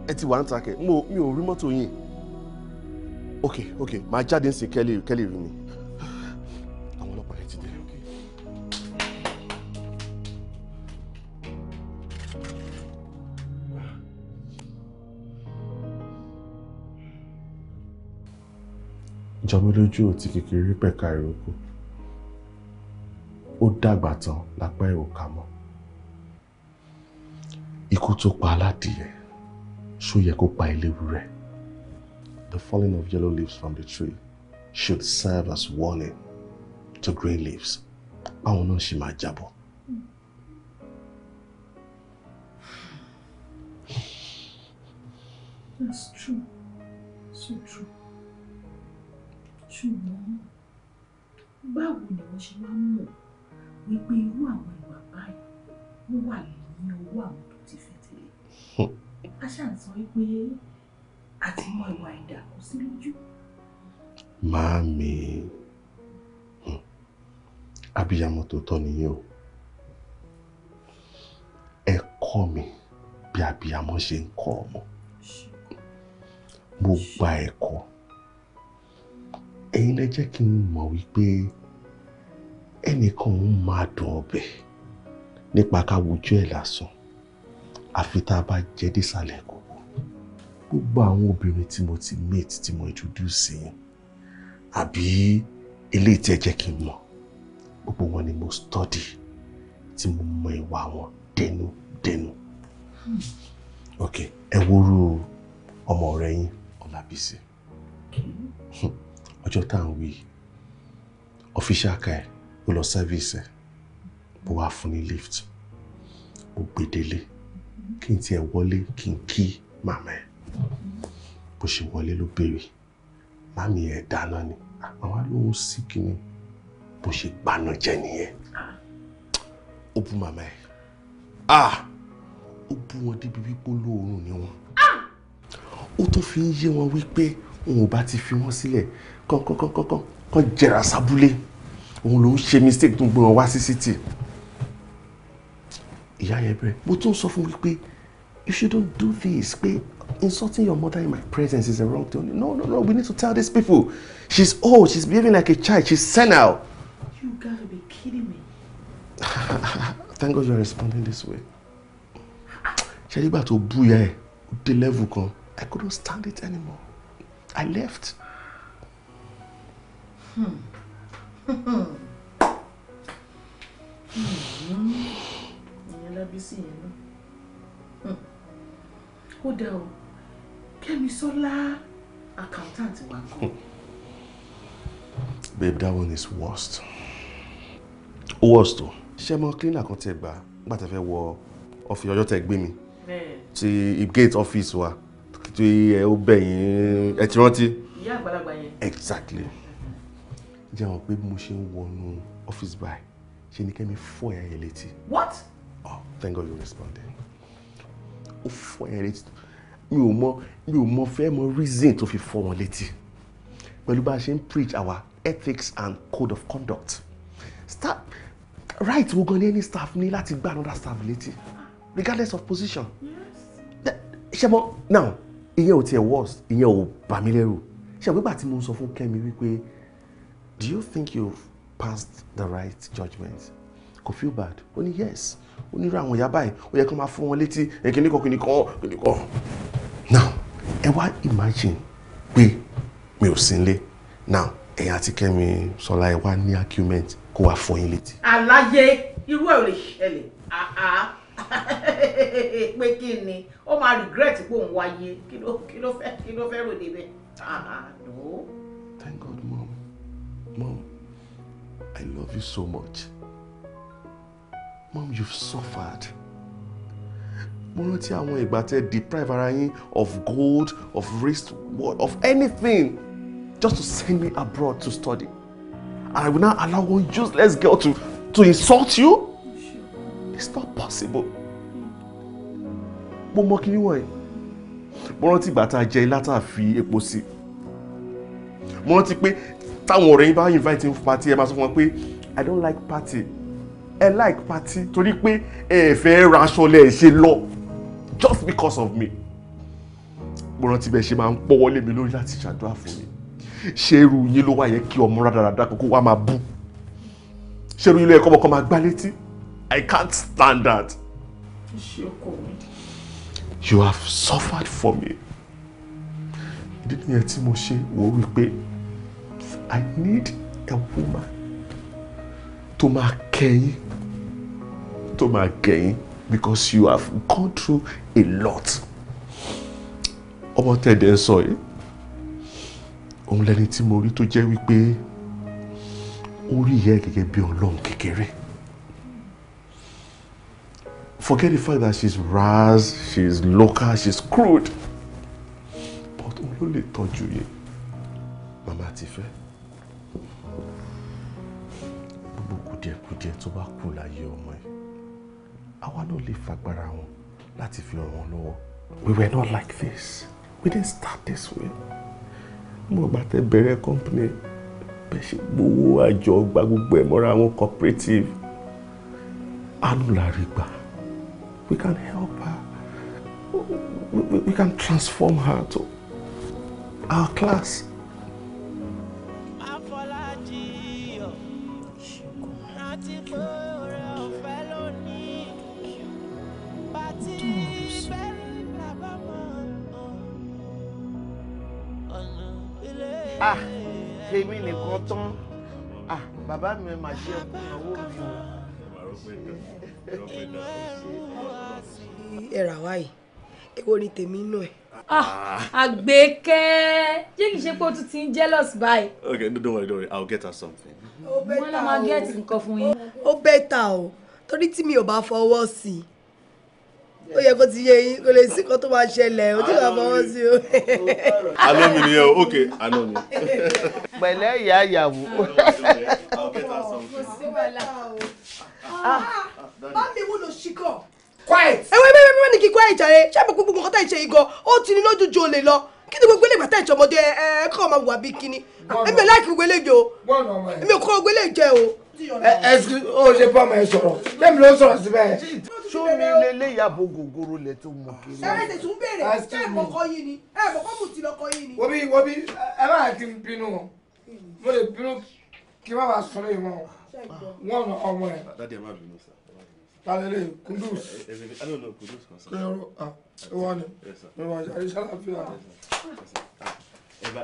ẹ ti wà ń takẹ̀ mi ò rí mọ́tò yín ok ok màá jáde ń sìn kẹ́lì kẹ́lì rí mi. jọmọlójú òtí kékeré pẹ̀ka ìrókò ó dàgbà tán lápá ẹ̀ mọ́ ikú tó pa aládìyẹ ṣó yẹ kó pa eléwúrẹ́ the falling of yellow leaves from the tree should serve as warning to green leaves báwọn náà ṣe máa jábọ́. That's true. So true. ṣùgbọ́n báwo ni wọ́n ṣe wá mọ̀ wípé irú àwọn ìwà báyìí ó wà ní ọwọ́ àwọn tó ti fẹ́ tẹ́lẹ̀. a ṣàǹsọ wípé àti mọ ìwà ẹ̀dá kò sí lójú. Máàmì abiyamọ tó tọ́ nìyẹn o ẹ kọ́ mi bí abiyamọ ṣe ń kọ́ ọmọ mo gba ẹ̀kọ́ ẹ̀yin lẹ jẹ́ kí n mọ̀ wípé ẹnìkan òun máa dùn ọbẹ̀ nípa ká wojú ẹ̀ lásán àfi tá a bá jẹ́ désàlẹ̀ kòkó gbogbo àwọn obìnrin tí mo ti meet tí mo introduce sí yẹn àbí eléyìí tí ẹ kí n mọ̀ gbogbo wọn ni mo study tí mo mọ ìwà wọn dẹnudẹnu ok ẹ wúrú ọmọ ọ̀rẹ́ yín Ọlábísí ọjọ́ tá à ń wí ọfíṣà ká ẹ̀ mo lọ sẹ́fíìsì mo wá fún ní lift mo gbé délé kí n tiẹ̀ wọlé kí n kí màmá ẹ̀ bó ṣe wọlé ló béèrè màmí ẹ̀ dáná ni àmọ́ lóhun sí kíni bó ṣe gbaná jẹ nìyẹn ó bú màmá ẹ̀ ah ó bú wọn débi wípé olóòórùn ni wọn ah! ó tún fi ń yé wọn wípé òun ò bá ti fi wọn sílẹ̀ kọ́ńkọ́ńkọ́ńkọ́ jẹrà sábúlé òun ló ń ṣe mistake tó ń gbé wọn wá sí city ìyá yẹn bẹ̀rẹ̀ mo tún sọ fún If you don't do this pé insulting your mother in my presence is a wrong thing no no no we need to tell these people she's old she's behaving like a child she's senile. you gotta be kidding me. thank God you are responding this way. ṣe nígbà tó bú ya ẹ ó dé level kan I couldn't stand it anymore I left. Hmm ìyẹn lábísí yẹn náà ó o kẹ́mi sọ́lá accountant wa kọ́. babe that one is worst worst o ṣé mo cleaner kan tẹ gbà nígbà tẹ fẹ́ wọ ọfì ọjọ́ tẹ gbé mi ti gate office wa tí ẹ ó bẹ̀yìn ẹ ti rántí. ìyá àgbàlagbà yẹn. exactly jẹ́ àwọn pé mo ṣe ń wọnú ọ́fíìsì báyìí ṣe ni kẹ́mi fọ́ ẹ̀yà yẹn létí. what. oh thank God you responded. ó fọ́ ẹ̀yà létí mi ò mọ mi ò mọ fẹ́ mọ reason tó fi fọ́ wọn létí pẹ̀lú bá a ṣe ń preach our ethics and code of conduct staff right wo gan ni any staff ní láti gbá another staff létí regardless of position. ṣe mọ now ìyẹn ò tiẹ̀ worst ìyẹn ò bà mí lẹ́rù ṣe àgbégbà tí mo ń sọ fún Kẹ́mi wípé do you think you've passed the right judgement kò feel bad ó ní yes ó ní irú àwọn ìyá báyìí ó yẹ kí wọ́n máa fún wọn létí ẹ̀kíní kan kìíní kan kìíní kan now ẹ wá imagine pé mi ò sí nílé now ẹ̀yin àti Kẹ́mi Ṣọlá ẹ wá ní argument kó wá fọyín létí. àlàyé irú ẹ̀ ò lè ṣẹlẹ̀ àá pé kí ni ó máa regret pé òun wáyé kí ló fẹ́ kí ló fẹ́ rò débẹ̀ I love you so much. Mom, you've suffered. Mo rántí àwọn ìgbà tẹ deprive ara yín of gold, of wrist, of anything just to send me abroad to study. And I will not allow one useless girl to, to insult you? It's not possible. Mo mọ kíní wọ̀nyí. Mo rántí ìgbà tá a jẹ ilá tá a fi epo sí. Mo rántí pé táwọn ọ̀rẹ́ yín bá invite yín fún party ẹ máa sọ fún wọn pé i don't like party ẹ like party torí pé ẹ fẹ́ raṣọ lẹ ṣe lọ just because of me mo rántí bẹ́ẹ̀ ṣe máa ń pọ́wọ́ lé mi lórí láti ṣàdúrà fún mi ṣé irú yín ló wà yẹ kí ọmọ rádaràdà kókó wá máa bú ṣé irú yín ló yẹ kọ́mọkọ́ máa gbá létí i can't stand that. you have suffered for me ìdí nìyẹn tí mo ṣe wò ó wípé. I need a woman to máa kẹ́yìn tó máa kẹ́yìn because you have gone through a lot ọmọ tẹ̀dẹ̀ ń sọ yìí òun lẹni tí mo rí tó jẹ́ wípé ó rí gẹ́gẹ́ bí ọlọ́run kékeré forget the fact that she's ras she's local she's crude but òun ló lè tọ́jú yìí màmá ti fẹ́. kùdìẹ̀kùdìẹ̀ tó bá kù láyé ọmọ yìí àwa náà lè fagbára wọn láti fi ràn wọ́n lọ́wọ́ we were not like this we didn't start this way mo gbà tẹ́ bẹ̀rẹ̀ company bẹ́ẹ̀ ṣe gbowó àjọ gba gbogbo ẹ̀ mọ́ra àwọn cooperative Anu la rí we can help her we, we, we can transform her to our class. bàbá mi ẹ máa ṣe ẹkún owó mi o. ẹ rà wáyé èwo ni tèmi nù ẹ. Ah, àgbékẹ́ jẹ́ kí n ṣe pé o tún ti ń jealous báyìí. okay no, don't worry don't worry i'll get her something. ó bẹ́ẹ̀ ta o wọ́n lọ máa get nǹkan fún yín. ó bẹ́ẹ̀ ta o torí tí mi ò bá fọwọ́ sí i ó yẹ kó ti yé yín kó lè sí kó tó máa ṣẹlẹ̀ ó ti máa fọwọ́ sí o. àná mi nìyẹn o ok àná mi. pẹ̀lẹ́ ìyá ìyàwó. Mami ah. ah, wo lo ṣìkọ̀? Quiet. Ẹ wẹ́n bẹ́ẹ̀ bẹ́ẹ̀ ni kí quiet jàre. Ṣé àbẹ̀ gbogbo nǹkan tá ìṣe yìí gan? Ó ti ní lójú jo lè lọ. Kí ni gbogbo eléyìí bàtà ìṣe ọmọdé ẹ eh, eh, ẹ kọ́ ọmọ wà bíi kíní? Èmi ò láìkí gbogbo eléyìí o. Èmi ò kọ́ gbogbo eléyìí jẹ o. Ẹ ẹ o ṣe bá ọmọ yẹn sọ̀rọ̀. Lẹ́mi ló ń sọ̀rọ̀ síbẹ̀. Sómi lélẹ́ ìyàbò gògoro lẹ̀ tó mú kiri. Ẹ tètè tún béèrè, ṣé ẹ̀mọ̀kọ́ yìí ni? Ẹ̀mọ̀kọ́ mú ti lọ́kọ́ yìí ni? Wobi wobi ẹ bá àti bínú mo lè bínú kí n má bàa sọ̀rọ̀ yìí mọ́ wọ́n ràn ọmọ ẹ̀. dádì ẹ má bínú sá. Alele Kudus. I don't know Kudus kan sá. Kúrò à wọ́n ni. Mo máa ṣe àríṣà láfíà.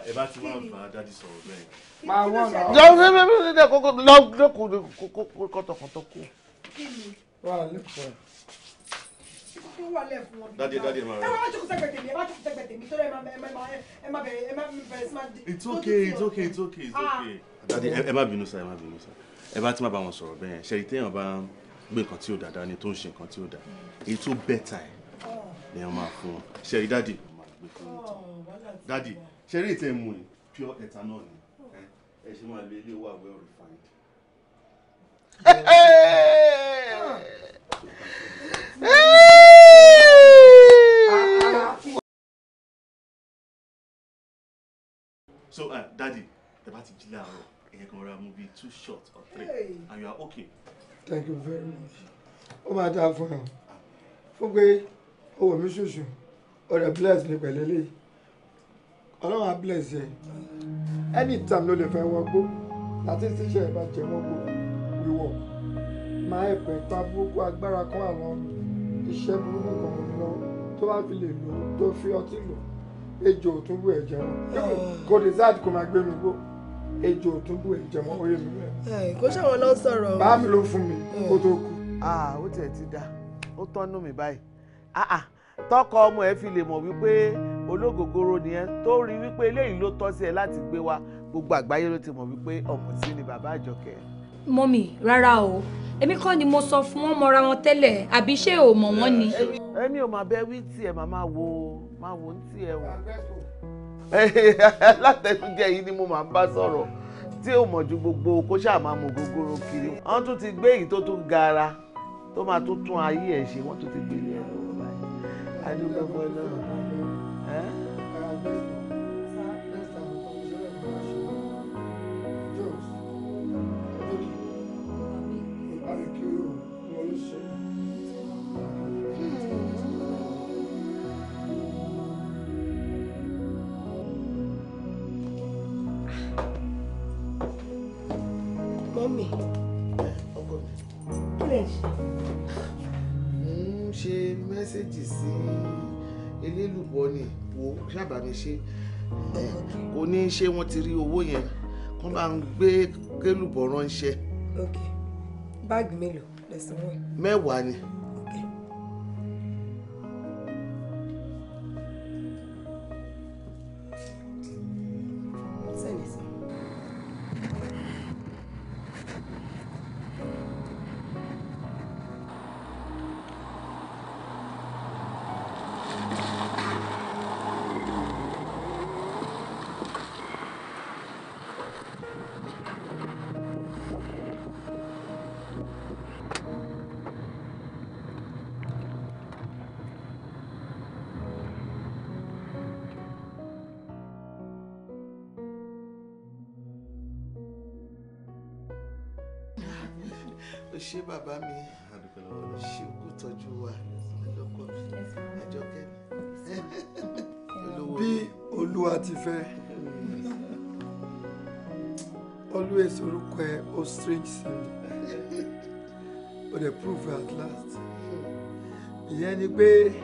Ẹ bá ti máa ń fa dádì sọ̀rọ̀ bẹ́ẹ̀. Máa wọ́n náà. Jọ ṣé bí bí bí kókó lọ kókó kọ́tọ̀kọ́tọ̀ kú. Wà á lè fọ ẹ̀. Dádì dádì ma rẹ. Ẹ máa jókòó sẹ́gbẹ̀ẹ́ tèmi, ẹ máa jókòó sẹ́gbẹ̀ẹ́ tèmi, torí ẹ máa ẹ máa ẹ máa bẹ̀rẹ̀ ẹ máa bẹ̀rẹ̀ sí máa di. It's okay, it's okay, it's okay, it's okay. Dádì ẹ má bínú sá, ẹ má bínú sá ẹ bá ti má bá wọn sọ̀rọ̀ bẹ́ẹ̀ ṣe téèyàn bá gbé nǹkan tí ò dáadáa ni tó ń ṣe nǹkan tí ò dáa èyí tó bẹ́tà ẹ̀ ni wọ́n máa fún wọn ṣe rí dáàdì ló máa gbé fún yín dáàdì ṣe rí ìtẹ̀ mú pure ethanol ni ẹ ṣe máa lé ilé wà well refined. so uh, daddy ẹ bá ti jí láàárọ̀ ẹ̀yẹ kan ra short or three and you are okay. thank you very much Oh my dáa for ọ fún pé owó mi ṣoṣù ọ̀rẹ́ bless mi pẹ̀lú I ọlọ́run á bless ẹ anytime ló lè fẹ́ wọ́n gbó àti tíṣẹ́ ẹ̀ bá jẹ́ wọ́n gbó wíwọ̀ máa ẹ̀pẹ̀ pa burúkú agbára kan àwọn iṣẹ́ burúkú kan lọ tó wá fi lè lò tó fi a lò ejò òtúnbù ẹ̀jẹ̀ wọn ah. kò decide kó máa gbé mi gbó ejò òtúnbù ìjẹmọ oyè mi bẹ́ẹ̀. kò sẹ́wọ̀n lọ sọ̀rọ̀. bá mi ló fún mi kó tó kú. ó tiẹ̀ ti dà ó tọ́nú mi báyìí tọkọ ọmọ ẹ fi lè mọ̀ wípé olóògógóró nìyẹn tó rí wípé eléyìí ló tọ́ sí ẹ láti gbé wa gbogbo àgbáyé ló ti mọ̀ wípé ọmọ sí ni bàbá àjọkẹ́. mọ́mì rárá o èmi kọ́ ni mo sọ fún wọn mọ́ra wọn tẹ́lẹ̀ àbí ṣé o mọ̀ wọ́n ni. èmi ò máa bẹ wí tiẹ̀ máa wo máa wo ń tiẹ̀ wọ̀. látẹnudẹ yìí ni mo máa ń bá sọ̀rọ̀ tí ò mọ̀ gbogbo kó ṣáà máa mọ gogoro kiri wọ́n tún ti gbé èyí tó tún gara tó máa tún tún ayé ẹ̀ ṣe wọ́n tún ti gbé ẹ̀ lọ́wọ́ báyìí adúgbò náà. mẹ́sẹ́jì sí elélùbọ́ ni wo sábà mi ṣe kò ní ṣé wọ́n ti rí owó yẹn kó bá ń gbé kélùbọ́ ránṣẹ́. báàgì mélòó lẹ̀sìn wọ̀. mẹ́wàá ni. Okay. strange sinmi ó dẹ̀ prove at last ìyẹn ni oluwa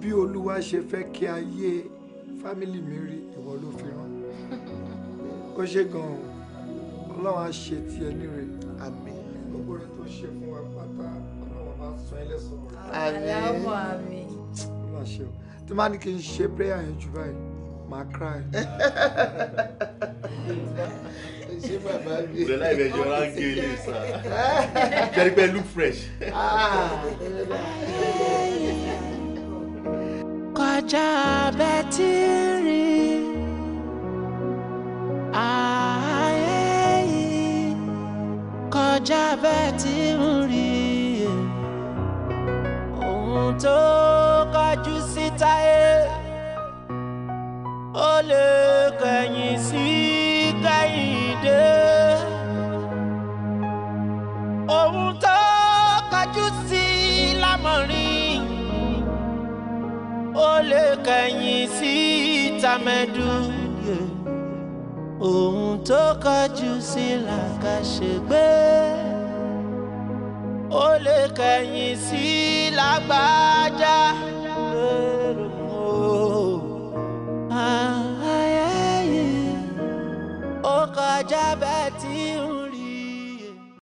bí olúwa ṣe fẹ́ kí ayé fámìlì mi rí ìwọ ló fi rán ó ṣe gan-an ọlọ́run á ti ẹni rẹ̀ àmín gbogbo rẹ̀ tó ṣe fún wa pátá ọlọ́run bá sọ ẹlẹ́sọ̀ rẹ̀ àmín àmín má ṣe o tí má ní n ṣe prayer yẹn jù báyìí màá cry. ṣé bàbá mi. bẹ̀rẹ̀ láì bẹ̀jọ ra ń gé ilé sá jẹ́rí pé look fresh. kọjá bẹ́tí rí ààyè yìí kọjá bẹ́tí rí ohun tó kọjú síta yé ó lè. ó lè kẹ̀yìn sí ìtàmẹ́dù ohun tó kọjú sí làkàṣègbè ó lè kẹ̀yìn sí làgbàjá lérò mọ́ ààyè ó kọjá bẹ́ẹ̀.